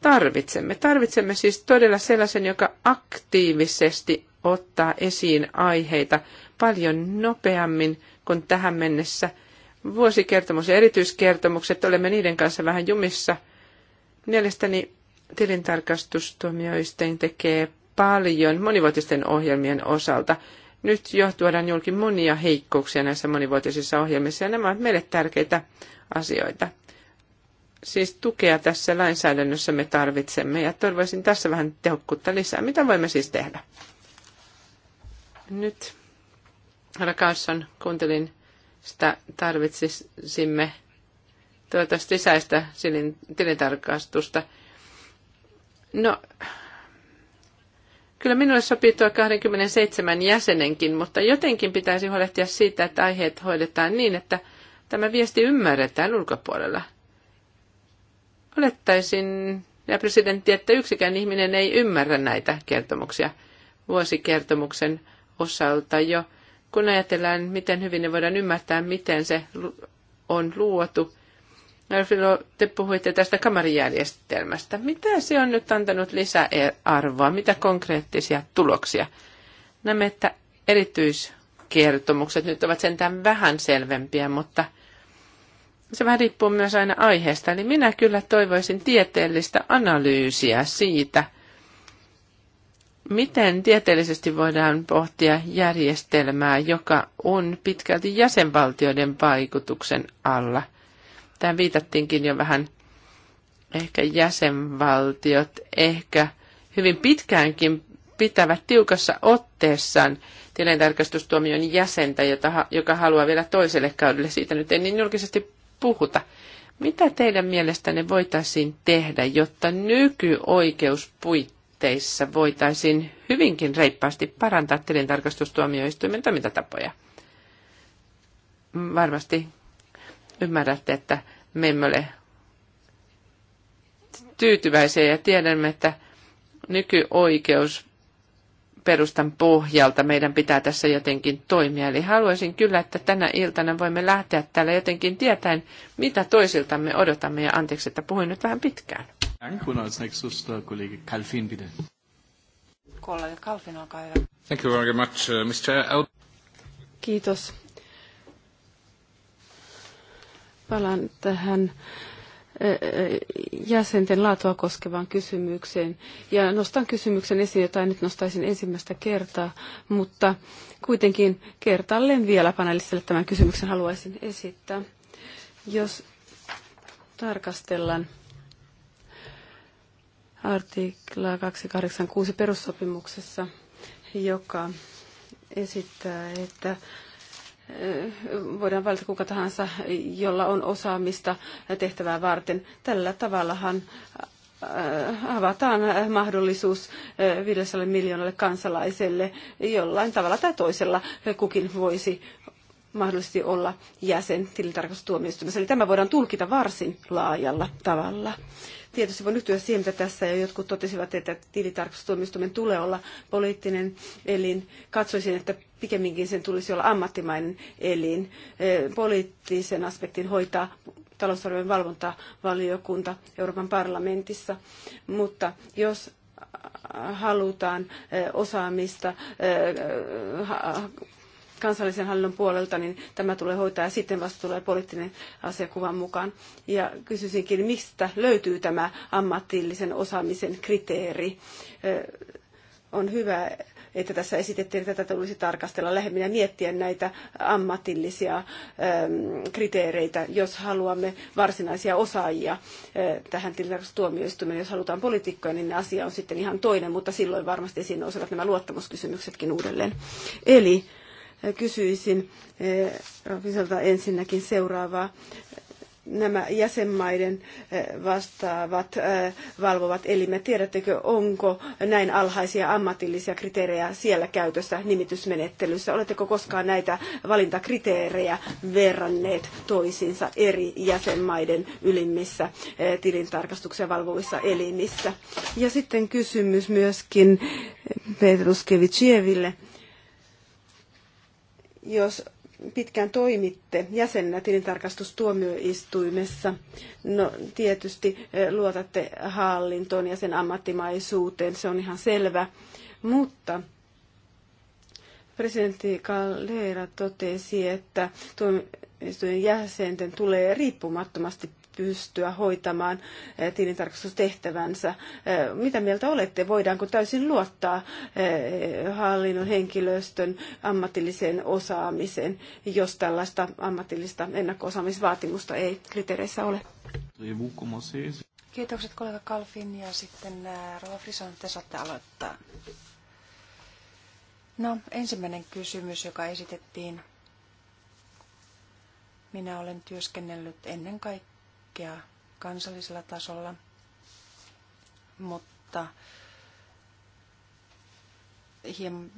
tarvitsemme. Tarvitsemme siis todella sellaisen, joka aktiivisesti ottaa esiin aiheita paljon nopeammin kuin tähän mennessä. Vuosikertomus ja erityiskertomukset, olemme niiden kanssa vähän jumissa. Mielestäni tilintarkastustuomioistuin tekee paljon monivuotisten ohjelmien osalta – nyt jo tuodaan julki monia heikkouksia näissä monivuotisissa ohjelmissa, ja nämä ovat meille tärkeitä asioita. Siis tukea tässä lainsäädännössä me tarvitsemme, ja toivoisin tässä vähän tehokkuutta lisää. Mitä voimme siis tehdä? Nyt, herra Carson, kuuntelin sitä tarvitsisimme tuota sisäistä tilintarkastusta. No, Kyllä minulle sopii tuo 27 jäsenenkin, mutta jotenkin pitäisi huolehtia siitä, että aiheet hoidetaan niin, että tämä viesti ymmärretään ulkopuolella. Olettaisin, ja presidentti, että yksikään ihminen ei ymmärrä näitä kertomuksia vuosikertomuksen osalta jo, kun ajatellaan, miten hyvin ne voidaan ymmärtää, miten se on luotu Norfilo, te puhuitte tästä kamarijärjestelmästä. Mitä se on nyt antanut lisäarvoa? Mitä konkreettisia tuloksia? Nämä, että erityiskertomukset nyt ovat sentään vähän selvempiä, mutta se vähän riippuu myös aina aiheesta. Eli minä kyllä toivoisin tieteellistä analyysiä siitä, miten tieteellisesti voidaan pohtia järjestelmää, joka on pitkälti jäsenvaltioiden vaikutuksen alla Tähän viitattiinkin jo vähän ehkä jäsenvaltiot, ehkä hyvin pitkäänkin pitävät tiukassa otteessaan tilintarkastustuomion jäsentä, jota, joka haluaa vielä toiselle kaudelle. Siitä nyt ei niin julkisesti puhuta. Mitä teidän mielestänne voitaisiin tehdä, jotta nykyoikeuspuitteissa voitaisiin hyvinkin reippaasti parantaa tilintarkastustuomioistuimen toimintatapoja? Varmasti ymmärrätte, että me emme ole tyytyväisiä ja tiedämme, että nykyoikeus perustan pohjalta meidän pitää tässä jotenkin toimia. Eli haluaisin kyllä, että tänä iltana voimme lähteä täällä jotenkin tietäen, mitä toisiltamme odotamme. Ja anteeksi, että puhuin nyt vähän pitkään. Äh, äh, Kiitos Palaan tähän jäsenten laatua koskevaan kysymykseen. Ja nostan kysymyksen esiin, jota nyt nostaisin ensimmäistä kertaa, mutta kuitenkin kertaalleen vielä panelistille tämän kysymyksen haluaisin esittää. Jos tarkastellaan artikla 286 perussopimuksessa, joka esittää, että voidaan valita kuka tahansa, jolla on osaamista tehtävää varten. Tällä tavallahan avataan mahdollisuus 500 miljoonalle kansalaiselle jollain tavalla tai toisella kukin voisi mahdollisesti olla jäsen tilintarkastustuomioistuimessa. Eli tämä voidaan tulkita varsin laajalla tavalla. Tietysti voin yhtyä siihen, mitä tässä jo jotkut totesivat, että tilitarkastustuomioistuimen tulee olla poliittinen elin. Katsoisin, että pikemminkin sen tulisi olla ammattimainen elin. E, poliittisen aspektin hoitaa talousarvion valvontavaliokunta Euroopan parlamentissa. Mutta jos halutaan e, osaamista e, kansallisen hallinnon puolelta, niin tämä tulee hoitaa ja sitten vasta tulee poliittinen asiakuvan mukaan. Ja kysyisinkin, mistä löytyy tämä ammatillisen osaamisen kriteeri? On hyvä, että tässä esitettiin, että tätä tulisi tarkastella lähemmin ja miettiä näitä ammatillisia kriteereitä, jos haluamme varsinaisia osaajia tähän tilintarkastustuomioistuimeen. Jos halutaan poliitikkoja, niin asia on sitten ihan toinen, mutta silloin varmasti esiin nousevat nämä luottamuskysymyksetkin uudelleen. Eli kysyisin eh, Rafisalta ensinnäkin seuraavaa. Nämä jäsenmaiden eh, vastaavat eh, valvovat elimet, tiedättekö, onko näin alhaisia ammatillisia kriteerejä siellä käytössä nimitysmenettelyssä? Oletteko koskaan näitä valintakriteerejä verranneet toisiinsa eri jäsenmaiden ylimmissä tilintarkastuksen valvovissa elimissä? Ja sitten kysymys myöskin Petruskevitsieville jos pitkään toimitte jäsenenä tilintarkastustuomioistuimessa, no tietysti eh, luotatte hallintoon ja sen ammattimaisuuteen, se on ihan selvä, mutta presidentti Calera totesi, että tuomioistuimen jäsenten tulee riippumattomasti pystyä hoitamaan eh, tilintarkastustehtävänsä. Eh, mitä mieltä olette? Voidaanko täysin luottaa eh, hallinnon henkilöstön ammatilliseen osaamiseen, jos tällaista ammatillista ennakko-osaamisvaatimusta ei kriteereissä ole? Kiitokset kollega Kalfin ja sitten Rova Frison, te saatte aloittaa. No, ensimmäinen kysymys, joka esitettiin. Minä olen työskennellyt ennen kaikkea kaikkea kansallisella tasolla, mutta hieman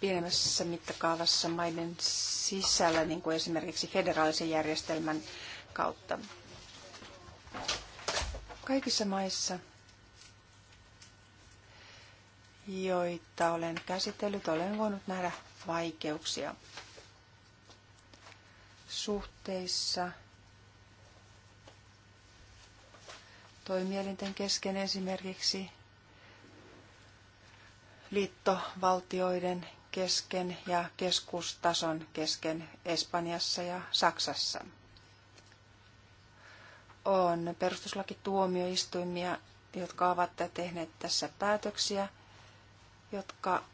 pienemmässä mittakaavassa maiden sisällä, niin kuin esimerkiksi federaalisen järjestelmän kautta. Kaikissa maissa, joita olen käsitellyt, olen voinut nähdä vaikeuksia suhteissa toimielinten kesken esimerkiksi liittovaltioiden kesken ja keskustason kesken Espanjassa ja Saksassa. On perustuslakituomioistuimia, jotka ovat tehneet tässä päätöksiä, jotka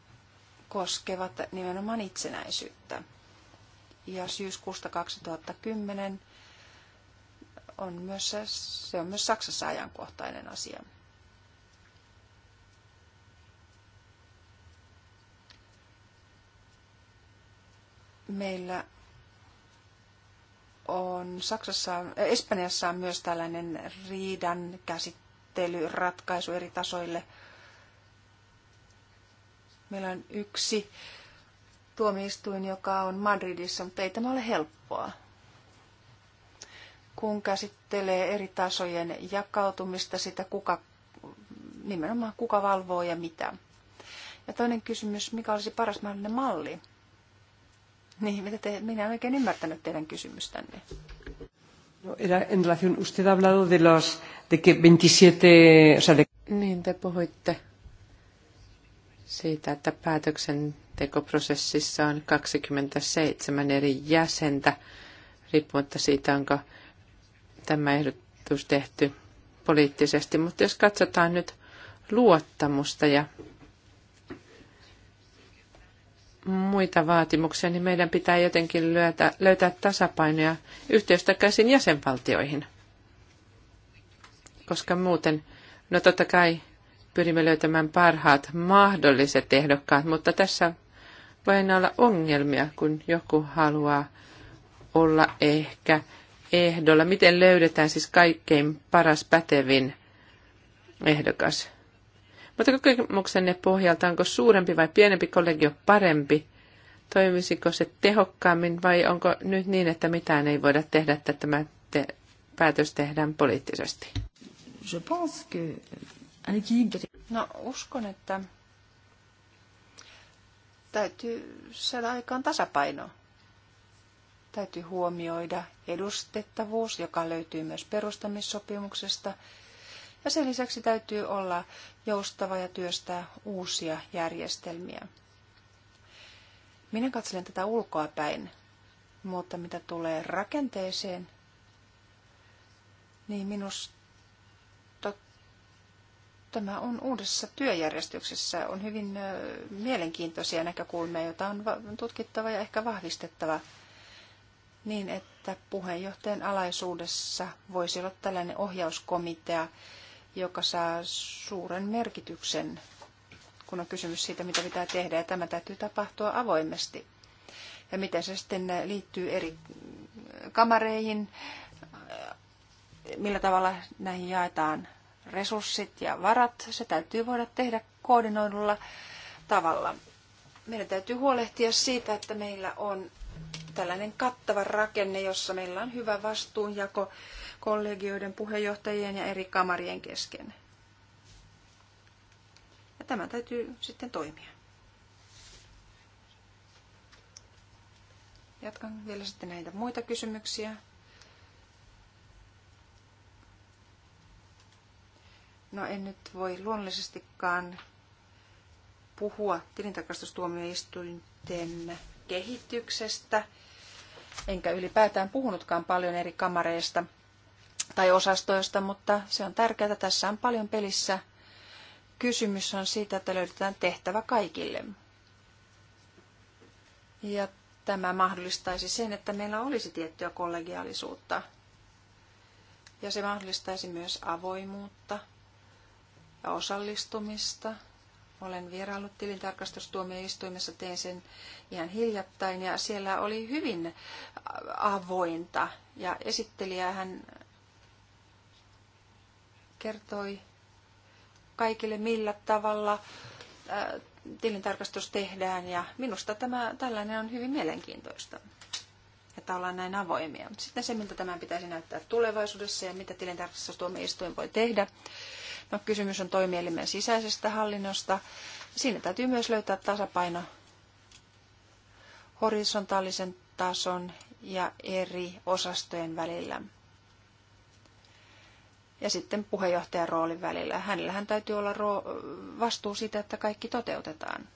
koskevat nimenomaan itsenäisyyttä. Ja syyskuusta 2010 on myös, se on myös Saksassa ajankohtainen asia. Meillä on Saksassa, äh, Espanjassa on myös tällainen riidan käsittelyratkaisu eri tasoille. Meillä on yksi tuomioistuin, joka on Madridissa, mutta ei tämä ole helppoa kun käsittelee eri tasojen jakautumista, sitä kuka, nimenomaan kuka valvoo ja mitä. Ja toinen kysymys, mikä olisi paras mahdollinen malli? Niin, mitä te, minä en oikein ymmärtänyt teidän kysymystänne. No, era en relación, usted ha hablado de los, de que 27, o sea, de... Niin, te puhuitte siitä, että päätöksentekoprosessissa on 27 eri jäsentä, riippumatta siitä, onko tämä ehdotus tehty poliittisesti, mutta jos katsotaan nyt luottamusta ja muita vaatimuksia, niin meidän pitää jotenkin löytää, löytää tasapainoja yhteystä käsin jäsenvaltioihin. Koska muuten, no totta kai pyrimme löytämään parhaat mahdolliset ehdokkaat, mutta tässä voi olla ongelmia, kun joku haluaa olla ehkä ehdolla. Miten löydetään siis kaikkein paras pätevin ehdokas? Mutta kokemuksenne pohjalta, onko suurempi vai pienempi kollegio parempi? Toimisiko se tehokkaammin vai onko nyt niin, että mitään ei voida tehdä, että tämä te- päätös tehdään poliittisesti? Euh, no uskon, että täytyy saada aikaan tasapainoa täytyy huomioida edustettavuus, joka löytyy myös perustamissopimuksesta. Ja sen lisäksi täytyy olla joustava ja työstää uusia järjestelmiä. Minä katselen tätä ulkoa päin, mutta mitä tulee rakenteeseen, niin minusta tämä on uudessa työjärjestyksessä. On hyvin mielenkiintoisia näkökulmia, joita on tutkittava ja ehkä vahvistettava – niin, että puheenjohtajan alaisuudessa voisi olla tällainen ohjauskomitea, joka saa suuren merkityksen, kun on kysymys siitä, mitä pitää tehdä, ja tämä täytyy tapahtua avoimesti. Ja miten se sitten liittyy eri kamareihin, millä tavalla näihin jaetaan resurssit ja varat, se täytyy voida tehdä koordinoidulla tavalla. Meidän täytyy huolehtia siitä, että meillä on tällainen kattava rakenne, jossa meillä on hyvä vastuunjako kollegioiden puheenjohtajien ja eri kamarien kesken. Ja tämä täytyy sitten toimia. Jatkan vielä sitten näitä muita kysymyksiä. No en nyt voi luonnollisestikaan puhua tilintarkastustuomioistuinten kehityksestä enkä ylipäätään puhunutkaan paljon eri kamareista tai osastoista, mutta se on tärkeää. Tässä on paljon pelissä. Kysymys on siitä, että löydetään tehtävä kaikille. Ja tämä mahdollistaisi sen, että meillä olisi tiettyä kollegiaalisuutta. Ja se mahdollistaisi myös avoimuutta ja osallistumista olen vieraillut tilintarkastustuomioistuimessa, tein sen ihan hiljattain ja siellä oli hyvin avointa ja esittelijä hän kertoi kaikille millä tavalla tilintarkastus tehdään ja minusta tämä, tällainen on hyvin mielenkiintoista että ollaan näin avoimia. Sitten se, miltä tämän pitäisi näyttää tulevaisuudessa ja mitä tilintarkastustuomioistuin voi tehdä. No, kysymys on toimielimen sisäisestä hallinnosta. Siinä täytyy myös löytää tasapaino horisontaalisen tason ja eri osastojen välillä. Ja sitten puheenjohtajan roolin välillä. Hänellähän täytyy olla vastuu siitä, että kaikki toteutetaan.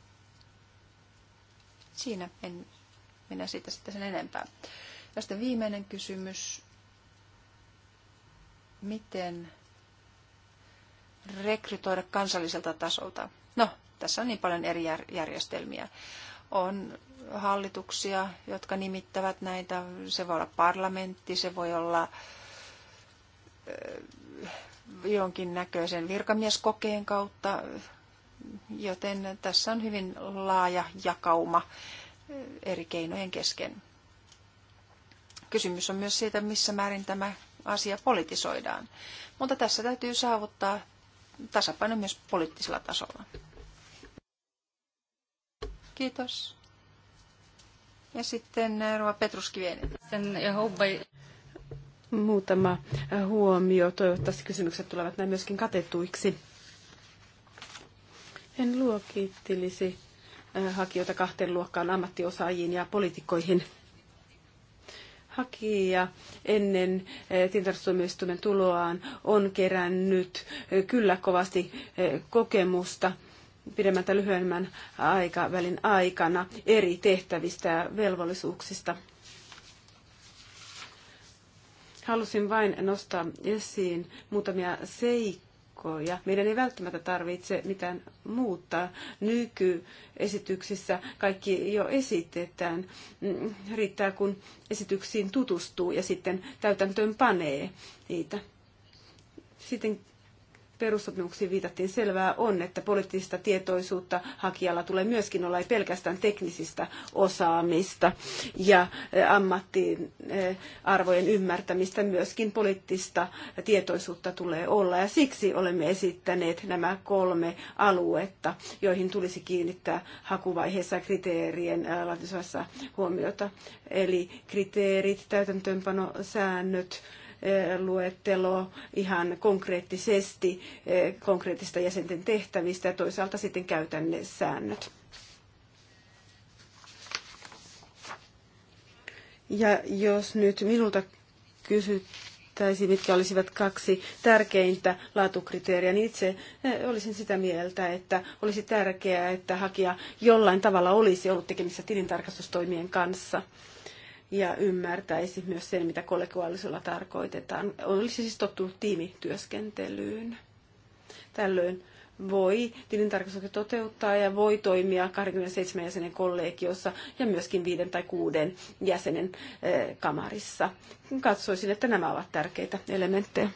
Siinä en minä siitä sitten sen enempää. Ja sitten viimeinen kysymys. Miten rekrytoida kansalliselta tasolta. No, tässä on niin paljon eri järjestelmiä. On hallituksia, jotka nimittävät näitä. Se voi olla parlamentti, se voi olla jonkin näköisen virkamieskokeen kautta, joten tässä on hyvin laaja jakauma eri keinojen kesken. Kysymys on myös siitä, missä määrin tämä asia politisoidaan. Mutta tässä täytyy saavuttaa tasapaino myös poliittisella tasolla. Kiitos. Ja sitten eh, Rova Petruskivieni. Muutama huomio. Toivottavasti kysymykset tulevat näin myöskin katetuiksi. En luokittelisi eh, hakijoita kahteen luokkaan ammattiosaajiin ja poliitikkoihin – hakija ennen eh, tintarstumistuimen tuloaan on kerännyt eh, kyllä kovasti eh, kokemusta pidemmän tai lyhyemmän aikavälin aikana eri tehtävistä ja velvollisuuksista. Halusin vain nostaa esiin muutamia seikkoja ja Meidän ei välttämättä tarvitse mitään muuttaa. Nykyesityksissä kaikki jo esitetään. Mm, riittää, kun esityksiin tutustuu ja sitten täytäntöön panee niitä. Sitten perussopimuksiin viitattiin, selvää on, että poliittista tietoisuutta hakijalla tulee myöskin olla, ei pelkästään teknisistä osaamista ja eh, ammattiin eh, arvojen ymmärtämistä, myöskin poliittista tietoisuutta tulee olla. Ja siksi olemme esittäneet nämä kolme aluetta, joihin tulisi kiinnittää hakuvaiheessa kriteerien eh, laatuisessa huomiota. Eli kriteerit, täytäntöönpanosäännöt, säännöt, luettelo ihan konkreettisesti eh, konkreettista jäsenten tehtävistä ja toisaalta sitten käytännön säännöt. Ja jos nyt minulta kysyttäisiin, mitkä olisivat kaksi tärkeintä laatukriteeriä, niin itse eh, olisin sitä mieltä, että olisi tärkeää, että hakija jollain tavalla olisi ollut tekemissä tilintarkastustoimien kanssa ja ymmärtäisi myös sen, mitä kollegiaalisella tarkoitetaan. Olisi siis tottunut tiimityöskentelyyn. Tällöin voi tilintarkastukset toteuttaa ja voi toimia 27 jäsenen kollegiossa ja myöskin viiden tai kuuden jäsenen eh, kamarissa. Katsoisin, että nämä ovat tärkeitä elementtejä.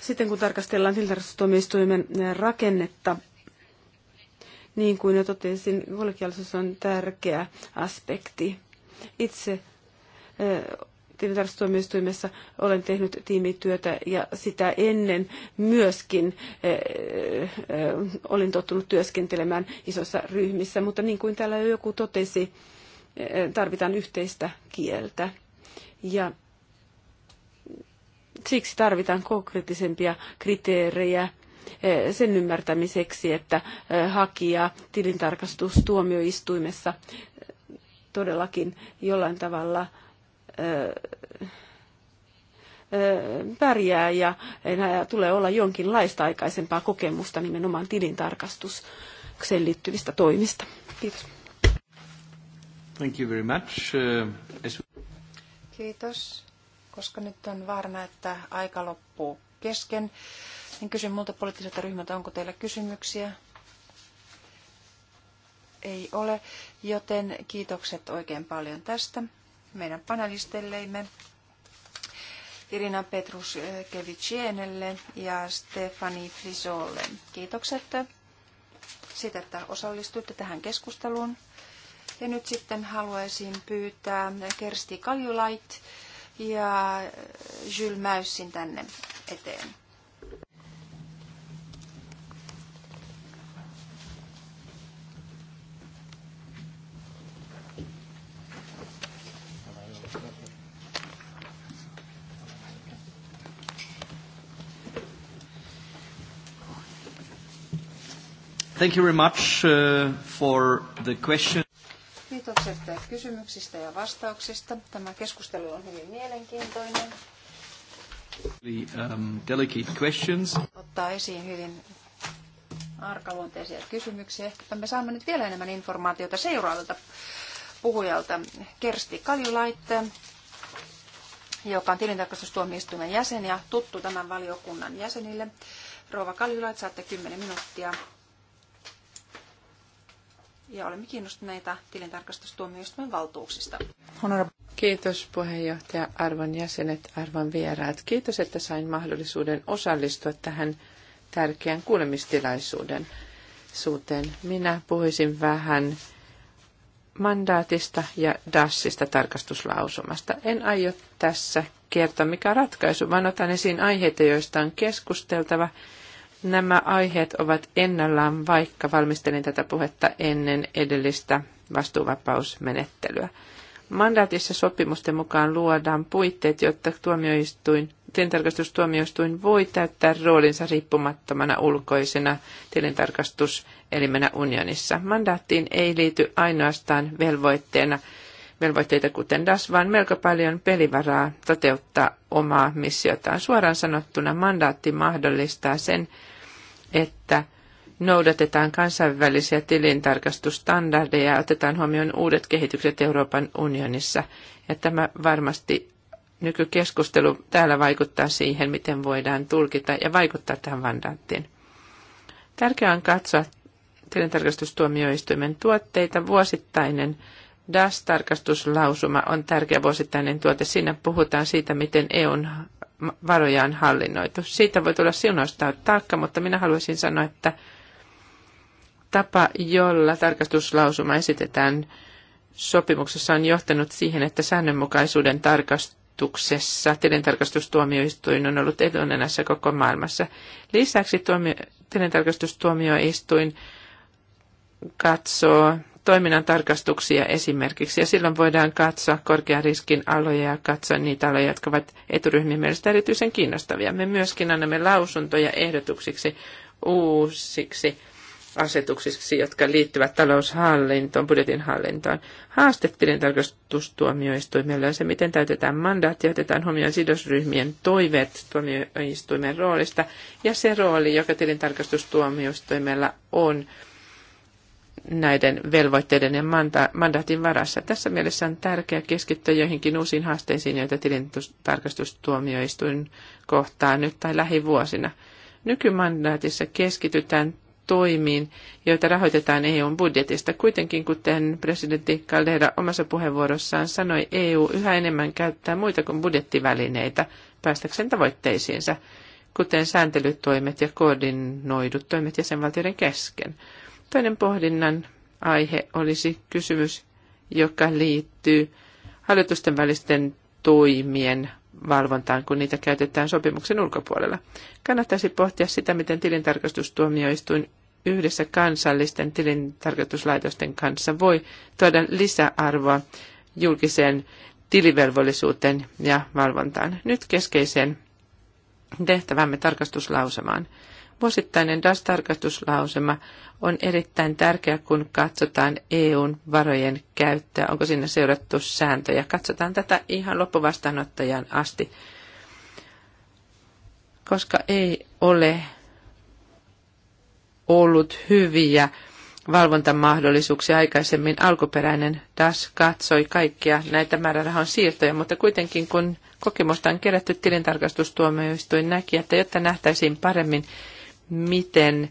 Sitten kun tarkastellaan tilintarkastustoimistoimen eh, rakennetta, niin kuin jo totesin, kollegiaalisuus on tärkeä aspekti. Itse tilintarkastustuomioistuimessa olen tehnyt tiimityötä ja sitä ennen myöskin e, e, olin tottunut työskentelemään isossa ryhmissä, mutta niin kuin täällä jo joku totesi, e, tarvitaan yhteistä kieltä ja siksi tarvitaan konkreettisempia kriteerejä Eh, sen ymmärtämiseksi, että eh, hakija tilintarkastustuomioistuimessa eh, todellakin jollain tavalla pärjää ja tulee olla jonkinlaista aikaisempaa kokemusta nimenomaan tilintarkastukseen liittyvistä toimista. Kiitos. Thank you very much. Kiitos. Koska nyt on vaarana, että aika loppuu kesken, en niin kysy muilta poliittiselta ryhmältä, onko teillä kysymyksiä? Ei ole, joten kiitokset oikein paljon tästä meidän panelistelleimme. Irina Petrus eh, Kevicienelle ja Stefani Frisolle. Kiitokset siitä, että osallistuitte tähän keskusteluun. Ja nyt sitten haluaisin pyytää Kersti Kaljulait ja Jules Mäyssin tänne eteen. Thank you very much uh, for the question. Kiitokset kysymyksistä ja vastauksista. Tämä keskustelu on hyvin mielenkiintoinen. The, um, delicate questions. Ottaa esiin hyvin arkaluonteisia kysymyksiä. Ehkäpä me saamme nyt vielä enemmän informaatiota seuraavalta puhujalta. Kersti Kaljulait, joka on tilintarkastustuomioistuimen jäsen ja tuttu tämän valiokunnan jäsenille. Rouva Kaljulait, saatte 10 minuuttia ja olemme kiinnostuneita tilintarkastustuomioistuimen valtuuksista. Kiitos puheenjohtaja, arvon jäsenet, arvon vieraat. Kiitos, että sain mahdollisuuden osallistua tähän tärkeän kuulemistilaisuuden suuteen. Minä puhuisin vähän mandaatista ja DASista tarkastuslausumasta. En aio tässä kertoa, mikä ratkaisu, vaan otan esiin aiheita, joista on keskusteltava Nämä aiheet ovat ennallaan, vaikka valmistelin tätä puhetta ennen edellistä vastuuvapausmenettelyä. Mandaatissa sopimusten mukaan luodaan puitteet, jotta tuomioistuin, tilintarkastustuomioistuin voi täyttää roolinsa riippumattomana ulkoisena tilintarkastuselimenä unionissa. Mandaattiin ei liity ainoastaan velvoitteena – velvoitteita kuten DAS, vaan melko paljon pelivaraa toteuttaa omaa missiotaan. Suoraan sanottuna mandaatti mahdollistaa sen, että noudatetaan kansainvälisiä tilintarkastustandardeja ja otetaan huomioon uudet kehitykset Euroopan unionissa. Ja tämä varmasti nykykeskustelu täällä vaikuttaa siihen, miten voidaan tulkita ja vaikuttaa tähän mandaattiin. Tärkeää on katsoa tilintarkastustuomioistuimen tuotteita. Vuosittainen DAS-tarkastuslausuma on tärkeä vuosittainen tuote. Siinä puhutaan siitä, miten EUn varoja on hallinnoitu. Siitä voi tulla sinusta taakka, mutta minä haluaisin sanoa, että tapa, jolla tarkastuslausuma esitetään sopimuksessa, on johtanut siihen, että säännönmukaisuuden tarkastuksessa tilintarkastustuomioistuin on ollut etunenässä koko maailmassa. Lisäksi tuomio, tilintarkastustuomioistuin katsoo toiminnan tarkastuksia esimerkiksi, ja silloin voidaan katsoa korkean riskin aloja ja katsoa niitä aloja, jotka ovat eturyhmien mielestä erityisen kiinnostavia. Me myöskin annamme lausuntoja ehdotuksiksi uusiksi asetuksiksi, jotka liittyvät taloushallintoon, budjetin hallintoon. Haaste tilintarkastustuomioistuimelle on se, miten täytetään mandaatti otetaan huomioon sidosryhmien toiveet tuomioistuimen roolista ja se rooli, joka tilintarkastustuomioistuimella on näiden velvoitteiden ja manda- mandaatin varassa. Tässä mielessä on tärkeää keskittyä joihinkin uusiin haasteisiin, joita tilintarkastustuomioistuin kohtaa nyt tai lähivuosina. Nykymandaatissa keskitytään toimiin, joita rahoitetaan EUn budjetista. Kuitenkin, kuten presidentti Caldera omassa puheenvuorossaan sanoi, EU yhä enemmän käyttää muita kuin budjettivälineitä päästäkseen tavoitteisiinsa, kuten sääntelytoimet ja koordinoidut toimet jäsenvaltioiden kesken. Toinen pohdinnan aihe olisi kysymys, joka liittyy hallitusten välisten toimien valvontaan, kun niitä käytetään sopimuksen ulkopuolella. Kannattaisi pohtia sitä, miten tilintarkastustuomioistuin yhdessä kansallisten tilintarkastuslaitosten kanssa voi tuoda lisäarvoa julkiseen tilivelvollisuuteen ja valvontaan. Nyt keskeiseen tehtävämme tarkastuslausemaan. Vuosittainen DAS-tarkastuslausema on erittäin tärkeä, kun katsotaan EUn varojen käyttöä. Onko siinä seurattu sääntöjä? Katsotaan tätä ihan loppuvastaanottajan asti, koska ei ole ollut hyviä valvontamahdollisuuksia aikaisemmin. Alkuperäinen DAS katsoi kaikkia näitä määrärahan siirtoja, mutta kuitenkin kun kokemusta on kerätty tilintarkastustuomioistuin näki, että jotta nähtäisiin paremmin, miten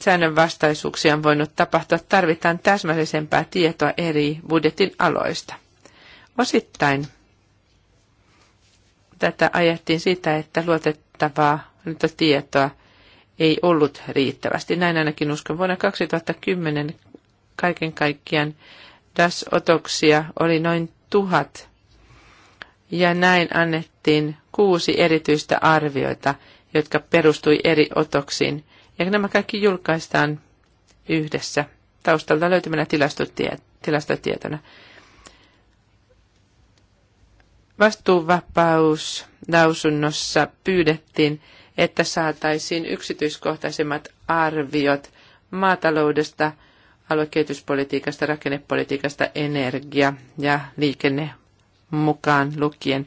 säännönvastaisuuksia on voinut tapahtua, tarvitaan täsmällisempää tietoa eri budjetin aloista. Osittain tätä ajettiin sitä, että luotettavaa tietoa ei ollut riittävästi. Näin ainakin uskon. Vuonna 2010 kaiken kaikkiaan DAS-otoksia oli noin tuhat, ja näin annettiin kuusi erityistä arvioita – jotka perustui eri otoksiin. Ja nämä kaikki julkaistaan yhdessä taustalta löytymänä tilastotietona. Vastuuvapaus lausunnossa pyydettiin, että saataisiin yksityiskohtaisemmat arviot maataloudesta, aluekehityspolitiikasta, rakennepolitiikasta, energia ja liikenne mukaan lukien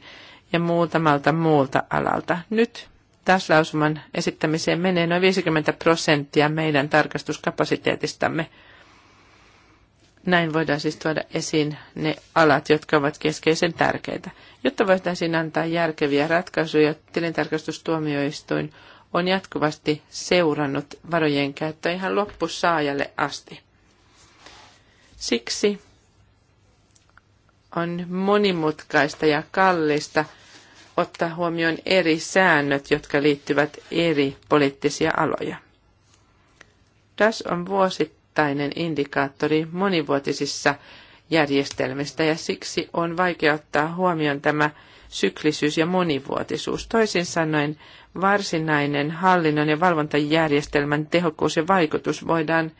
ja muutamalta muulta alalta. Nyt taslausuman esittämiseen menee noin 50 prosenttia meidän tarkastuskapasiteetistamme. Näin voidaan siis tuoda esiin ne alat, jotka ovat keskeisen tärkeitä. Jotta voitaisiin antaa järkeviä ratkaisuja, tilintarkastustuomioistuin on jatkuvasti seurannut varojen käyttöä ihan loppusaajalle asti. Siksi on monimutkaista ja kallista – ottaa huomioon eri säännöt, jotka liittyvät eri poliittisia aloja. DAS on vuosittainen indikaattori monivuotisissa järjestelmistä ja siksi on vaikea ottaa huomioon tämä syklisyys ja monivuotisuus. Toisin sanoen varsinainen hallinnon ja valvontajärjestelmän tehokkuus ja vaikutus voidaan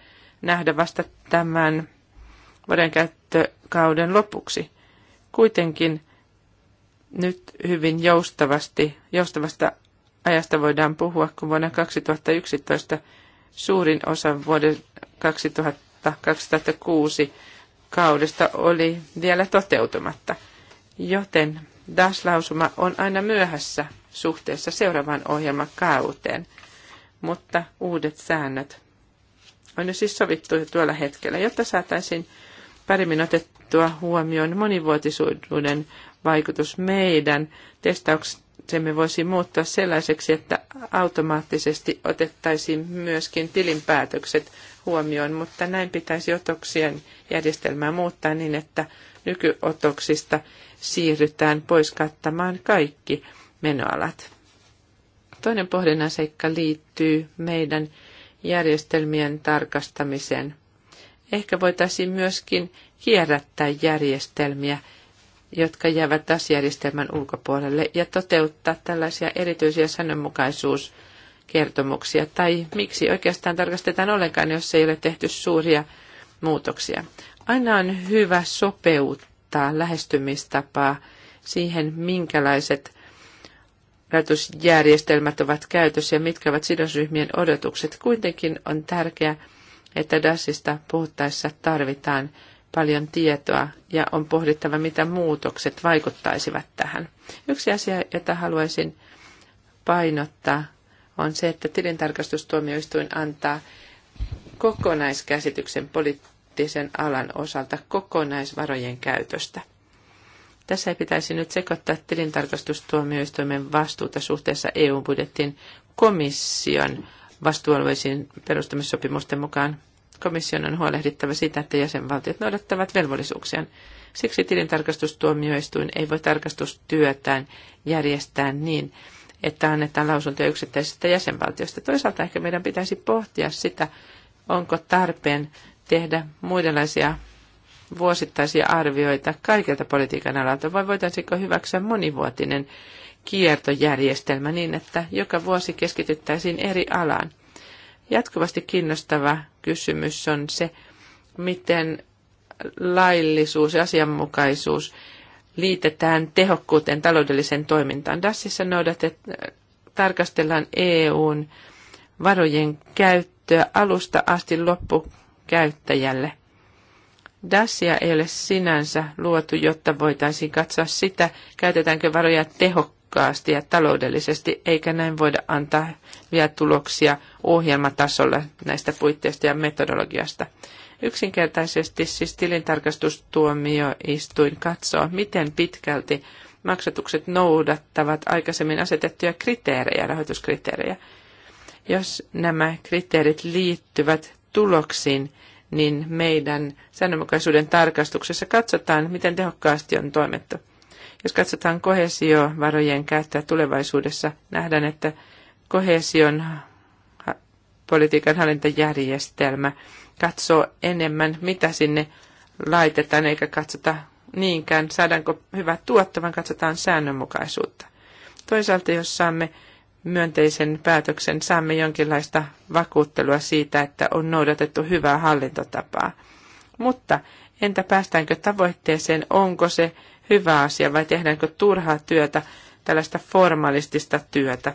nähdä vasta tämän vuoden käyttökauden lopuksi. Kuitenkin nyt hyvin joustavasti, joustavasta ajasta voidaan puhua, kun vuonna 2011 suurin osa vuoden 2000, 2006 kaudesta oli vielä toteutumatta. Joten DAS-lausuma on aina myöhässä suhteessa seuraavaan kauteen, mutta uudet säännöt on jo siis sovittu jo tuolla hetkellä, jotta saataisiin paremmin otettua huomioon monivuotisuuden vaikutus meidän testauksemme voisi muuttua sellaiseksi, että automaattisesti otettaisiin myöskin tilinpäätökset huomioon, mutta näin pitäisi otoksien järjestelmää muuttaa niin, että nykyotoksista siirrytään pois kattamaan kaikki menoalat. Toinen pohdinnan seikka liittyy meidän järjestelmien tarkastamiseen. Ehkä voitaisiin myöskin kierrättää järjestelmiä jotka jäävät taas järjestelmän ulkopuolelle, ja toteuttaa tällaisia erityisiä sanonmukaisuuskertomuksia. tai miksi oikeastaan tarkastetaan ollenkaan, jos ei ole tehty suuria muutoksia. Aina on hyvä sopeuttaa lähestymistapaa siihen, minkälaiset rajoitusjärjestelmät ovat käytössä ja mitkä ovat sidosryhmien odotukset. Kuitenkin on tärkeää, että DASista puhuttaessa tarvitaan paljon tietoa ja on pohdittava, mitä muutokset vaikuttaisivat tähän. Yksi asia, jota haluaisin painottaa, on se, että tilintarkastustuomioistuin antaa kokonaiskäsityksen poliittisen alan osalta kokonaisvarojen käytöstä. Tässä ei pitäisi nyt sekoittaa tilintarkastustuomioistuimen vastuuta suhteessa EU-budjettiin komission vastuualueisiin perustamissopimusten mukaan Komission on huolehdittava siitä, että jäsenvaltiot noudattavat velvollisuuksiaan. Siksi tilintarkastustuomioistuin ei voi tarkastustyötään järjestää niin, että annetaan lausuntoja yksittäisestä jäsenvaltiosta. Toisaalta ehkä meidän pitäisi pohtia sitä, onko tarpeen tehdä muidenlaisia vuosittaisia arvioita kaikilta politiikan alalta, vai voitaisiinko hyväksyä monivuotinen kiertojärjestelmä niin, että joka vuosi keskityttäisiin eri alaan. Jatkuvasti kiinnostava kysymys on se, miten laillisuus ja asianmukaisuus liitetään tehokkuuteen taloudelliseen toimintaan. Dassissa noudatet, tarkastellaan EUn varojen käyttöä alusta asti loppukäyttäjälle. Dassia ei ole sinänsä luotu, jotta voitaisiin katsoa sitä, käytetäänkö varoja tehokkaasti ja taloudellisesti, eikä näin voida antaa vielä tuloksia ohjelmatasolla näistä puitteista ja metodologiasta. Yksinkertaisesti siis tilintarkastustuomioistuin katsoo, miten pitkälti maksatukset noudattavat aikaisemmin asetettuja kriteerejä, rahoituskriteerejä. Jos nämä kriteerit liittyvät tuloksiin, niin meidän säännönmukaisuuden tarkastuksessa katsotaan, miten tehokkaasti on toimittu. Jos katsotaan kohesiovarojen käyttöä tulevaisuudessa, nähdään, että kohesion politiikan hallintajärjestelmä katsoo enemmän, mitä sinne laitetaan, eikä katsota niinkään, saadaanko hyvä tuotto, vaan katsotaan säännönmukaisuutta. Toisaalta, jos saamme myönteisen päätöksen, saamme jonkinlaista vakuuttelua siitä, että on noudatettu hyvää hallintotapaa. Mutta entä päästäänkö tavoitteeseen, onko se hyvä asia vai tehdäänkö turhaa työtä, tällaista formalistista työtä,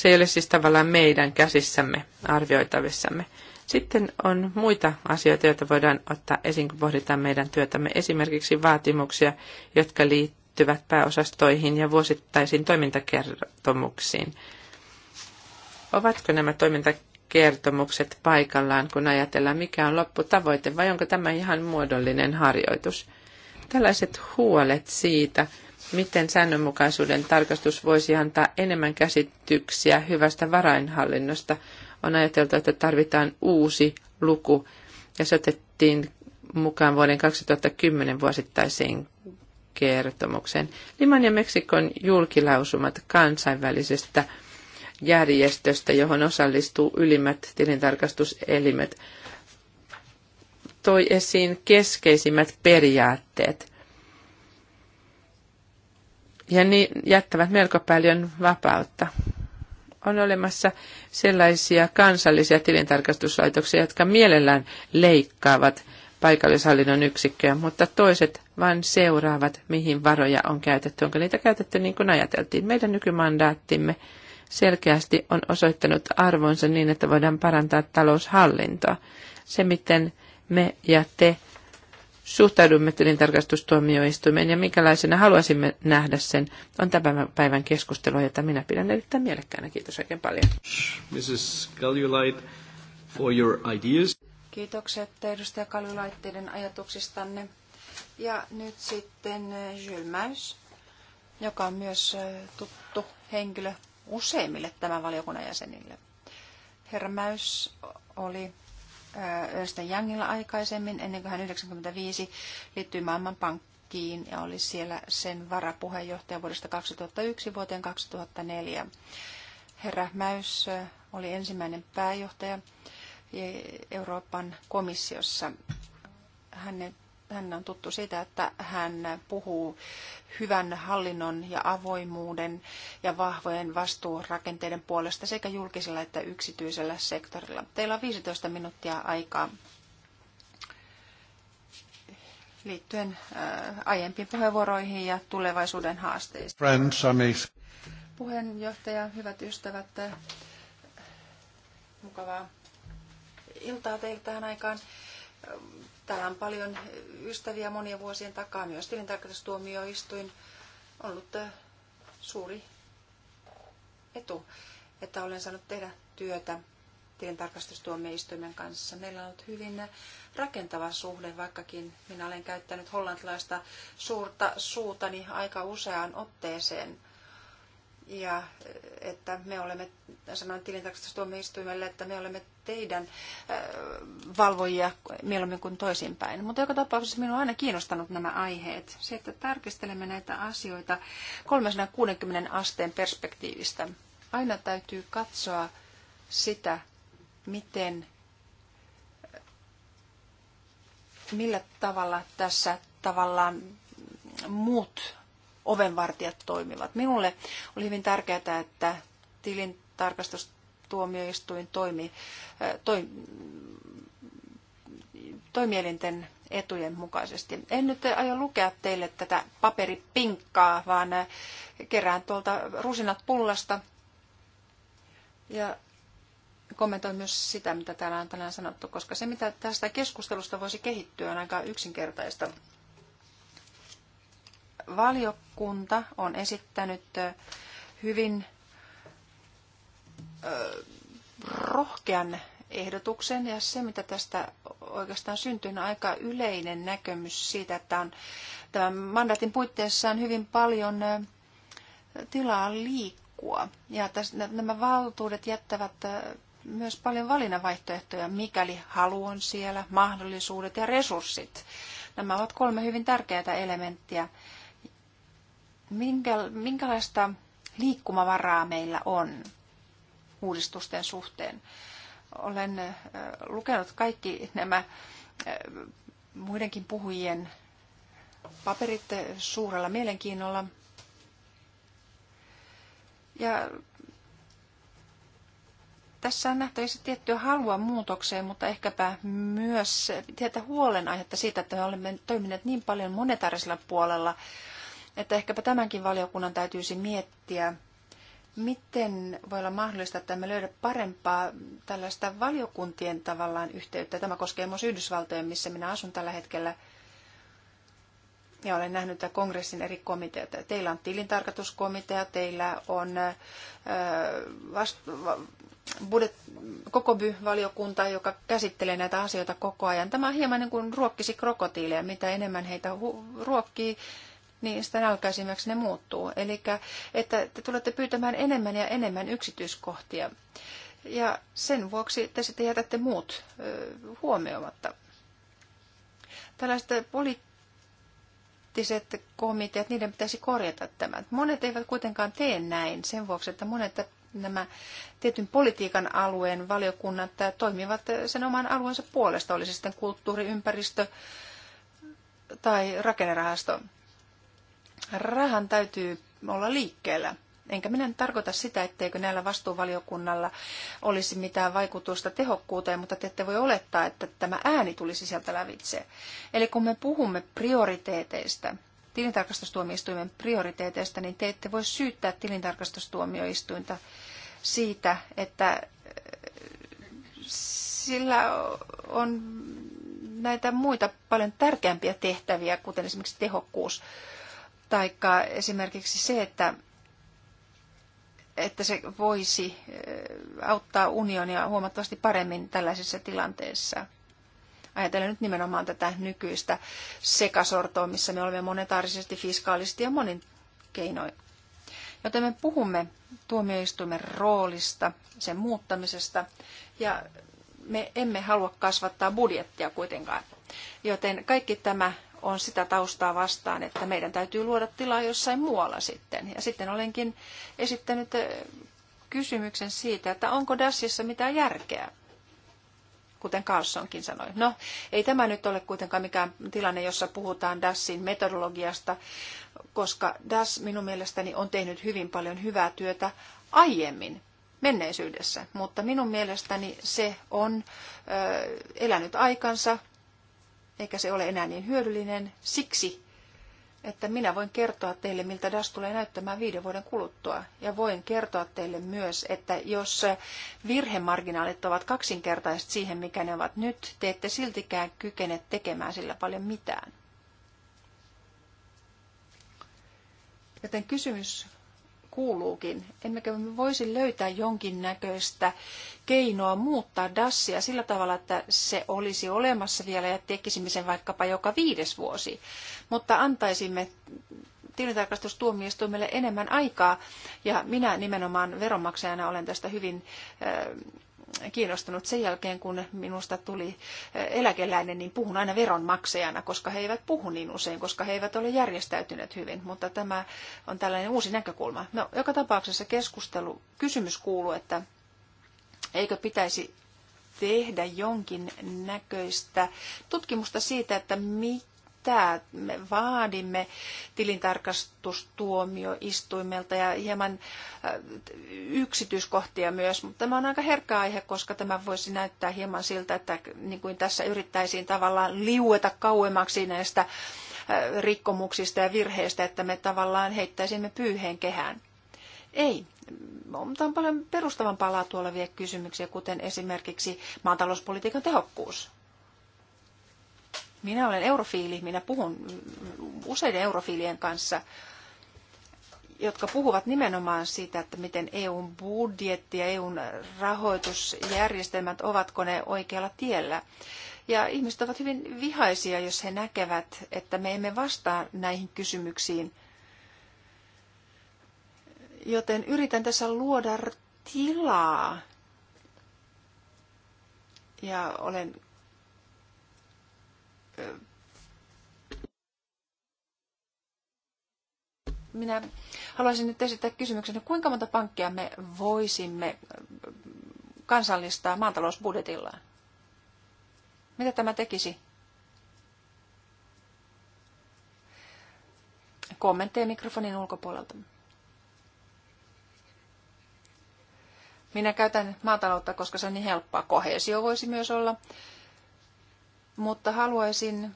Se ei ole siis tavallaan meidän käsissämme arvioitavissamme. Sitten on muita asioita, joita voidaan ottaa esiin, kun pohditaan meidän työtämme. Esimerkiksi vaatimuksia, jotka liittyvät pääosastoihin ja vuosittaisiin toimintakertomuksiin. Ovatko nämä toimintakertomukset paikallaan, kun ajatellaan, mikä on lopputavoite, vai onko tämä ihan muodollinen harjoitus? Tällaiset huolet siitä, miten säännönmukaisuuden tarkastus voisi antaa enemmän käsityksiä hyvästä varainhallinnosta. On ajateltu, että tarvitaan uusi luku ja se otettiin mukaan vuoden 2010 vuosittaiseen kertomukseen. Liman ja Meksikon julkilausumat kansainvälisestä järjestöstä, johon osallistuu ylimmät tilintarkastuselimet, toi esiin keskeisimmät periaatteet ja niin jättävät melko paljon vapautta. On olemassa sellaisia kansallisia tilintarkastuslaitoksia, jotka mielellään leikkaavat paikallishallinnon yksikköä, mutta toiset vain seuraavat, mihin varoja on käytetty. Onko niitä käytetty niin kuin ajateltiin? Meidän nykymandaattimme selkeästi on osoittanut arvonsa niin, että voidaan parantaa taloushallintoa. Se, miten me ja te suhtaudumme tilintarkastustuomioistuimeen ja minkälaisena haluaisimme nähdä sen, on tämän päivän keskustelua, jota minä pidän erittäin mielekkäänä. Kiitos oikein paljon. Mrs. for your ideas. Kiitokset edustaja Kaljulaitteiden ajatuksistanne. Ja nyt sitten eh, Jules joka on myös eh, tuttu henkilö useimmille tämän valiokunnan jäsenille. Herra Mäys oli Örsten Jangilla aikaisemmin, ennen kuin hän 1995 liittyi Maailmanpankkiin ja oli siellä sen varapuheenjohtaja vuodesta 2001 vuoteen 2004. Herra Mäys oli ensimmäinen pääjohtaja e, Euroopan komissiossa. Hänet hän on tuttu siitä, että hän puhuu hyvän hallinnon ja avoimuuden ja vahvojen vastuurakenteiden puolesta sekä julkisella että yksityisellä sektorilla. Teillä on 15 minuuttia aikaa liittyen äh, aiempiin puheenvuoroihin ja tulevaisuuden haasteisiin. Friends, Puheenjohtaja, hyvät ystävät, äh, mukavaa iltaa teille tähän aikaan Täällä on paljon ystäviä monien vuosien takaa. Myös tilintarkastustuomioistuin on ollut eh, suuri etu, että olen saanut tehdä työtä tilintarkastustuomioistuimen kanssa. Meillä on ollut hyvin rakentava suhde, vaikkakin minä olen käyttänyt hollantilaista suurta suutani aika useaan otteeseen – ja äh, että me olemme, sanoin tilintarkastustuomioistuimelle, että me olemme teidän äh, valvojia mieluummin kuin toisinpäin. Mutta joka tapauksessa minua on aina kiinnostanut nämä aiheet. Se, että tarkistelemme näitä asioita 360 asteen perspektiivistä. Aina täytyy katsoa sitä, miten, äh, millä tavalla tässä tavallaan muut ovenvartijat toimivat. Minulle oli hyvin tärkeää, että tilintarkastustuomioistuin toimi, toi, toimielinten etujen mukaisesti. En nyt aio lukea teille tätä paperipinkkaa, vaan kerään tuolta rusinat pullasta ja kommentoin myös sitä, mitä täällä on tänään sanottu, koska se, mitä tästä keskustelusta voisi kehittyä, on aika yksinkertaista valiokunta on esittänyt hyvin rohkean ehdotuksen ja se, mitä tästä oikeastaan syntyy, on aika yleinen näkemys siitä, että on, tämän mandaatin puitteissa on hyvin paljon tilaa liikkua. Ja nämä valtuudet jättävät myös paljon valinnanvaihtoehtoja, mikäli halu on siellä, mahdollisuudet ja resurssit. Nämä ovat kolme hyvin tärkeää elementtiä minkä, minkälaista liikkumavaraa meillä on uudistusten suhteen. Olen lukenut kaikki nämä muidenkin puhujien paperit suurella mielenkiinnolla. Ja tässä on nähtävissä tiettyä halua muutokseen, mutta ehkäpä myös tietä huolenaihetta siitä, että me olemme toimineet niin paljon monetaarisella puolella että ehkäpä tämänkin valiokunnan täytyisi miettiä, miten voi olla mahdollista, että me löydä parempaa tällaista valiokuntien tavallaan yhteyttä. Tämä koskee myös Yhdysvaltoja, missä minä asun tällä hetkellä. Ja olen nähnyt tämän kongressin eri komiteat. Teillä on tilintarkastuskomitea, teillä on ö, koko valiokunta joka käsittelee näitä asioita koko ajan. Tämä on hieman niin kuin ruokkisi krokotiileja. Mitä enemmän heitä ruokkii, niin sitä nälkäisimmäksi ne muuttuu. Eli että te tulette pyytämään enemmän ja enemmän yksityiskohtia. Ja sen vuoksi te sitten jätätte muut ö, huomioimatta. Tällaiset poliittiset komiteat, niiden pitäisi korjata tämä. Monet eivät kuitenkaan tee näin sen vuoksi, että monet nämä tietyn politiikan alueen valiokunnat toimivat sen oman alueensa puolesta, oli se sitten kulttuuriympäristö tai rakennerahasto rahan täytyy olla liikkeellä. Enkä minä tarkoita sitä, etteikö näillä vastuuvaliokunnalla olisi mitään vaikutusta tehokkuuteen, mutta te ette voi olettaa, että tämä ääni tulisi sieltä lävitse. Eli kun me puhumme prioriteeteista, tilintarkastustuomioistuimen prioriteeteista, niin te ette voi syyttää tilintarkastustuomioistuinta siitä, että äh, sillä on näitä muita paljon tärkeämpiä tehtäviä, kuten esimerkiksi tehokkuus Taikka esimerkiksi se, että, että se voisi auttaa unionia huomattavasti paremmin tällaisessa tilanteessa. Ajatellen nyt nimenomaan tätä nykyistä sekasortoa, missä me olemme monetaarisesti, fiskaalisesti ja monin keinoin. Joten me puhumme tuomioistuimen roolista, sen muuttamisesta ja me emme halua kasvattaa budjettia kuitenkaan. Joten kaikki tämä on sitä taustaa vastaan, että meidän täytyy luoda tilaa jossain muualla sitten. Ja sitten olenkin esittänyt kysymyksen siitä, että onko Dassissa mitään järkeä, kuten Carlsonkin sanoi. No, ei tämä nyt ole kuitenkaan mikään tilanne, jossa puhutaan Dassin metodologiasta, koska Dash minun mielestäni on tehnyt hyvin paljon hyvää työtä aiemmin menneisyydessä, mutta minun mielestäni se on ö, elänyt aikansa eikä se ole enää niin hyödyllinen siksi, että minä voin kertoa teille, miltä DAS tulee näyttämään viiden vuoden kuluttua. Ja voin kertoa teille myös, että jos virhemarginaalit ovat kaksinkertaiset siihen, mikä ne ovat nyt, te ette siltikään kykene tekemään sillä paljon mitään. Joten kysymys kuuluukin. Emmekö me voisi löytää jonkinnäköistä keinoa muuttaa DASia sillä tavalla, että se olisi olemassa vielä ja tekisimme sen vaikkapa joka viides vuosi, mutta antaisimme tilintarkastustuomioistuimelle enemmän aikaa ja minä nimenomaan veronmaksajana olen tästä hyvin kiinnostunut sen jälkeen, kun minusta tuli eläkeläinen, niin puhun aina veronmaksajana, koska he eivät puhu niin usein, koska he eivät ole järjestäytyneet hyvin. Mutta tämä on tällainen uusi näkökulma. No, joka tapauksessa keskustelu, kysymys kuuluu, että eikö pitäisi tehdä jonkin näköistä tutkimusta siitä, että mikä tämä me vaadimme tilintarkastustuomioistuimelta ja hieman äh, yksityiskohtia myös, mutta tämä on aika herkkä aihe, koska tämä voisi näyttää hieman siltä, että niin kuin tässä yrittäisiin tavallaan liueta kauemmaksi näistä äh, rikkomuksista ja virheistä, että me tavallaan heittäisimme pyyheen kehään. Ei. Mutta on paljon perustavan palaa vielä kysymyksiä, kuten esimerkiksi maatalouspolitiikan tehokkuus. Minä olen eurofiili, minä puhun useiden eurofiilien kanssa, jotka puhuvat nimenomaan siitä, että miten EUn budjetti ja EUn rahoitusjärjestelmät, ovatko ne oikealla tiellä. Ja ihmiset ovat hyvin vihaisia, jos he näkevät, että me emme vastaa näihin kysymyksiin. Joten yritän tässä luoda tilaa. Ja olen minä haluaisin nyt esittää kysymyksen, kuinka monta pankkia me voisimme äh, kansallistaa maatalousbudjetillaan? Mitä tämä tekisi? Kommentteja mikrofonin ulkopuolelta. Minä käytän maataloutta, koska se on niin helppoa. Kohesio voisi myös olla mutta haluaisin,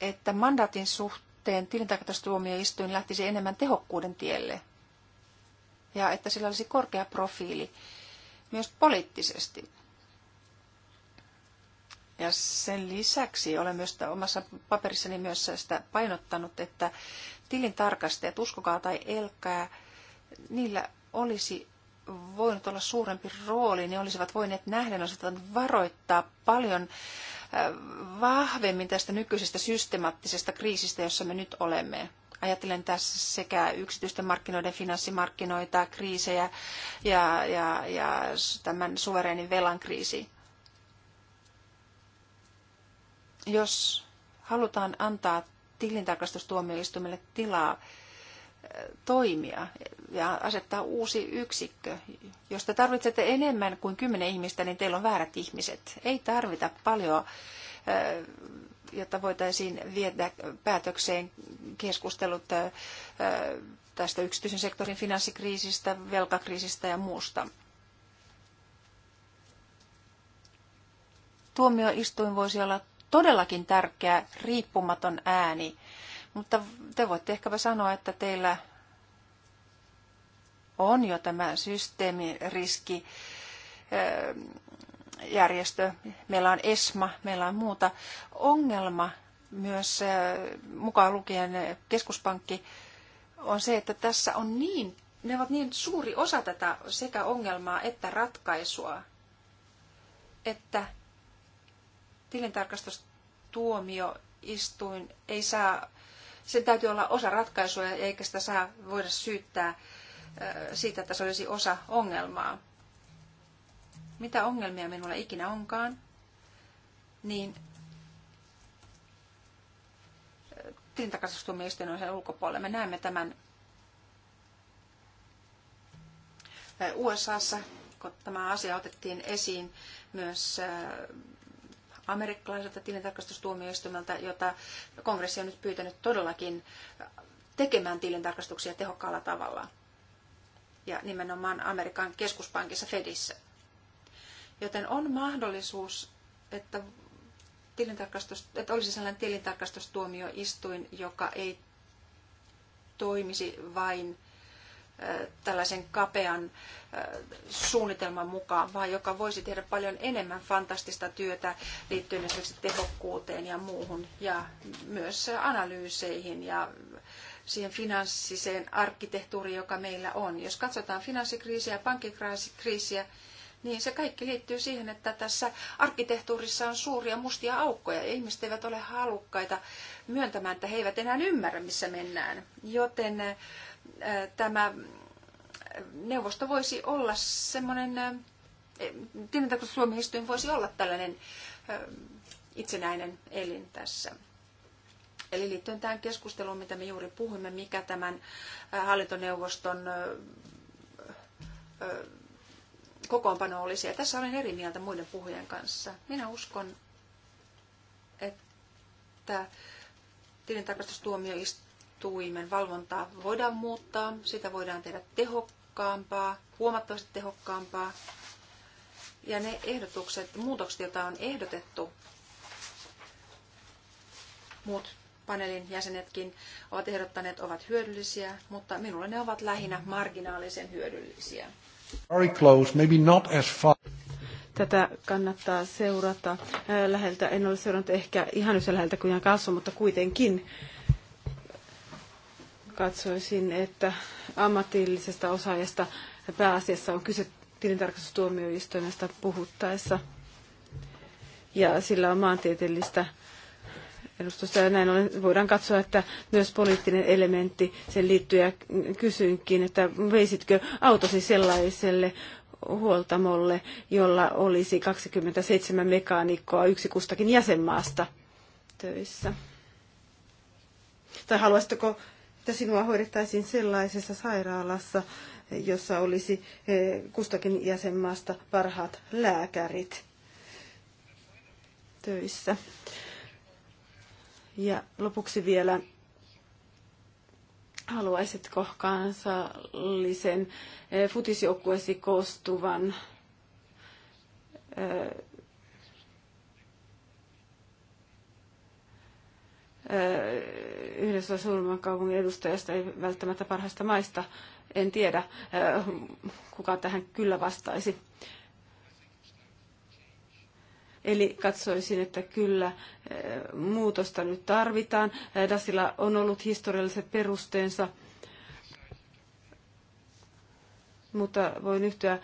että mandaatin suhteen tilintarkastustuomioistuin lähtisi enemmän tehokkuuden tielle ja että sillä olisi korkea profiili myös poliittisesti. Ja sen lisäksi olen myös omassa paperissani myös sitä painottanut, että tilintarkastajat, uskokaa tai elkää, niillä olisi voinut olla suurempi rooli, niin olisivat voineet nähdä osataan varoittaa paljon äh, vahvemmin tästä nykyisestä systemaattisesta kriisistä, jossa me nyt olemme. Ajattelen tässä sekä yksityisten markkinoiden finanssimarkkinoita, kriisejä ja, ja, ja tämän suvereenin velan kriisi. Jos halutaan antaa tilintarkastustuomioistuimelle tilaa toimia ja asettaa uusi yksikkö. Jos te tarvitsette enemmän kuin kymmenen ihmistä, niin teillä on väärät ihmiset. Ei tarvita paljon, jotta voitaisiin viedä päätökseen keskustelut tästä yksityisen sektorin finanssikriisistä, velkakriisistä ja muusta. Tuomioistuin voisi olla todellakin tärkeä riippumaton ääni mutta te voitte ehkäpä sanoa, että teillä on jo tämä systeemiriski eh, järjestö, meillä on ESMA, meillä on muuta. Ongelma myös eh, mukaan lukien keskuspankki on se, että tässä on niin, ne ovat niin suuri osa tätä sekä ongelmaa että ratkaisua, että tilintarkastustuomioistuin ei saa sen täytyy olla osa ratkaisua, eikä sitä saa voida syyttää siitä, että se olisi osa ongelmaa. Mitä ongelmia minulla ikinä onkaan, niin tilintarkastustuomioistuin on sen ulkopuolella. Me näemme tämän USAssa, kun tämä asia otettiin esiin myös amerikkalaiselta tilintarkastustuomioistumelta, jota kongressi on nyt pyytänyt todellakin tekemään tilintarkastuksia tehokkaalla tavalla. Ja nimenomaan Amerikan keskuspankissa Fedissä. Joten on mahdollisuus, että, tilintarkastus, että olisi sellainen tilintarkastustuomioistuin, joka ei toimisi vain tällaisen kapean suunnitelman mukaan, vaan joka voisi tehdä paljon enemmän fantastista työtä liittyen esimerkiksi tehokkuuteen ja muuhun ja myös analyyseihin ja siihen finanssiseen arkkitehtuuriin, joka meillä on. Jos katsotaan finanssikriisiä ja pankkikriisiä, niin se kaikki liittyy siihen, että tässä arkkitehtuurissa on suuria mustia aukkoja ja ihmiset eivät ole halukkaita myöntämään, että he eivät enää ymmärrä, missä mennään. Joten tämä neuvosto voisi olla semmoinen, tilintarkastustuomioistuin voisi olla tällainen itsenäinen elin tässä. Eli liittyen tähän keskusteluun, mitä me juuri puhuimme, mikä tämän hallintoneuvoston kokoonpano olisi. Ja tässä olen eri mieltä muiden puhujien kanssa. Minä uskon, että tilintarkastustuomioistuin tuomioistuimen valvontaa voidaan muuttaa, sitä voidaan tehdä tehokkaampaa, huomattavasti tehokkaampaa. Ja ne ehdotukset, muutokset, joita on ehdotettu, muut paneelin jäsenetkin ovat ehdottaneet, ovat hyödyllisiä, mutta minulle ne ovat lähinnä marginaalisen hyödyllisiä. Very close, maybe not as far. Tätä kannattaa seurata äh, läheltä. En ole seurannut ehkä ihan yhtä läheltä kuin ihan kanssa, mutta kuitenkin katsoisin, että ammatillisesta osaajasta pääasiassa on kyse tilintarkastustuomioistuimesta puhuttaessa. Ja sillä on maantieteellistä edustusta. Ja näin ollen voidaan katsoa, että myös poliittinen elementti sen liittyy. Ja kysyinkin, että veisitkö autosi sellaiselle huoltamolle, jolla olisi 27 mekaanikkoa yksi kustakin jäsenmaasta töissä? Tai haluaisitko että sinua hoidettaisiin sellaisessa sairaalassa, jossa olisi eh, kustakin jäsenmaasta parhaat lääkärit töissä. Ja lopuksi vielä, haluaisitko kansallisen eh, futisjoukkueesi koostuvan eh, yhdessä suurimman kaupungin edustajasta, ei välttämättä parhaista maista. En tiedä, kuka tähän kyllä vastaisi. Eli katsoisin, että kyllä muutosta nyt tarvitaan. Dasilla on ollut historialliset perusteensa, mutta voin yhtyä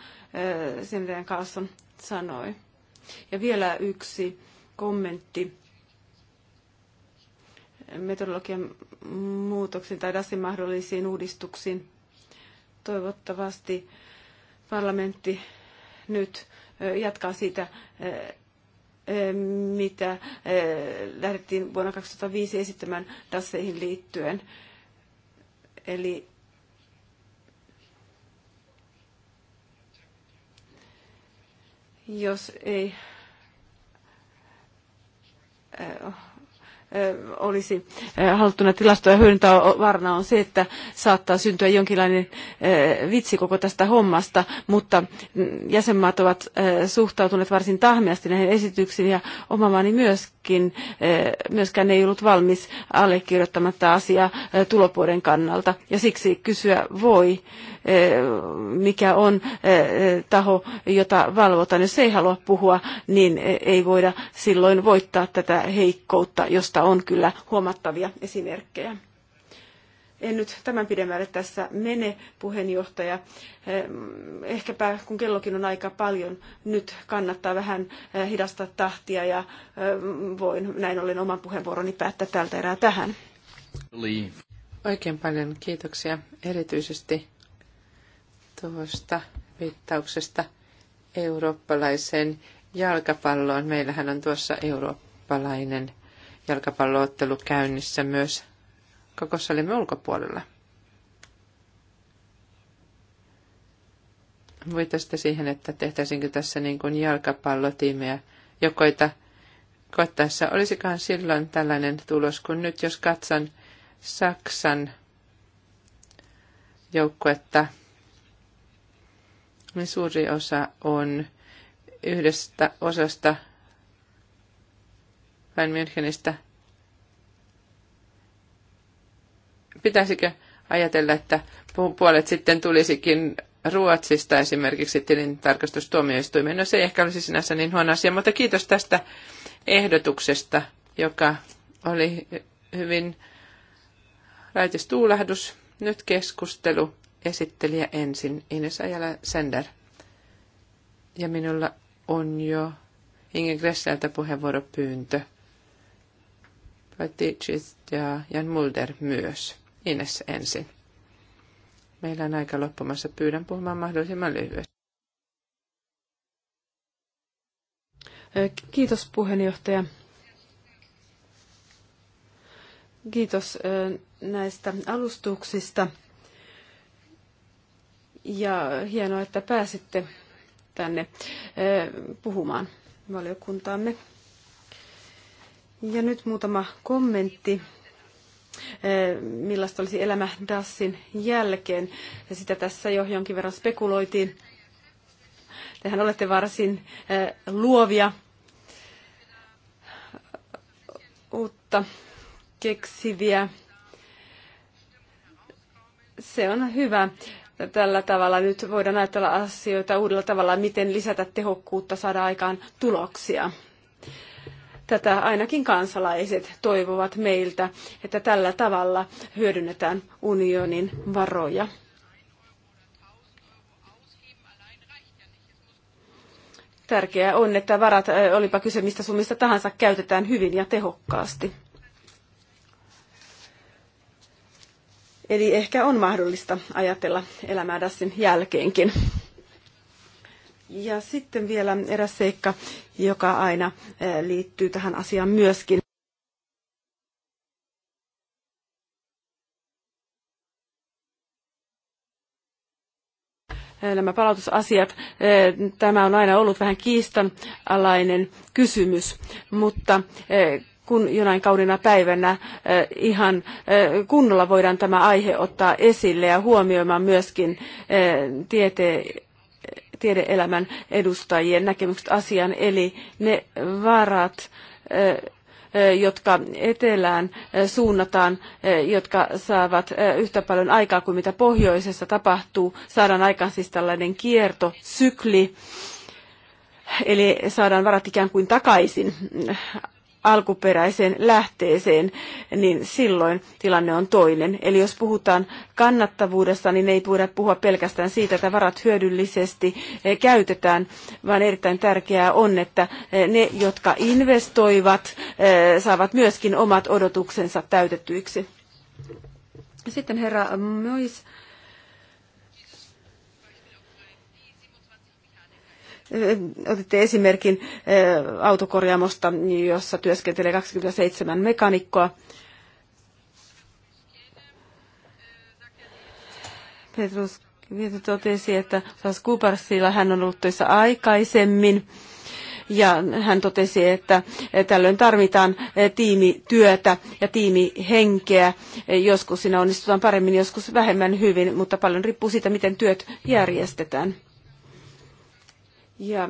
sen, mitä Carlson sanoi. Ja vielä yksi kommentti metodologian muutoksiin tai DASin mahdollisiin uudistuksiin. Toivottavasti parlamentti nyt jatkaa siitä, mitä lähdettiin vuonna 2005 esittämään DASseihin liittyen. Eli jos ei olisi haluttuna tilastoja hyödyntää, varna on se, että saattaa syntyä jonkinlainen vitsi koko tästä hommasta, mutta jäsenmaat ovat suhtautuneet varsin tahmeasti näihin esityksiin ja oma maani myöskin, myöskään ei ollut valmis allekirjoittamaan tätä asiaa tulopuolen kannalta. Ja siksi kysyä voi, mikä on taho, jota valvotaan. Jos ei halua puhua, niin ei voida silloin voittaa tätä heikkoutta, josta on kyllä huomattavia esimerkkejä. En nyt tämän pidemmälle tässä mene, puheenjohtaja. Eh, ehkäpä kun kellokin on aika paljon, nyt kannattaa vähän eh, hidastaa tahtia ja eh, voin näin ollen oman puheenvuoroni päättää tältä erää tähän. Oikein paljon kiitoksia erityisesti tuosta viittauksesta eurooppalaiseen jalkapalloon. Meillähän on tuossa eurooppalainen jalkapalloottelu käynnissä myös koko salimme ulkopuolella. Voitaisiin siihen, että tehtäisinkö tässä niin kuin jalkapallotiimejä jokoita koettaessa. Olisikohan silloin tällainen tulos, kun nyt jos katson Saksan joukkuetta, niin suuri osa on yhdestä osasta vain Münchenistä. Pitäisikö ajatella, että puolet sitten tulisikin Ruotsista esimerkiksi tilintarkastustuomioistuimeen. No se ei ehkä olisi sinänsä niin huono asia, mutta kiitos tästä ehdotuksesta, joka oli hyvin raitis tuulahdus. Nyt keskustelu. Esittelijä ensin, Ines Ajala Sender. Ja minulla on jo Inge Gresseltä puheenvuoropyyntö. Pratichist ja Jan Mulder myös. Ines ensin. Meillä on aika loppumassa. Pyydän puhumaan mahdollisimman lyhyesti. Kiitos puheenjohtaja. Kiitos näistä alustuksista. Ja hienoa, että pääsitte tänne puhumaan valiokuntaamme. Ja nyt muutama kommentti eh, millaista olisi elämä Dassin jälkeen. Ja sitä tässä jo jonkin verran spekuloitiin. Tehän olette varsin eh, luovia uutta keksiviä. Se on hyvä. Tällä tavalla nyt voidaan ajatella asioita uudella tavalla, miten lisätä tehokkuutta, saada aikaan tuloksia. Tätä ainakin kansalaiset toivovat meiltä, että tällä tavalla hyödynnetään unionin varoja. Tärkeää on, että varat, olipa kyse mistä summista tahansa, käytetään hyvin ja tehokkaasti. Eli ehkä on mahdollista ajatella elämää Dassin jälkeenkin. Ja sitten vielä eräs seikka, joka aina eh, liittyy tähän asiaan myöskin. Eh, nämä palautusasiat, eh, tämä on aina ollut vähän kiistanalainen kysymys, mutta kun jonain kaunina päivänä ihan kunnolla voidaan tämä aihe ottaa esille ja huomioimaan myöskin tieteen tiedeelämän edustajien näkemykset asiaan, eli ne varat, jotka etelään suunnataan, jotka saavat yhtä paljon aikaa kuin mitä pohjoisessa tapahtuu, saadaan aikaan siis tällainen kiertosykli, eli saadaan varat ikään kuin takaisin alkuperäiseen lähteeseen, niin silloin tilanne on toinen. Eli jos puhutaan kannattavuudesta, niin ei voida puhua pelkästään siitä, että varat hyödyllisesti eh, käytetään, vaan erittäin tärkeää on, että eh, ne, jotka investoivat, eh, saavat myöskin omat odotuksensa täytettyiksi. Sitten herra Mois otitte esimerkin autokorjaamosta, jossa työskentelee 27 mekanikkoa. Petrus Vieto totesi, että Sas Kuparsilla hän on ollut töissä aikaisemmin. Ja hän totesi, että tällöin tarvitaan tiimityötä ja tiimihenkeä. Joskus siinä onnistutaan paremmin, joskus vähemmän hyvin, mutta paljon riippuu siitä, miten työt järjestetään. Ja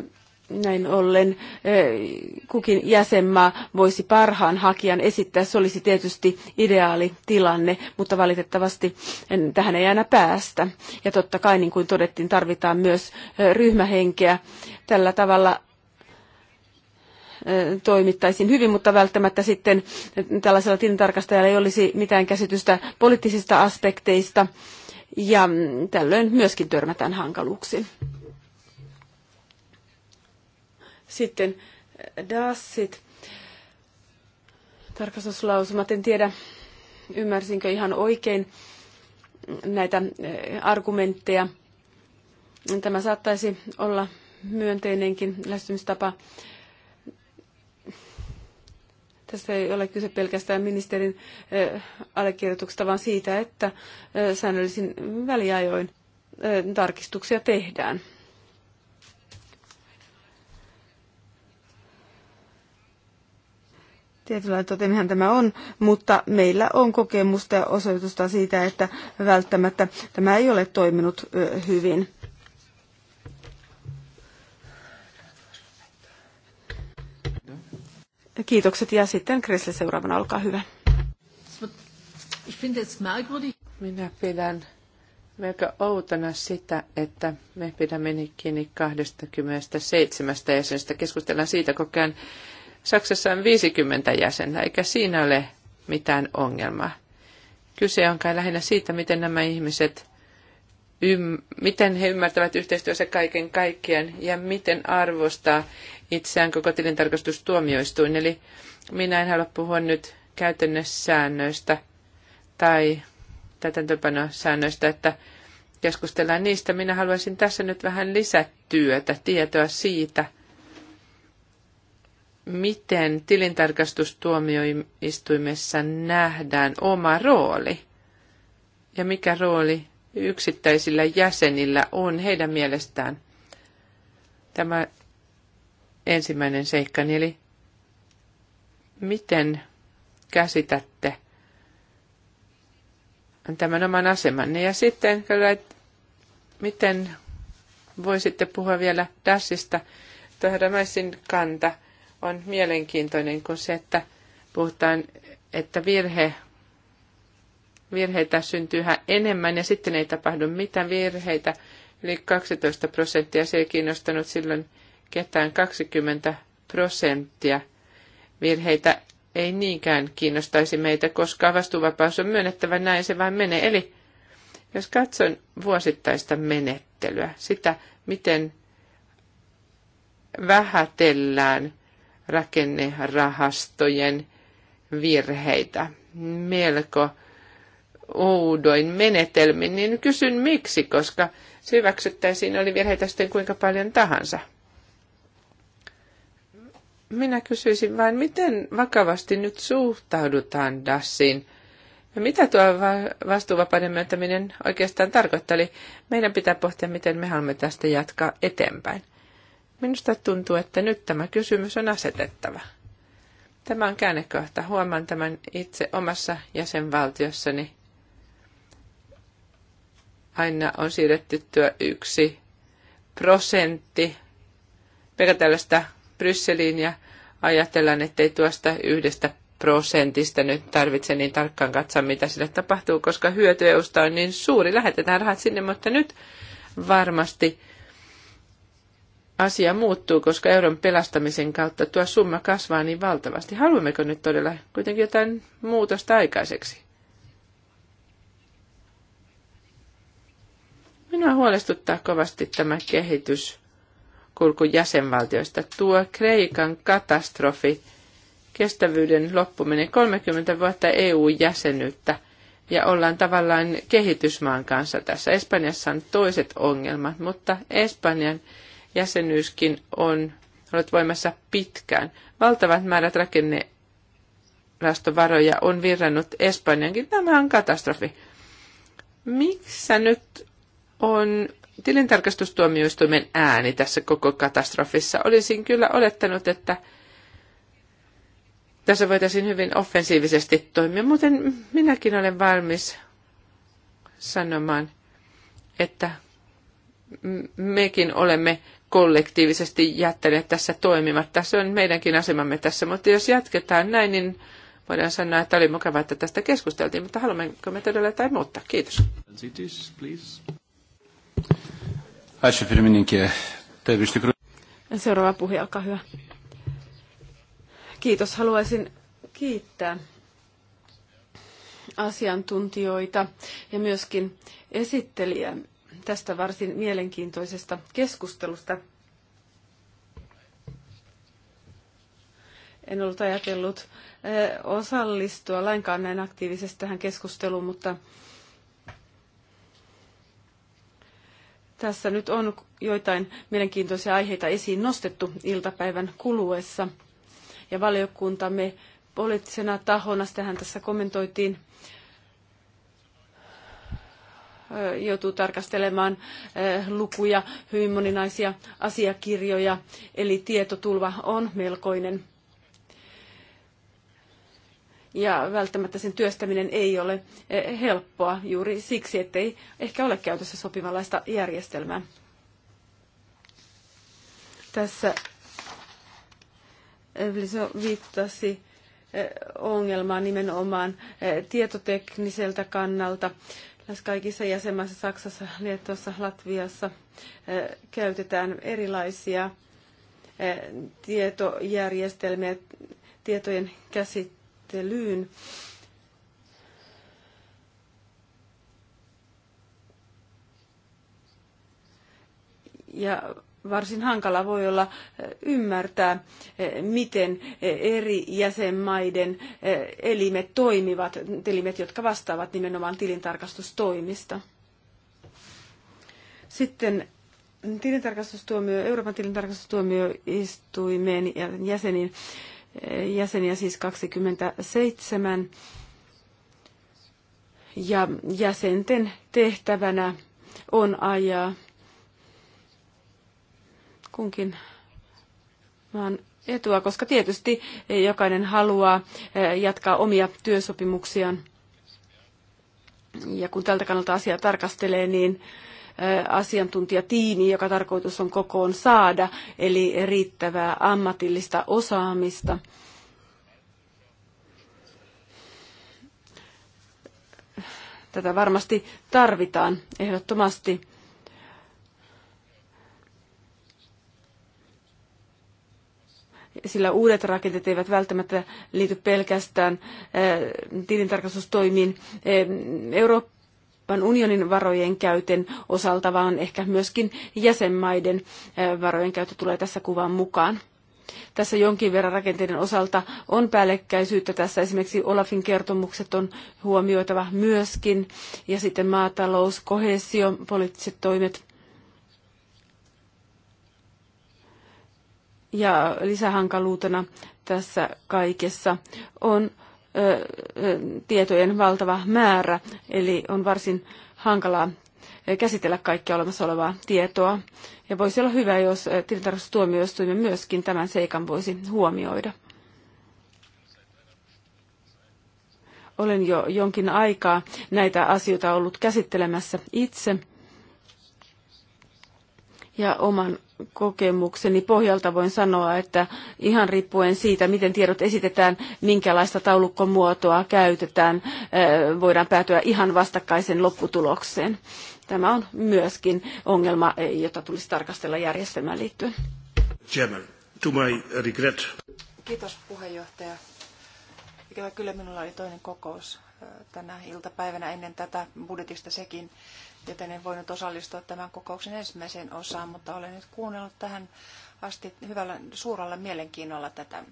näin ollen eh, kukin jäsenmaa voisi parhaan hakijan esittää. Se olisi tietysti ideaali tilanne, mutta valitettavasti eh, tähän ei aina päästä. Ja totta kai, niin kuin todettiin, tarvitaan myös eh, ryhmähenkeä. Tällä tavalla toimittaisiin hyvin, mutta välttämättä sitten tällaisella tilintarkastajalla ei olisi mitään käsitystä poliittisista aspekteista ja mm, tällöin myöskin törmätään hankaluuksiin. Sitten äh, DASit, tarkastuslausumat, en tiedä ymmärsinkö ihan oikein näitä äh, argumentteja. Tämä saattaisi olla myönteinenkin lähestymistapa. Tässä ei ole kyse pelkästään ministerin äh, allekirjoituksesta, vaan siitä, että säännöllisin väliajoin tarkistuksia tehdään. Tietyllä totenhan tämä on, mutta meillä on kokemusta ja osoitusta siitä, että välttämättä tämä ei ole toiminut hyvin. Kiitokset ja sitten Kresle seuraavana, olkaa hyvä. Minä pidän melko outona sitä, että me pidämme kiinni 27 jäsenestä. Keskustellaan siitä kokeen. Saksassa on 50 jäsenä eikä siinä ole mitään ongelmaa. Kyse on kai lähinnä siitä, miten nämä ihmiset, miten he ymmärtävät yhteistyössä kaiken kaikkiaan ja miten arvostaa itseään koko tilintarkastustuomioistuin. Eli minä en halua puhua nyt käytännössäännöistä tai säännöistä, että keskustellaan niistä. Minä haluaisin tässä nyt vähän lisätyötä, tietoa siitä – miten tilintarkastustuomioistuimessa nähdään oma rooli ja mikä rooli yksittäisillä jäsenillä on heidän mielestään. Tämä ensimmäinen seikka, eli miten käsitätte tämän oman asemanne. Ja sitten kyllä, miten voisitte puhua vielä Dassista, tuo herra Mäisin kanta – on mielenkiintoinen kuin se, että puhutaan, että virhe, virheitä syntyy yhä enemmän ja sitten ei tapahdu mitään virheitä. Yli 12 prosenttia, se ei kiinnostanut silloin ketään 20 prosenttia virheitä ei niinkään kiinnostaisi meitä, koska vastuuvapaus on myönnettävä, näin se vain menee. Eli jos katson vuosittaista menettelyä, sitä miten vähätellään rakennerahastojen virheitä melko oudoin menetelmin, niin kysyn miksi, koska se hyväksyttäisiin oli virheitä sitten kuinka paljon tahansa. Minä kysyisin vain, miten vakavasti nyt suhtaudutaan Dassiin? ja mitä tuo vastuuvapauden myöntäminen oikeastaan tarkoittaa? Eli meidän pitää pohtia, miten me haluamme tästä jatkaa eteenpäin. Minusta tuntuu, että nyt tämä kysymys on asetettava. Tämä on käännekohta. Huomaan tämän itse omassa jäsenvaltiossani. Aina on siirretty työ yksi prosentti pelkästään Brysseliin ja ajatellaan, ettei tuosta yhdestä prosentista nyt tarvitse niin tarkkaan katsoa, mitä sille tapahtuu, koska hyöty on niin suuri. Lähetetään rahat sinne, mutta nyt varmasti asia muuttuu, koska euron pelastamisen kautta tuo summa kasvaa niin valtavasti. Haluammeko nyt todella kuitenkin jotain muutosta aikaiseksi? Minua huolestuttaa kovasti tämä kehitys kulku jäsenvaltioista. Tuo Kreikan katastrofi, kestävyyden loppuminen, 30 vuotta EU-jäsenyyttä ja ollaan tavallaan kehitysmaan kanssa tässä. Espanjassa on toiset ongelmat, mutta Espanjan jäsenyyskin on ollut voimassa pitkään. Valtavat määrät rakennerastovaroja on virrannut Espanjankin. Tämä on katastrofi. Miksi nyt on tilintarkastustuomioistuimen ääni tässä koko katastrofissa? Olisin kyllä olettanut, että tässä voitaisiin hyvin offensiivisesti toimia. Muuten minäkin olen valmis sanomaan, että mekin olemme kollektiivisesti jättäneet tässä toimimatta. Se on meidänkin asemamme tässä, mutta jos jatketaan näin, niin voidaan sanoa, että oli mukavaa, että tästä keskusteltiin, mutta haluammeko me todella jotain muuttaa? Kiitos. Seuraava puhuja, olkaa hyvä. Kiitos, haluaisin kiittää asiantuntijoita ja myöskin esittelijää tästä varsin mielenkiintoisesta keskustelusta. En ollut ajatellut eh, osallistua lainkaan näin aktiivisesti tähän keskusteluun, mutta tässä nyt on joitain mielenkiintoisia aiheita esiin nostettu iltapäivän kuluessa. Ja valiokuntamme poliittisena tahona, tähän tässä kommentoitiin, joutuu tarkastelemaan lukuja, hyvin moninaisia asiakirjoja, eli tietotulva on melkoinen. Ja välttämättä sen työstäminen ei ole helppoa juuri siksi, ettei ehkä ole käytössä sopivanlaista järjestelmää. Tässä Evliso viittasi ongelmaan nimenomaan tietotekniseltä kannalta lähes kaikissa jäsenmaissa, Saksassa, Liettuassa, Latviassa eh, käytetään erilaisia eh, tietojärjestelmiä tietojen käsittelyyn. Ja varsin hankala voi olla eh, ymmärtää, eh, miten eh, eri jäsenmaiden elimet toimivat, elimet, jotka vastaavat nimenomaan tilintarkastustoimista. Sitten tilintarkastustuomio, Euroopan tilintarkastustuomioistuimeen jäsenin, jäseniä siis 27 ja jäsenten tehtävänä on ajaa kunkin maan etua, koska tietysti jokainen haluaa eh, jatkaa omia työsopimuksiaan. Ja kun tältä kannalta asiaa tarkastelee, niin eh, asiantuntijatiimi, joka tarkoitus on kokoon saada, eli riittävää ammatillista osaamista. Tätä varmasti tarvitaan ehdottomasti sillä uudet rakenteet eivät välttämättä liity pelkästään eh, tilintarkastustoimiin eh, Euroopan unionin varojen käytön osalta, vaan ehkä myöskin jäsenmaiden eh, varojen käyttö tulee tässä kuvan mukaan tässä jonkin verran rakenteiden osalta on päällekkäisyyttä. Tässä esimerkiksi Olafin kertomukset on huomioitava myöskin ja sitten maatalous, kohesio, poliittiset toimet. ja lisähankaluutena tässä kaikessa on tietojen valtava määrä, eli on varsin hankalaa käsitellä kaikkia olemassa olevaa tietoa. Ja voisi olla hyvä, jos tilintarkastustuomioistuimen myöskin tämän seikan voisi huomioida. Olen jo jonkin aikaa näitä asioita ollut käsittelemässä itse. Ja oman kokemukseni pohjalta voin sanoa, että ihan riippuen siitä, miten tiedot esitetään, minkälaista taulukkomuotoa käytetään, eh, voidaan päätyä ihan vastakkaisen lopputulokseen. Tämä on myöskin ongelma, eh, jota tulisi tarkastella järjestelmään liittyen. Chairman, to my regret. Kiitos puheenjohtaja. Ikävä kyllä minulla oli toinen kokous eh, tänä iltapäivänä ennen tätä budjetista sekin joten en voinut osallistua tämän kokouksen ensimmäiseen osaan, mutta olen nyt kuunnellut tähän asti hyvällä suurella mielenkiinnolla tätä.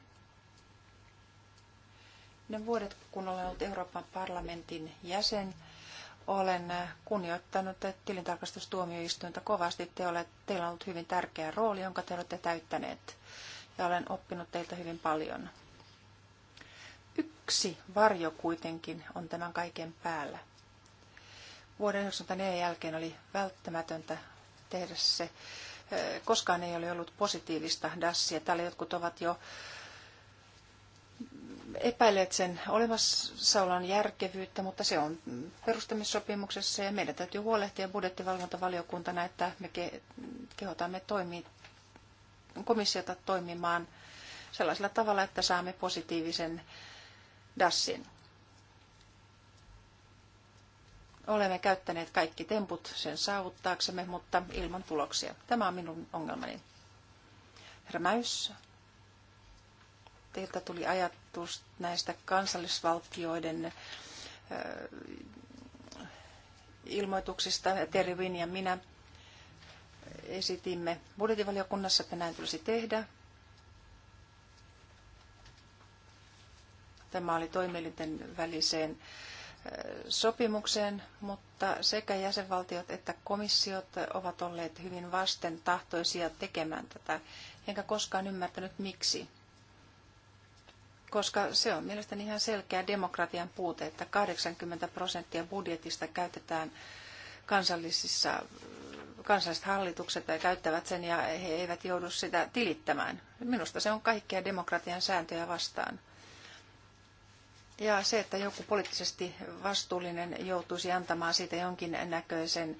Ne vuodet, kun olen ollut Euroopan parlamentin jäsen, olen kunnioittanut tilintarkastustuomioistuinta kovasti. Te olette, teillä on ollut hyvin tärkeä rooli, jonka te olette täyttäneet, ja olen oppinut teiltä hyvin paljon. Yksi varjo kuitenkin on tämän kaiken päällä – Vuoden 1994 jälkeen oli välttämätöntä tehdä se. Koskaan ei ole ollut positiivista dassia. Täällä jotkut ovat jo epäilleet sen olemassaolon järkevyyttä, mutta se on perustamissopimuksessa ja meidän täytyy huolehtia budjettivalvontavaliokuntana, että me kehotamme toimii, komissiota toimimaan sellaisella tavalla, että saamme positiivisen dassin. Olemme käyttäneet kaikki temput sen saavuttaaksemme, mutta ilman tuloksia. Tämä on minun ongelmani. Rämäys. Teiltä tuli ajatus näistä kansallisvaltioiden ilmoituksista. Terry Win ja minä esitimme budjetivaliokunnassa, että näin tulisi tehdä. Tämä oli toimielinten väliseen sopimukseen, mutta sekä jäsenvaltiot että komissiot ovat olleet hyvin vasten tahtoisia tekemään tätä, enkä koskaan ymmärtänyt miksi. Koska se on mielestäni ihan selkeä demokratian puute, että 80 prosenttia budjetista käytetään kansallisissa, kansalliset hallitukset ja käyttävät sen ja he eivät joudu sitä tilittämään. Minusta se on kaikkia demokratian sääntöjä vastaan. Ja se, että joku poliittisesti vastuullinen joutuisi antamaan siitä jonkin näköisen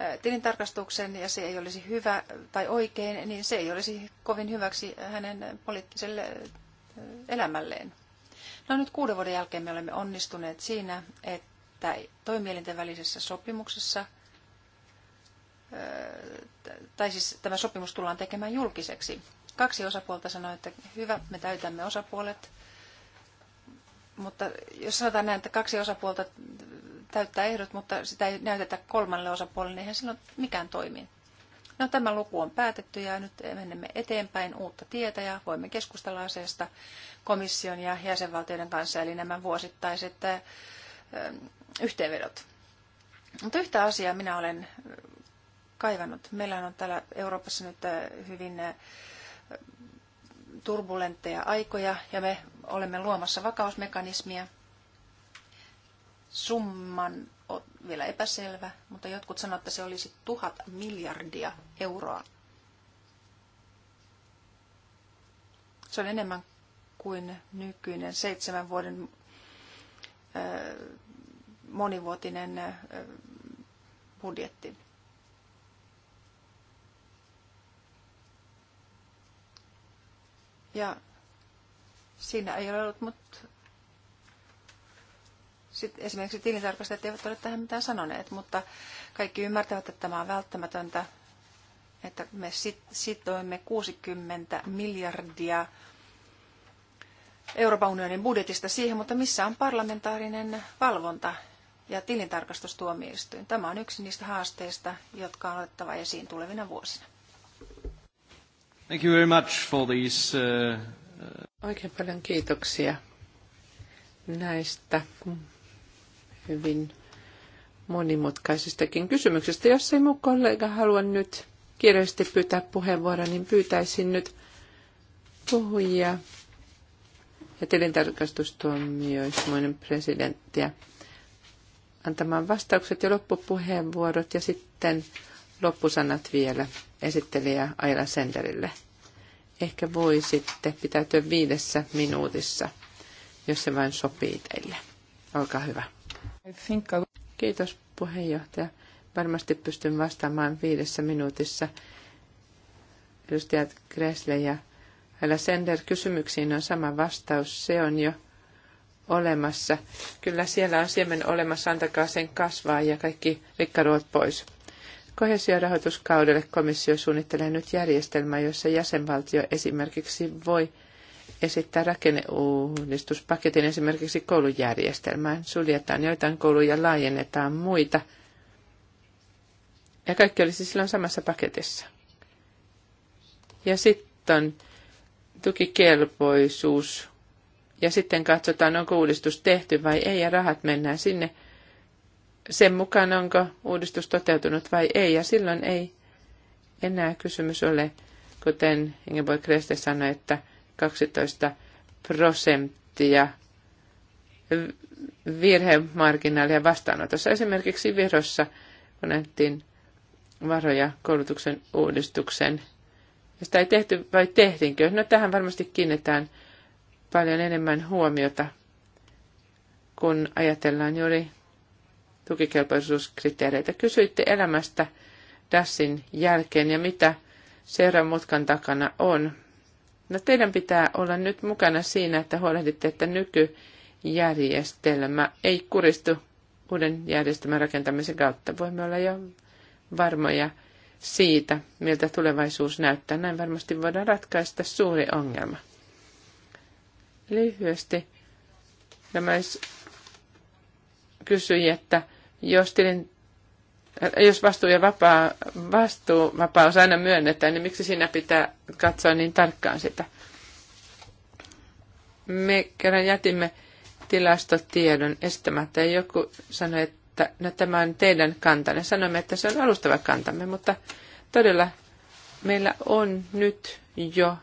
äh, tilintarkastuksen ja se ei olisi hyvä tai oikein, niin se ei olisi kovin hyväksi hänen poliittiselle äh, elämälleen. No nyt kuuden vuoden jälkeen me olemme onnistuneet siinä, että toimielinten välisessä sopimuksessa, äh, tai siis tämä sopimus tullaan tekemään julkiseksi. Kaksi osapuolta sanoi, että hyvä, me täytämme osapuolet, mutta jos sanotaan näin, että kaksi osapuolta täyttää ehdot, mutta sitä ei näytetä kolmannelle osapuolelle, niin eihän silloin mikään toimi. No tämä luku on päätetty ja nyt menemme eteenpäin uutta tietä ja voimme keskustella asiasta komission ja jäsenvaltioiden kanssa, eli nämä vuosittaiset yhteenvedot. Mutta yhtä asiaa minä olen kaivannut. Meillä on täällä Euroopassa nyt hyvin turbulentteja aikoja ja me olemme luomassa vakausmekanismia. Summan on vielä epäselvä, mutta jotkut sanovat, että se olisi tuhat miljardia euroa. Se on enemmän kuin nykyinen seitsemän vuoden monivuotinen budjetti. Ja siinä ei ole ollut, mutta sitten esimerkiksi tilintarkastajat eivät ole tähän mitään sanoneet, mutta kaikki ymmärtävät, että tämä on välttämätöntä, että me sitoimme 60 miljardia Euroopan unionin budjetista siihen, mutta missä on parlamentaarinen valvonta ja tilintarkastustuomioistuin. Tämä on yksi niistä haasteista, jotka on otettava esiin tulevina vuosina. Thank you very much for these, uh, uh, Oikein paljon kiitoksia näistä hyvin monimutkaisistakin kysymyksistä. Jos ei mun kollega halua nyt kirjallisesti pyytää puheenvuoroa, niin pyytäisin nyt puhujia ja tilintarkastustuomioistuimen presidenttiä antamaan vastaukset ja loppupuheenvuorot ja sitten loppusanat vielä esittelijä Aila Senderille. Ehkä voisitte pitäytyä viidessä minuutissa, jos se vain sopii teille. Olkaa hyvä. Kiitos puheenjohtaja. Varmasti pystyn vastaamaan viidessä minuutissa edustajat Gressle ja Aila Sender kysymyksiin on sama vastaus. Se on jo olemassa. Kyllä siellä on siemen olemassa, antakaa sen kasvaa ja kaikki rikkaruot pois. Kohesiorahoituskaudelle komissio suunnittelee nyt järjestelmää, jossa jäsenvaltio esimerkiksi voi esittää rakenneuudistuspaketin esimerkiksi koulujärjestelmään. Suljetaan joitain kouluja, laajennetaan muita. Ja kaikki olisi silloin samassa paketissa. Ja sitten tukikelpoisuus. Ja sitten katsotaan, onko uudistus tehty vai ei, ja rahat mennään sinne – sen mukaan, onko uudistus toteutunut vai ei. Ja silloin ei enää kysymys ole, kuten Ingeborg Kreste sanoi, että 12 prosenttia virhemarginaalia vastaanotossa. Esimerkiksi Virossa annettiin varoja koulutuksen uudistuksen. Ja sitä ei tehty vai tehtiinkö? No tähän varmasti kiinnitään paljon enemmän huomiota, kun ajatellaan juuri tukikelpoisuuskriteereitä. Kysyitte elämästä DASin jälkeen ja mitä seuraavan mutkan takana on. No teidän pitää olla nyt mukana siinä, että huolehditte, että nykyjärjestelmä ei kuristu uuden järjestelmän rakentamisen kautta. Voimme olla jo varmoja siitä, miltä tulevaisuus näyttää. Näin varmasti voidaan ratkaista suuri ongelma. Lyhyesti nämä kysyi, että jos, tilin, äh, jos vastuu ja vapaa, vapaus aina myönnetään, niin miksi siinä pitää katsoa niin tarkkaan sitä? Me kerran jätimme tilastotiedon estämättä ja joku sanoi, että no, tämä on teidän kantanne. Sanoimme, että se on alustava kantamme, mutta todella meillä on nyt jo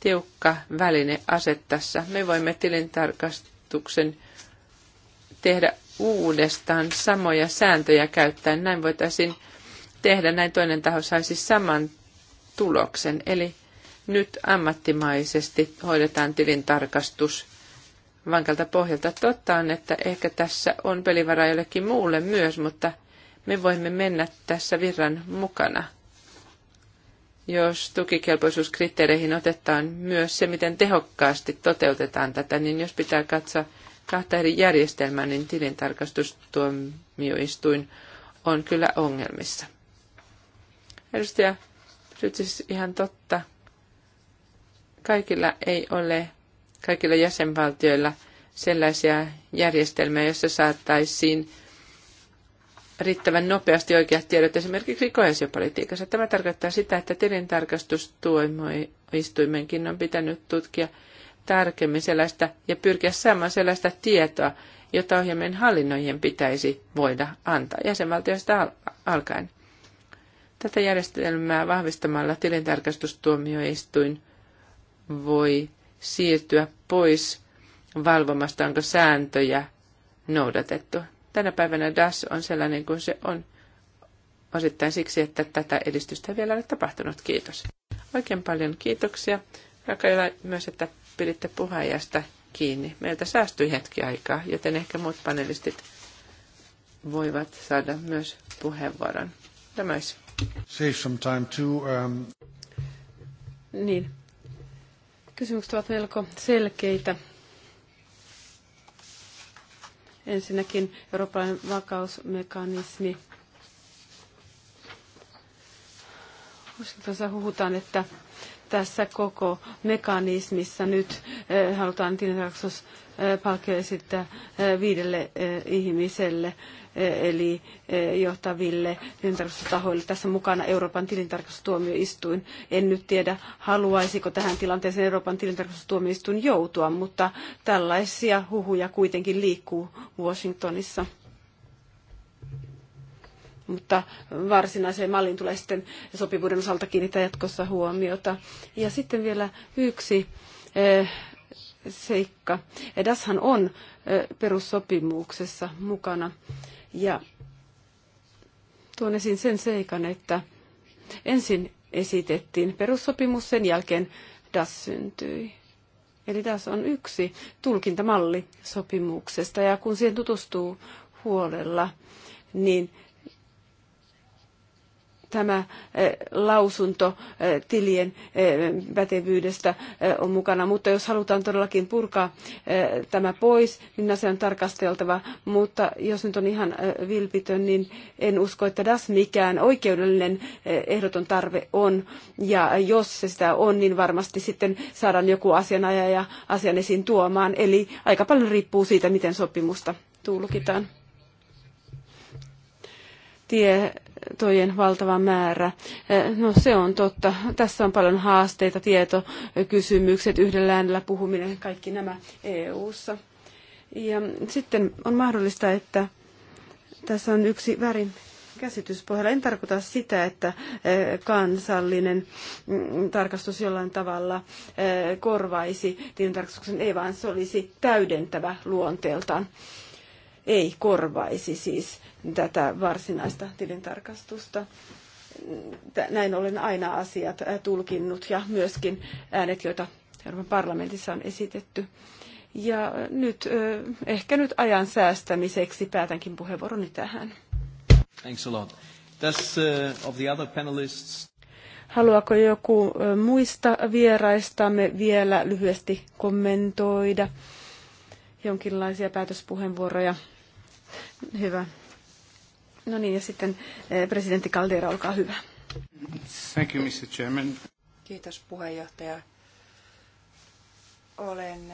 tiukka väline asettassa. Me voimme tilintarkastuksen tehdä uudestaan samoja sääntöjä käyttäen. Näin voitaisiin tehdä, näin toinen taho saisi saman tuloksen. Eli nyt ammattimaisesti hoidetaan tilintarkastus vankalta pohjalta. Totta on, että ehkä tässä on pelivaraa jollekin muulle myös, mutta me voimme mennä tässä virran mukana. Jos tukikelpoisuuskriteereihin otetaan myös se, miten tehokkaasti toteutetaan tätä, niin jos pitää katsoa kahta eri järjestelmää, niin tilintarkastustuomioistuin on kyllä ongelmissa. Edustaja nyt siis ihan totta. Kaikilla ei ole, kaikilla jäsenvaltioilla sellaisia järjestelmiä, joissa saattaisiin riittävän nopeasti oikeat tiedot esimerkiksi koesiopolitiikassa. Tämä tarkoittaa sitä, että tilintarkastustuomioistuimenkin on pitänyt tutkia tarkemmin sellaista ja pyrkiä saamaan sellaista tietoa, jota ohjelmien hallinnoijien pitäisi voida antaa jäsenvaltioista alkaen. Tätä järjestelmää vahvistamalla tilintarkastustuomioistuin voi siirtyä pois valvomasta, onko sääntöjä noudatettu. Tänä päivänä DAS on sellainen kuin se on osittain siksi, että tätä edistystä ei vielä ole tapahtunut. Kiitos. Oikein paljon kiitoksia. Rakailla myös, että piditte puheenjohtajasta kiinni. Meiltä säästyi hetki aikaa, joten ehkä muut panelistit voivat saada myös puheenvuoron. Tämä olisi. Save some time too, um... Niin. Kysymykset ovat melko selkeitä. Ensinnäkin eurooppalainen vakausmekanismi. Uskaltansa huhutaan, että tässä koko mekanismissa nyt eh, halutaan tilintarkastus eh, palkkio esittää eh, viidelle ihmiselle eli johtaville tilintarkastustahoille. Tässä mukana Euroopan tilintarkastustuomioistuin. En nyt tiedä, haluaisiko tähän tilanteeseen Euroopan tilintarkastustuomioistuin joutua, mutta tällaisia huhuja kuitenkin liikkuu Washingtonissa mutta varsinaiseen malliin tulee sitten sopivuuden osalta kiinnittää jatkossa huomiota. Ja sitten vielä yksi eh, seikka. EDAShan on eh, perussopimuksessa mukana ja tuon esiin sen seikan, että ensin esitettiin perussopimus, sen jälkeen DAS syntyi. Eli tässä on yksi tulkintamalli sopimuksesta ja kun siihen tutustuu huolella, niin tämä eh, lausunto eh, tilien eh, pätevyydestä on mukana. Mutta jos halutaan todellakin purkaa tämä pois, niin asia on tarkasteltava. Mutta jos nyt on ihan vilpitön, niin en usko, että tässä mikään oikeudellinen ehdoton tarve on. Ja jos se sitä on, niin varmasti sitten saadaan joku asianajaja asian esiin tuomaan. Eli aika paljon riippuu siitä, miten sopimusta tulkitaan tie tietojen valtava määrä. No se on totta. Tässä on paljon haasteita, tietokysymykset, yhdellä äänellä puhuminen, kaikki nämä EU-ssa. Ja sitten on mahdollista, että tässä on yksi väärin käsityspohjalla. En tarkoita sitä, että kansallinen mm, tarkastus jollain tavalla korvaisi tilintarkastuksen, ei vaan se olisi täydentävä luonteeltaan ei korvaisi siis tätä varsinaista tilintarkastusta. Näin olen aina asiat tulkinnut ja myöskin äänet, joita Euroopan parlamentissa on esitetty. Ja nyt, ehkä nyt ajan säästämiseksi päätänkin puheenvuoroni tähän. Thanks a lot. Does, uh, of the other panelists... Haluaako joku muista vieraistamme vielä lyhyesti kommentoida jonkinlaisia päätöspuheenvuoroja? Hyvä. No niin, ja sitten eh, presidentti Caldera, olkaa hyvä. Thank you, Mr. Chairman. Kiitos puheenjohtaja. Olen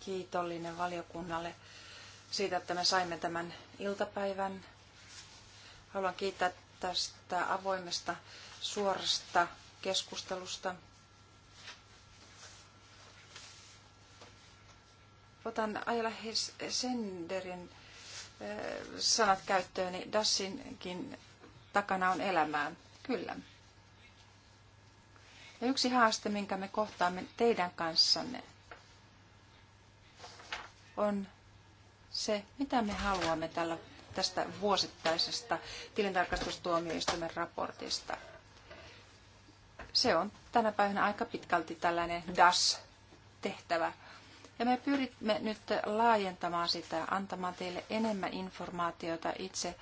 kiitollinen valiokunnalle siitä, että me saimme tämän iltapäivän. Haluan kiittää tästä avoimesta, suorasta keskustelusta. Otan Ajala Senderin sanat käyttöön, niin Dassinkin takana on elämää. Kyllä. Ja yksi haaste, minkä me kohtaamme teidän kanssanne, on se, mitä me haluamme tällä, tästä vuosittaisesta tilintarkastustuomioistuimen raportista. Se on tänä päivänä aika pitkälti tällainen DAS-tehtävä. Ja me pyrimme nyt laajentamaan sitä, antamaan teille enemmän informaatiota itse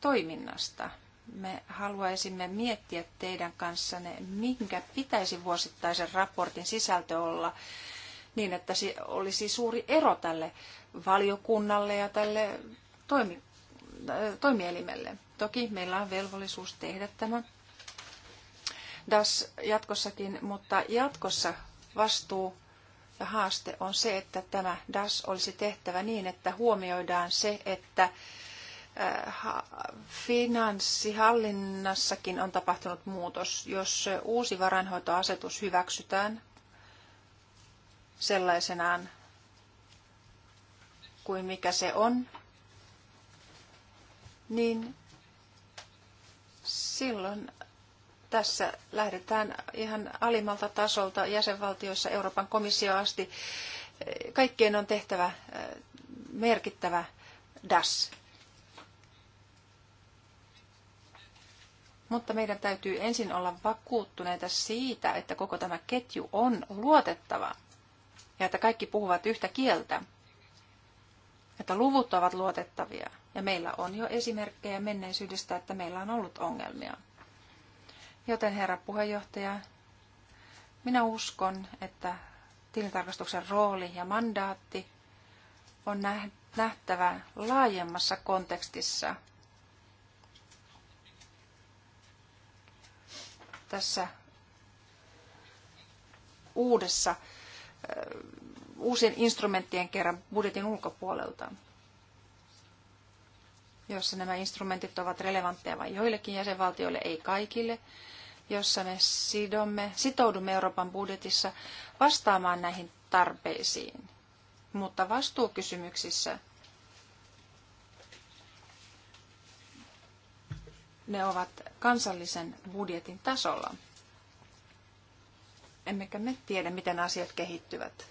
toiminnasta. Me haluaisimme miettiä teidän kanssanne, minkä pitäisi vuosittaisen raportin sisältö olla, niin että se olisi suuri ero tälle valiokunnalle ja tälle toimi, äh, toimielimelle. Toki meillä on velvollisuus tehdä tämä DAS jatkossakin, mutta jatkossa vastuu ja haaste on se, että tämä DAS olisi tehtävä niin, että huomioidaan se, että äh, finanssihallinnassakin on tapahtunut muutos. Jos uusi varainhoitoasetus hyväksytään sellaisenaan kuin mikä se on, niin silloin tässä lähdetään ihan alimmalta tasolta jäsenvaltioissa Euroopan komissio asti. Kaikkien on tehtävä eh, merkittävä DAS. Mutta meidän täytyy ensin olla vakuuttuneita siitä, että koko tämä ketju on luotettava ja että kaikki puhuvat yhtä kieltä, että luvut ovat luotettavia. Ja meillä on jo esimerkkejä menneisyydestä, että meillä on ollut ongelmia. Joten herra puheenjohtaja, minä uskon, että tilintarkastuksen rooli ja mandaatti on nähtävä laajemmassa kontekstissa. Tässä uudessa, äh, uusien instrumenttien kerran budjetin ulkopuolelta, jossa nämä instrumentit ovat relevantteja vain joillekin jäsenvaltioille, ei kaikille, jossa me sidomme, sitoudumme Euroopan budjetissa vastaamaan näihin tarpeisiin. Mutta vastuukysymyksissä ne ovat kansallisen budjetin tasolla. Emmekä me tiedä, miten asiat kehittyvät.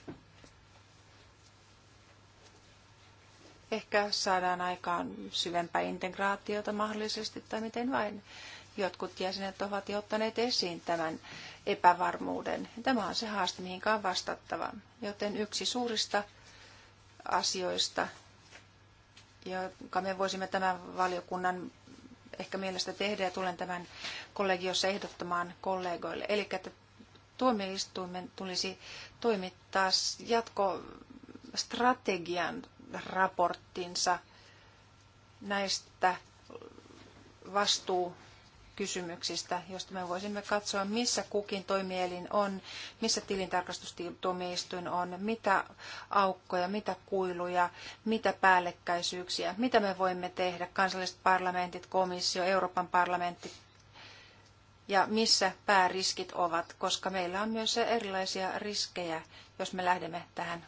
Ehkä saadaan aikaan syvempää integraatiota mahdollisesti tai miten vain. Jotkut jäsenet ovat jo ottaneet esiin tämän epävarmuuden. Tämä on se haaste, mihinkä on vastattava. Joten yksi suurista asioista, jotka me voisimme tämän valiokunnan ehkä mielestä tehdä ja tulen tämän kollegiossa ehdottamaan kollegoille. Eli että tuomioistuimen tulisi toimittaa jatkostrategian raporttinsa näistä vastuu kysymyksistä, josta me voisimme katsoa, missä kukin toimielin on, missä tilintarkastustuomioistuin on, mitä aukkoja, mitä kuiluja, mitä päällekkäisyyksiä, mitä me voimme tehdä, kansalliset parlamentit, komissio, Euroopan parlamentti, ja missä pääriskit ovat, koska meillä on myös erilaisia riskejä, jos me lähdemme tähän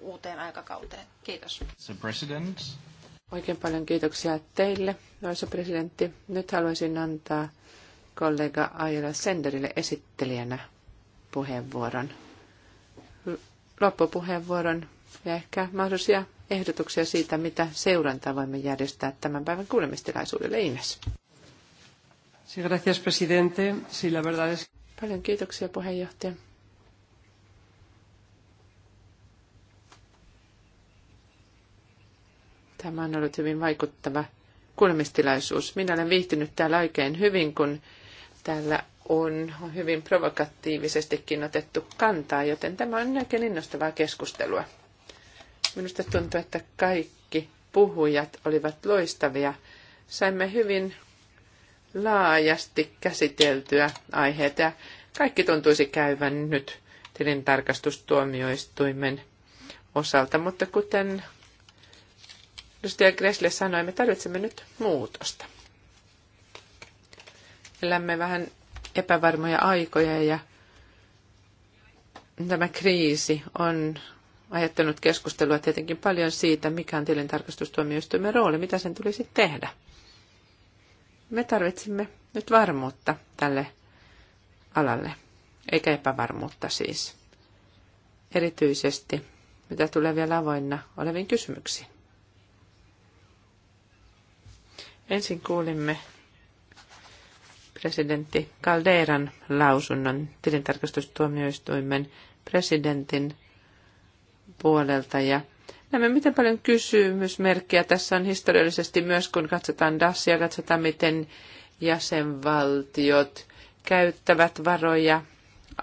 uuteen aikakauteen. Kiitos. So Oikein paljon kiitoksia teille, noissa presidentti. Nyt haluaisin antaa kollega Aila Senderille esittelijänä puheenvuoron, loppupuheenvuoron ja ehkä mahdollisia ehdotuksia siitä, mitä seurantaa voimme järjestää tämän päivän kuulemistilaisuudelle. Ines. Sí, gracias, presidente. Sí, la verdad es... Paljon kiitoksia puheenjohtaja. Tämä on ollut hyvin vaikuttava kuulemistilaisuus. Minä olen viihtynyt täällä oikein hyvin, kun täällä on hyvin provokatiivisestikin otettu kantaa, joten tämä on oikein innostavaa keskustelua. Minusta tuntuu, että kaikki puhujat olivat loistavia. Saimme hyvin laajasti käsiteltyä aiheita ja kaikki tuntuisi käyvän nyt tilintarkastustuomioistuimen osalta, mutta kuten Edustaja Gressle sanoi, me tarvitsemme nyt muutosta. Elämme vähän epävarmoja aikoja ja tämä kriisi on ajattanut keskustelua tietenkin paljon siitä, mikä on tilintarkastustuomioistuimen rooli, mitä sen tulisi tehdä. Me tarvitsemme nyt varmuutta tälle alalle, eikä epävarmuutta siis. Erityisesti, mitä tulee vielä avoinna oleviin kysymyksiin. Ensin kuulimme presidentti Calderan lausunnon tilintarkastustuomioistuimen presidentin puolelta ja näemme, miten paljon kysymysmerkkiä tässä on historiallisesti myös, kun katsotaan DASia, katsotaan miten jäsenvaltiot käyttävät varoja,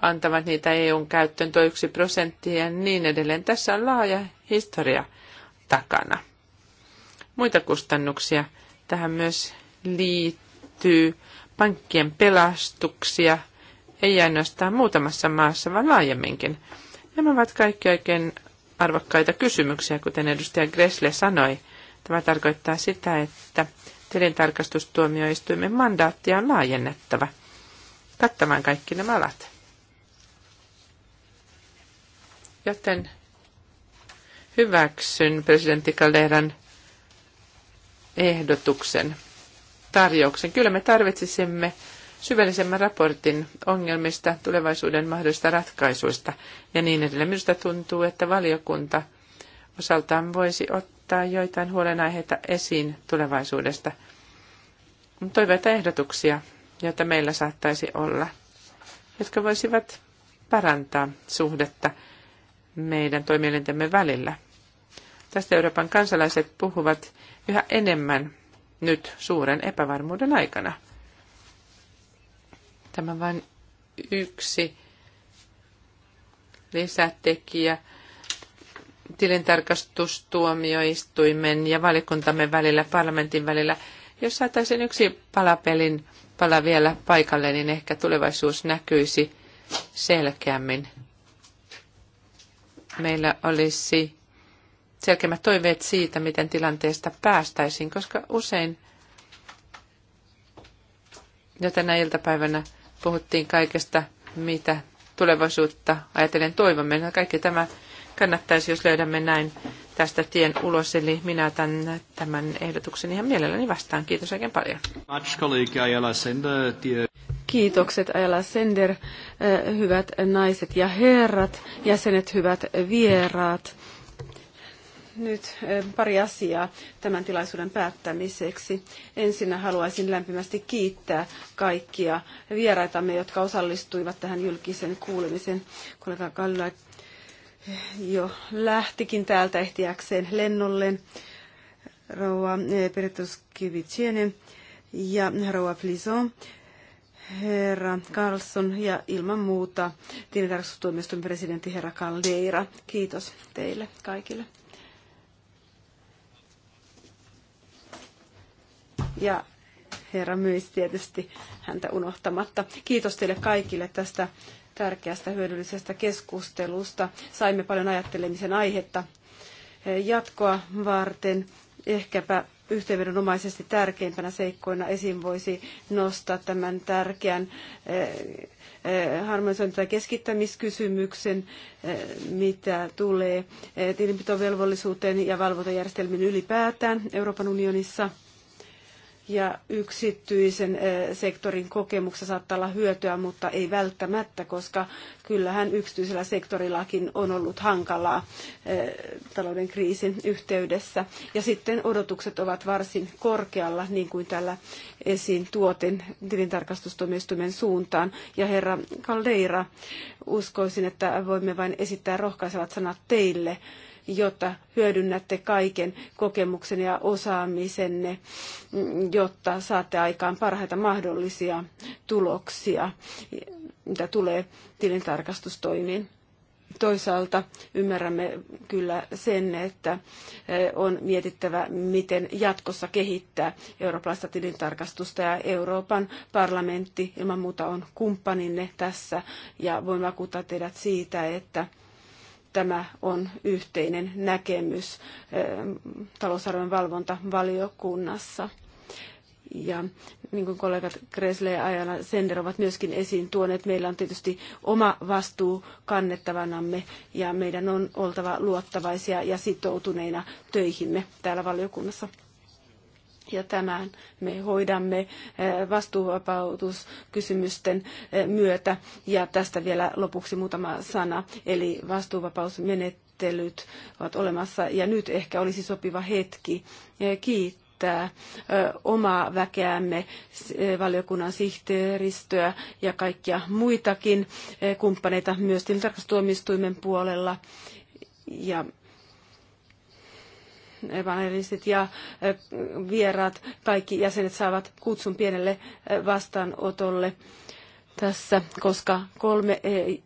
antavat niitä EUn käyttöön tuo yksi prosentti ja niin edelleen. Tässä on laaja historia takana. Muita kustannuksia tähän myös liittyy pankkien pelastuksia, ei ainoastaan muutamassa maassa, vaan laajemminkin. Nämä ovat kaikki oikein arvokkaita kysymyksiä, kuten edustaja Gressle sanoi. Tämä tarkoittaa sitä, että tilintarkastustuomioistuimen mandaattia on laajennettava kattamaan kaikki nämä alat. Joten hyväksyn presidentti Calderan ehdotuksen, tarjouksen. Kyllä me tarvitsisimme syvällisemmän raportin ongelmista, tulevaisuuden mahdollisista ratkaisuista ja niin edelleen. Minusta tuntuu, että valiokunta osaltaan voisi ottaa joitain huolenaiheita esiin tulevaisuudesta. Toiveita ehdotuksia, joita meillä saattaisi olla, jotka voisivat parantaa suhdetta meidän toimielintemme välillä. Tästä Euroopan kansalaiset puhuvat yhä enemmän nyt suuren epävarmuuden aikana. Tämä vain yksi lisätekijä tilintarkastustuomioistuimen ja valikuntamme välillä, parlamentin välillä. Jos saataisiin yksi palapelin pala vielä paikalle, niin ehkä tulevaisuus näkyisi selkeämmin. Meillä olisi selkeimmät toiveet siitä, miten tilanteesta päästäisiin, koska usein jo tänä iltapäivänä puhuttiin kaikesta, mitä tulevaisuutta ajatellen toivomme. No kaikki tämä kannattaisi, jos löydämme näin tästä tien ulos, eli minä tämän, tämän ehdotuksen ihan mielelläni vastaan. Kiitos oikein paljon. Kiitokset Ajala Sender, hyvät naiset ja herrat, jäsenet, hyvät vieraat nyt pari asiaa tämän tilaisuuden päättämiseksi. Ensinnä haluaisin lämpimästi kiittää kaikkia vieraitamme, jotka osallistuivat tähän julkisen kuulemisen. Kollega Kallila jo lähtikin täältä ehtiäkseen lennolle. Rouva Peritus ja Rouva Flison herra Carlson ja ilman muuta tilintarkastustuomioistuimen presidentti herra Caldeira. Kiitos teille kaikille. ja herra myös tietysti häntä unohtamatta. Kiitos teille kaikille tästä tärkeästä hyödyllisestä keskustelusta. Saimme paljon ajattelemisen aihetta jatkoa varten. Ehkäpä yhteenvedonomaisesti tärkeimpänä seikkoina esiin voisi nostaa tämän tärkeän eh, eh, harmonisointi- tai keskittämiskysymyksen, eh, mitä tulee tilinpitovelvollisuuteen ja valvontajärjestelmiin ylipäätään Euroopan unionissa – ja yksityisen eh, sektorin kokemuksessa saattaa olla hyötyä, mutta ei välttämättä, koska kyllähän yksityisellä sektorillakin on ollut hankalaa eh, talouden kriisin yhteydessä. Ja sitten odotukset ovat varsin korkealla, niin kuin tällä esiin tuotin tilintarkastustuomioistuimen suuntaan. Ja herra Caldeira, uskoisin, että voimme vain esittää rohkaisevat sanat teille jotta hyödynnätte kaiken kokemuksen ja osaamisenne, jotta saatte aikaan parhaita mahdollisia tuloksia, mitä tulee tilintarkastustoimiin toisaalta ymmärrämme kyllä sen, että e, on mietittävä, miten jatkossa kehittää eurooppalaista tilintarkastusta ja Euroopan parlamentti ilman muuta on kumppaninne tässä ja voin vakuuttaa teidät siitä, että tämä on yhteinen näkemys eh, talousarvon valvontavaliokunnassa. Ja niin kuin kollegat Kresle ja Ajana Sender ovat myöskin esiin tuoneet, meillä on tietysti oma vastuu kannettavanamme ja meidän on oltava luottavaisia ja sitoutuneina töihimme täällä valiokunnassa. Ja tämän me hoidamme eh, vastuuvapautuskysymysten eh, myötä. Ja tästä vielä lopuksi muutama sana. Eli vastuuvapausmenettelyt ovat olemassa. Ja nyt ehkä olisi sopiva hetki eh, kiittää kiittää omaa väkeämme, valiokunnan sihteeristöä ja kaikkia muitakin kumppaneita myös tilintarkastustuomioistuimen puolella. Ja panelistit ja vieraat, kaikki jäsenet saavat kutsun pienelle vastaanotolle tässä, koska kolme e,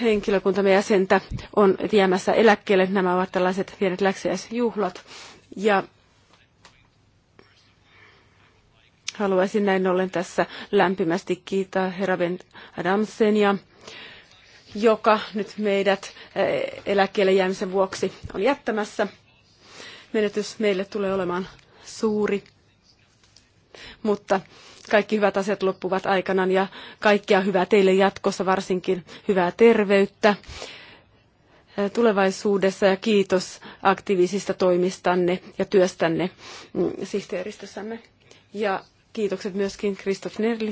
henkilökuntamme jäsentä on jäämässä eläkkeelle. Nämä ovat tällaiset pienet läksiäisjuhlat. Ja haluaisin näin ollen tässä lämpimästi kiittää herra Ben Adamsen ja joka nyt meidät eh, eläkkeelle jäämisen vuoksi on jättämässä. Menetys meille tulee olemaan suuri, mutta kaikki hyvät asiat loppuvat aikanaan ja kaikkea hyvää teille jatkossa, varsinkin hyvää terveyttä eh, tulevaisuudessa ja kiitos aktiivisista toimistanne ja työstänne mm, sihteeristössämme. Ja kiitokset myöskin Kristof Nerlich